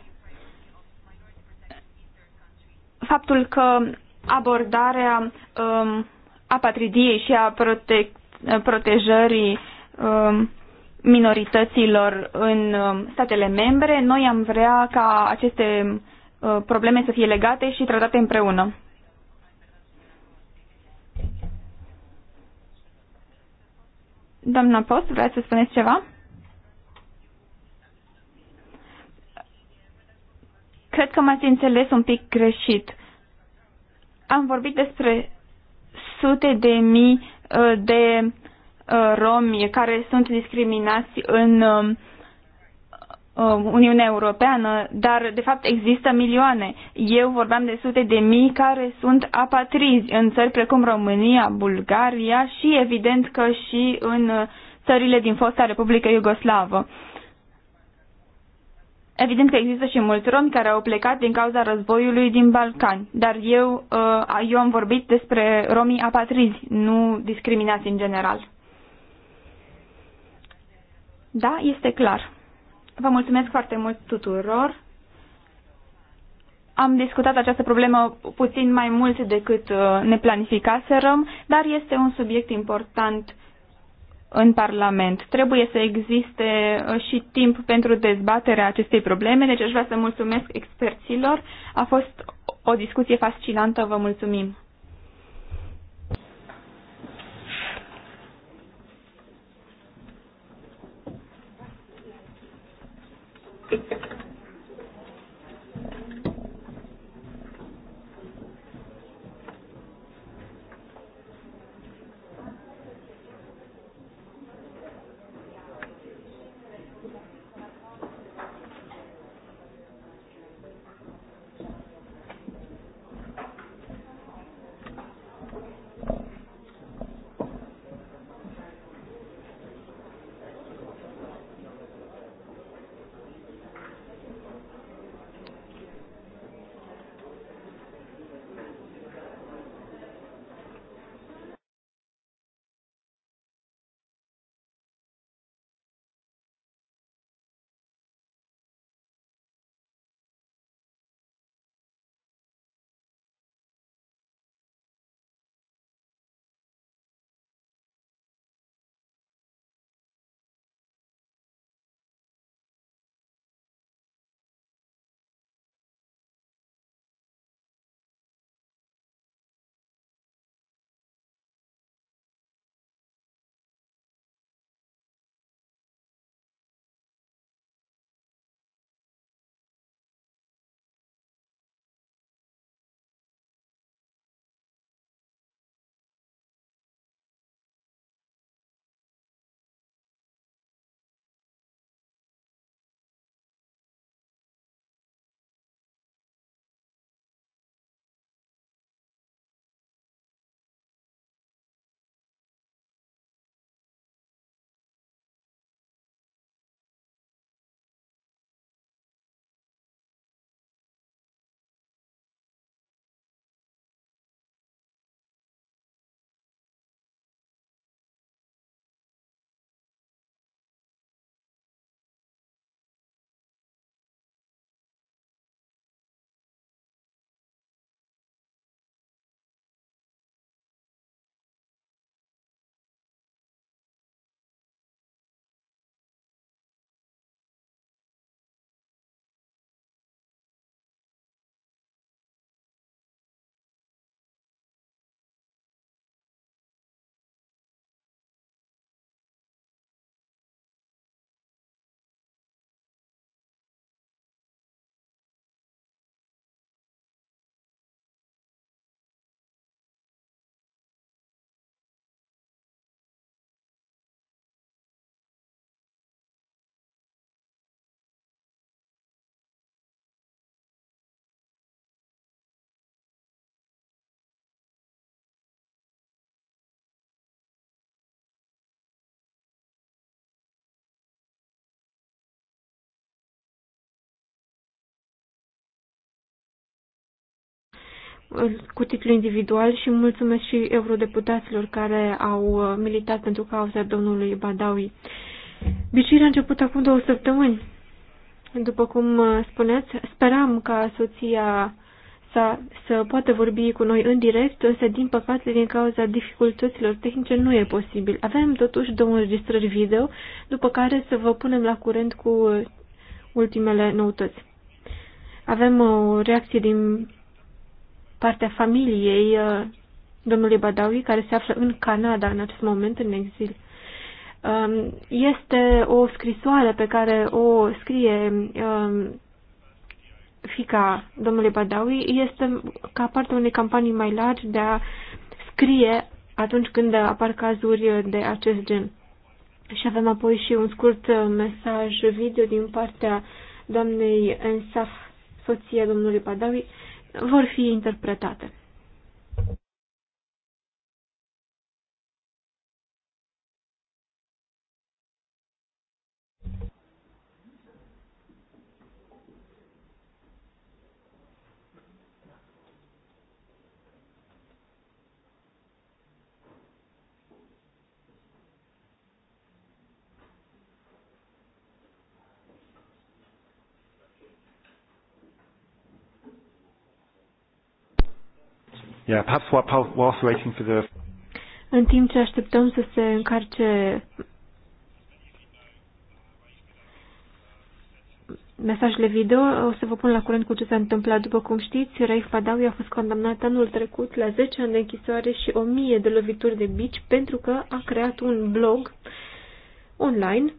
Faptul că abordarea um, apatridiei și a prote- protejării um, minorităților în um, statele membre, noi am vrea ca aceste uh, probleme să fie legate și tratate împreună. Doamna Post, vreți să spuneți ceva? Cred că m-ați înțeles un pic greșit. Am vorbit despre sute de mii uh, de uh, romi care sunt discriminați în uh, Uniunea Europeană, dar de fapt există milioane. Eu vorbeam de sute de mii care sunt apatrizi în țări precum România, Bulgaria și evident că și în țările din fosta Republică Iugoslavă. Evident că există și mulți romi care au plecat din cauza războiului din Balcani, dar eu, uh, eu am vorbit despre romii apatrizi, nu discriminați în general. Da, este clar. Vă mulțumesc foarte mult tuturor. Am discutat această problemă puțin mai mult decât uh, ne planificaserăm, dar este un subiect important în Parlament. Trebuie să existe uh, și timp pentru dezbaterea acestei probleme, deci aș vrea să mulțumesc experților. A fost o discuție fascinantă, vă mulțumim. Thank *laughs* you. cu titlu individual și mulțumesc și eurodeputaților care au uh, militat pentru cauza domnului Badawi. Bicirea a început acum două săptămâni. După cum uh, spuneți, speram ca soția să să poată vorbi cu noi în direct, însă din păcate din cauza dificultăților tehnice nu e posibil. Avem totuși două înregistrări video, după care să vă punem la curent cu uh, ultimele noutăți. Avem o reacție din partea familiei uh, domnului Badawi, care se află în Canada în acest moment, în exil. Um, este o scrisoare pe care o scrie um, fica domnului Badawi, este ca parte unei campanii mai largi de a scrie atunci când apar cazuri de acest gen. Și avem apoi și un scurt uh, mesaj video din partea doamnei Ensaf, soția domnului Badawi, vor fi interpretate. Yeah, perhaps whilst waiting for the... În timp ce așteptăm să se încarce mesajele video, o să vă pun la curent cu ce s-a întâmplat. După cum știți, Raif Badawi a fost condamnat anul trecut la 10 ani de închisoare și 1000 de lovituri de bici pentru că a creat un blog online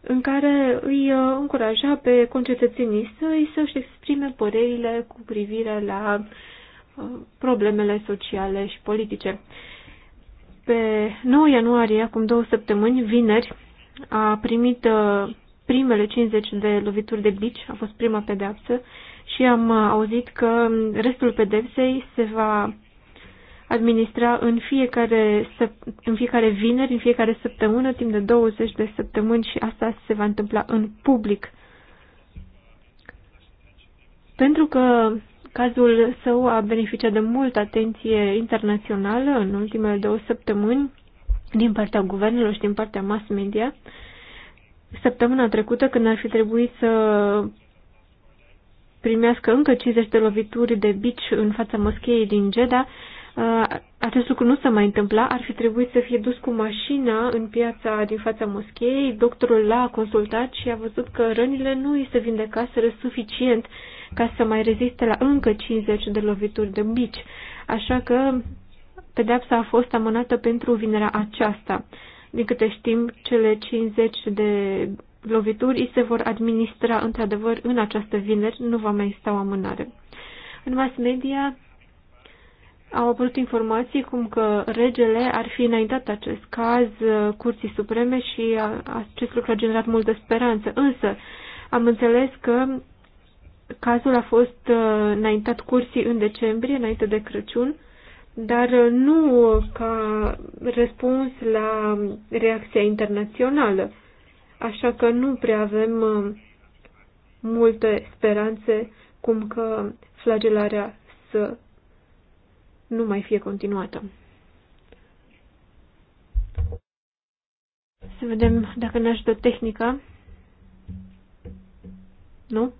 în care îi uh, încuraja pe concetățenii săi să-și exprime părerile cu privire la uh, problemele sociale și politice. Pe 9 ianuarie, acum două săptămâni, vineri, a primit uh, primele 50 de lovituri de bici, a fost prima pedeapsă, și am uh, auzit că restul pedepsei se va administra în fiecare, în fiecare vineri, în fiecare săptămână, timp de 20 de săptămâni și asta se va întâmpla în public. Pentru că Cazul său a beneficiat de multă atenție internațională în ultimele două săptămâni din partea guvernelor și din partea mass media. Săptămâna trecută, când ar fi trebuit să primească încă 50 de lovituri de bici în fața moscheei din Jeddah, acest lucru nu s-a mai întâmplat, ar fi trebuit să fie dus cu mașina în piața din fața moscheei. Doctorul l-a consultat și a văzut că rănile nu îi se vindecaseră suficient ca să mai reziste la încă 50 de lovituri de bici. Așa că pedepsa a fost amânată pentru vinerea aceasta. Din câte știm, cele 50 de lovituri îi se vor administra într-adevăr în această vineri, nu va mai sta o amânare. În mass media, au apărut informații cum că regele ar fi înaintat acest caz uh, Curții Supreme și uh, acest lucru a generat multă speranță. Însă am înțeles că cazul a fost uh, înaintat Curții în decembrie, înainte de Crăciun, dar nu ca răspuns la reacția internațională. Așa că nu prea avem multe speranțe cum că flagelarea să nu mai fie continuată. Să vedem dacă ne ajută da tehnica. Nu?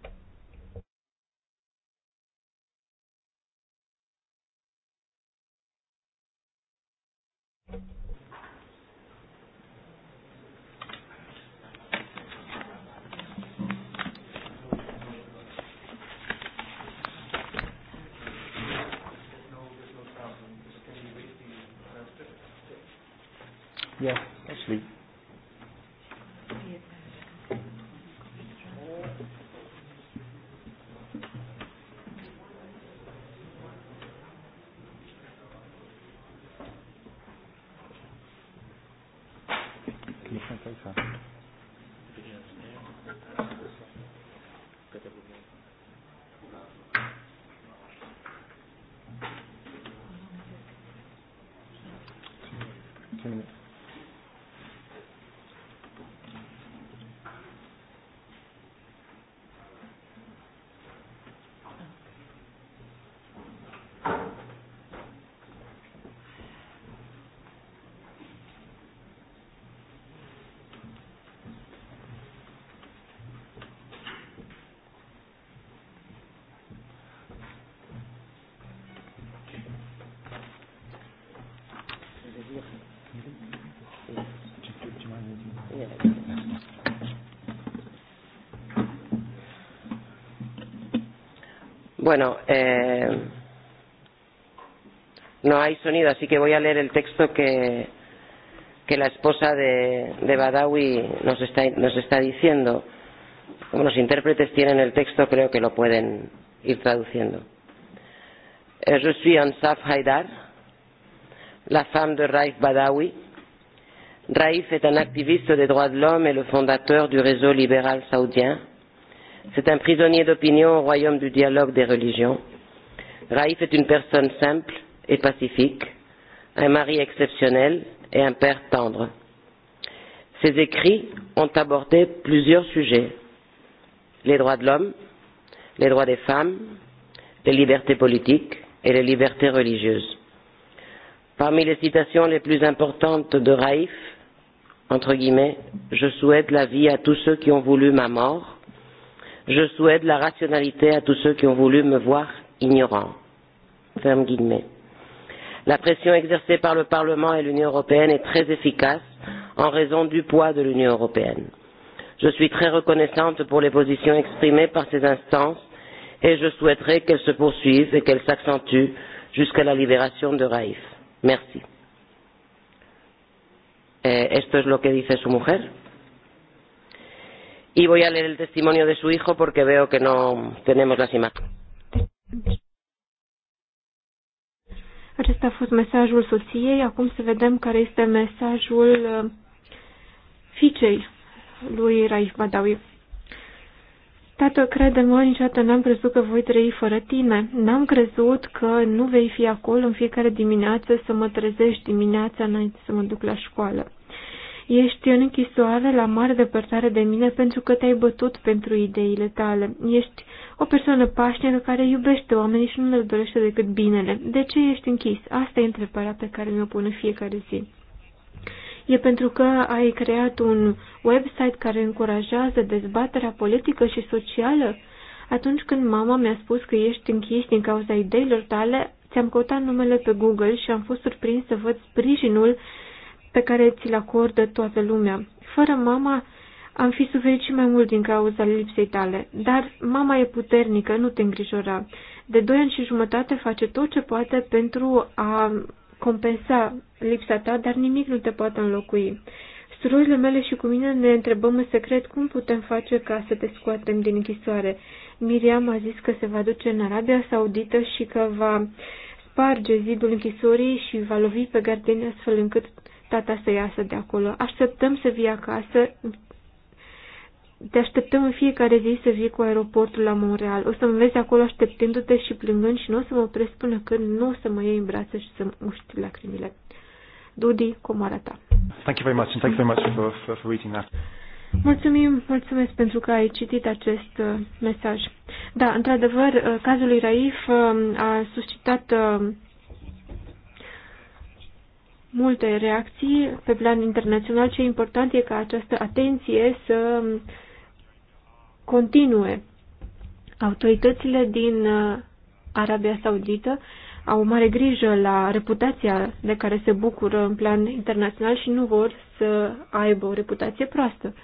Yes. actually. Bueno, eh, no hay sonido, así que voy a leer el texto que, que la esposa de, de Badawi nos está, nos está diciendo. Como los intérpretes tienen el texto, creo que lo pueden ir traduciendo. Eh, Je suis Ansaf Haidar, la femme de Raif Badawi. Raif est un activiste des droits de l'homme et le fondateur du réseau libéral saoudien C'est un prisonnier d'opinion au royaume du dialogue des religions. Raif est une personne simple et pacifique, un mari exceptionnel et un père tendre. Ses écrits ont abordé plusieurs sujets les droits de l'homme, les droits des femmes, les libertés politiques et les libertés religieuses. Parmi les citations les plus importantes de Raif, entre guillemets, je souhaite la vie à tous ceux qui ont voulu ma mort, Je souhaite la rationalité à tous ceux qui ont voulu me voir ignorant. Ferme guillemets. La pression exercée par le Parlement et l'Union européenne est très efficace en raison du poids de l'Union européenne. Je suis très reconnaissante pour les positions exprimées par ces instances et je souhaiterais qu'elles se poursuivent et qu'elles s'accentuent jusqu'à la libération de Raif. Merci. Eh, esto es lo que dice su mujer y voy a leer el testimonio de su hijo porque veo que no tenemos las imágenes. Acesta a fost mesajul soției. Acum să vedem care este mesajul uh, fiicei lui Raif Badawi. Tată, crede-mă, niciodată n-am crezut că voi trăi fără tine. N-am crezut că nu vei fi acolo în fiecare dimineață să mă trezești dimineața înainte să mă duc la școală. Ești în închisoare la mare depărtare de mine pentru că te-ai bătut pentru ideile tale. Ești o persoană pașnică care iubește oamenii și nu le dorește decât binele. De ce ești închis? Asta e întrebarea pe care mi-o pun în fiecare zi. E pentru că ai creat un website care încurajează dezbaterea politică și socială? Atunci când mama mi-a spus că ești închis din cauza ideilor tale, ți-am căutat numele pe Google și am fost surprins să văd sprijinul pe care ți-l acordă toată lumea. Fără mama am fi suferit și mai mult din cauza lipsei tale, dar mama e puternică, nu te îngrijora. De doi ani și jumătate face tot ce poate pentru a compensa lipsa ta, dar nimic nu te poate înlocui. Surorile mele și cu mine ne întrebăm în secret cum putem face ca să te scoatem din închisoare. Miriam a zis că se va duce în Arabia Saudită și că va sparge zidul închisorii și va lovi pe gardeni astfel încât tata să iasă de acolo. Așteptăm să vii acasă. Te așteptăm în fiecare zi să vii cu aeroportul la Montreal. O să mă vezi acolo așteptându-te și plângând și nu o să mă opresc până când nu o să mă iei în brațe și să-mi uști lacrimile. Dudi, cum arăta? Thank you very much and thank you very much for, for, for reading that. Mulțumim, mulțumesc pentru că ai citit acest uh, mesaj. Da, într-adevăr, uh, cazul lui Raif uh, a suscitat uh, multe reacții pe plan internațional. Ce important e ca această atenție să continue. Autoritățile din uh, Arabia Saudită au o mare grijă la reputația de care se bucură în plan internațional și nu vor să aibă o reputație proastă.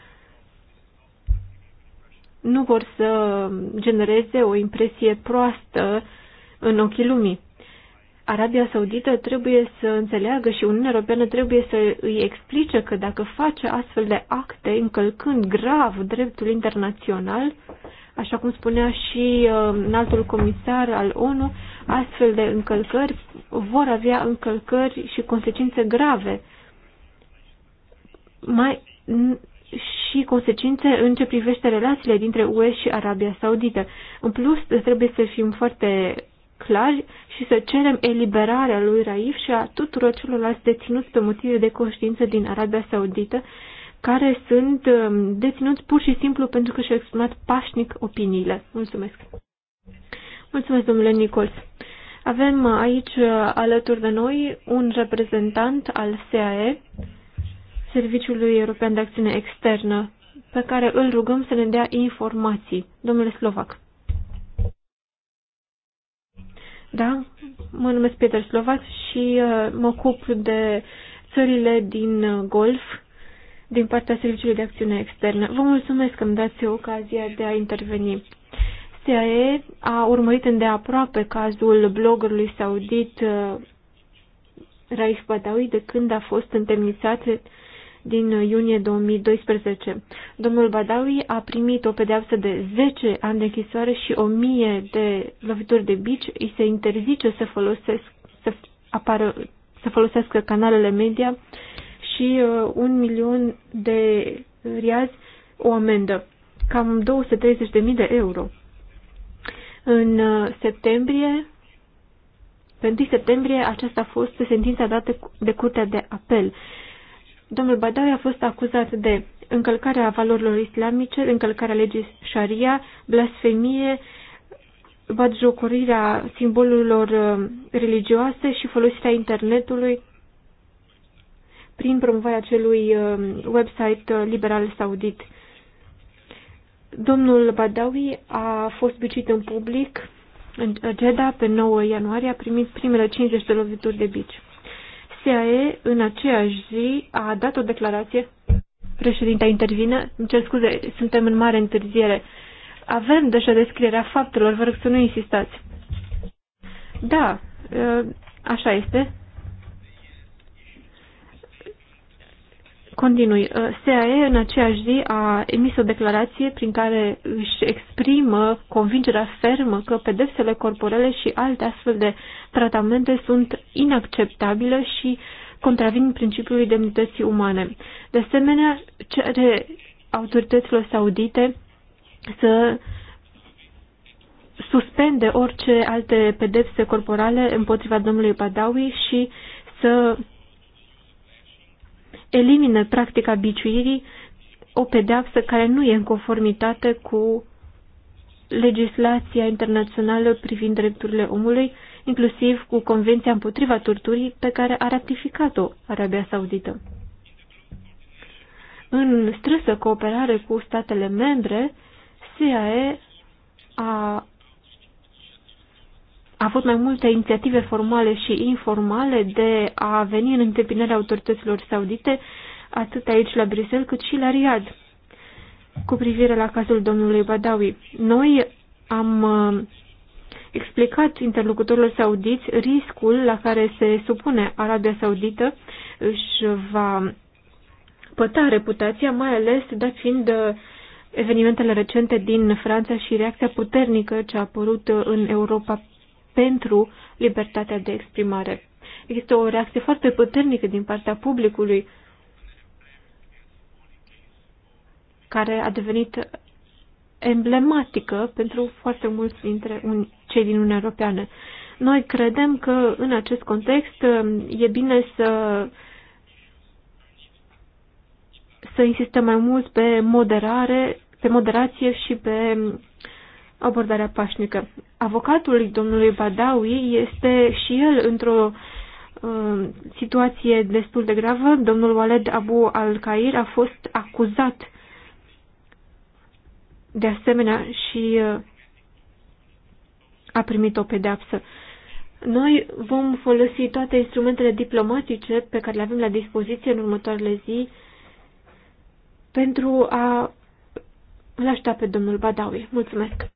Nu vor să genereze o impresie proastă în ochii lumii. Arabia Saudită trebuie să înțeleagă și Uniunea Europeană trebuie să îi explice că dacă face astfel de acte încălcând grav dreptul internațional, așa cum spunea și uh, înaltul comisar al ONU, astfel de încălcări vor avea încălcări și consecințe grave. Mai și consecințe în ce privește relațiile dintre UE și Arabia Saudită. În plus, trebuie să fim foarte clari și să cerem eliberarea lui Raif și a tuturor celorlalți deținuți pe motive de conștiință din Arabia Saudită, care sunt um, deținuți pur și simplu pentru că și-au exprimat pașnic opiniile. Mulțumesc! Mulțumesc, domnule Nicols! Avem uh, aici uh, alături de noi un reprezentant al SAE, Serviciului European de Acțiune Externă, pe care îl rugăm să ne dea informații. Domnule Slovac. Da, mă numesc Peter Slovac și uh, mă ocup de țările din uh, Golf, din partea Serviciului de Acțiune Externă. Vă mulțumesc că îmi dați ocazia de a interveni. SAE a urmărit îndeaproape cazul bloggerului saudit uh, Raif Badawi de când a fost întemnițat din iunie 2012. Domnul Badawi a primit o pedeapsă de 10 ani de închisoare și 1000 de lovituri de bici. Îi se interzice să, folosesc, să, apară, să folosească canalele media și uh, un milion de riazi o amendă, cam 230.000 de euro. În uh, septembrie pe 1 septembrie aceasta a fost sentința dată de Curtea de Apel Domnul Badawi a fost acuzat de încălcarea valorilor islamice, încălcarea legii sharia, blasfemie, batjocorirea simbolurilor uh, religioase și folosirea internetului prin promovarea acelui uh, website uh, liberal saudit. Domnul Badawi a fost bicit în public în Jeddah pe 9 ianuarie, a primit primele 50 de lovituri de bici. SAE în aceeași zi a dat o declarație. Președinta intervine. Îmi cer scuze, suntem în mare întârziere. Avem deja descrierea faptelor, vă rog să nu insistați. Da, ă, așa este. Continui. Uh, SAE în aceeași zi a emis o declarație prin care își exprimă convingerea fermă că pedepsele corporele și alte astfel de tratamente sunt inacceptabile și contravin principiului demnității umane. De asemenea, cere autorităților saudite să suspende orice alte pedepse corporale împotriva domnului Badawi și să elimine practica biciuirii, o pedeapsă care nu e în conformitate cu legislația internațională privind drepturile omului, inclusiv cu Convenția împotriva torturii pe care a ratificat-o Arabia Saudită. În strânsă cooperare cu statele membre, CAE a a avut mai multe inițiative formale și informale de a veni în întâmpinarea autorităților saudite, atât aici la Bruxelles cât și la Riyadh. Cu privire la cazul domnului Badawi, noi am uh, explicat interlocutorilor saudiți riscul la care se supune Arabia Saudită își va păta reputația, mai ales dat fiind uh, evenimentele recente din Franța și reacția puternică ce a apărut uh, în Europa pentru libertatea de exprimare. Există o reacție foarte puternică din partea publicului care a devenit emblematică pentru foarte mulți dintre cei din Uniunea Europeană. Noi credem că în acest context e bine să să insistăm mai mult pe moderare, pe moderație și pe abordarea pașnică. Avocatul domnului Badawi este și el într-o uh, situație destul de gravă. Domnul Waled Abu al kair a fost acuzat de asemenea și uh, a primit o pedeapsă. Noi vom folosi toate instrumentele diplomatice pe care le avem la dispoziție în următoarele zi pentru a îl aștepta pe domnul Badawi. Mulțumesc!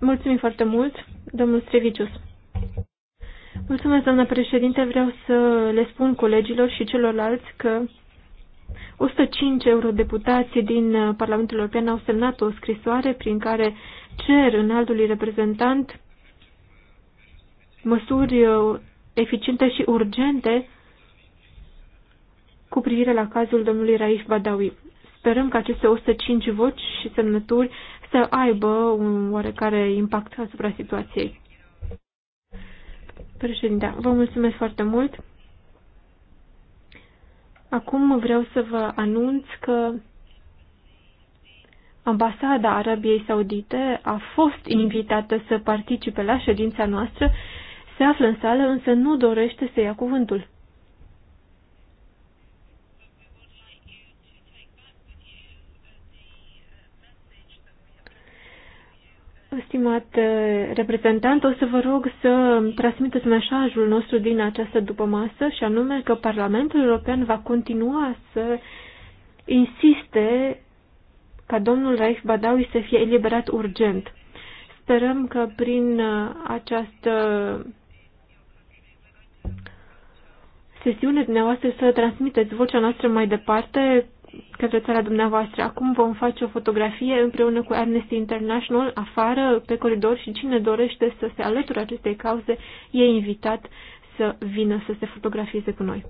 Mulțumim foarte mult, domnul Strevicius. Mulțumesc, doamna președinte. Vreau să le spun colegilor și celorlalți că 105 eurodeputații din Parlamentul European au semnat o scrisoare prin care cer înaltului reprezentant măsuri uh, eficiente și urgente cu privire la cazul domnului Raif Badawi. Sperăm că aceste 105 voci și semnături să aibă un oarecare impact asupra situației. Președinte, vă mulțumesc foarte mult. Acum vreau să vă anunț că ambasada Arabiei Saudite a fost invitată să participe la ședința noastră, se află în sală, însă nu dorește să ia cuvântul. Stimat uh, reprezentant, o să vă rog să transmiteți mesajul nostru din această dupămasă și anume că Parlamentul European va continua să insiste ca domnul Raif Badawi să fie eliberat urgent. Sperăm că prin uh, această sesiune dumneavoastră să transmiteți vocea noastră mai departe către țara dumneavoastră. Acum vom face o fotografie împreună cu Amnesty International afară, pe coridor și cine dorește să se alăture acestei cauze e invitat să vină să se fotografieze cu noi.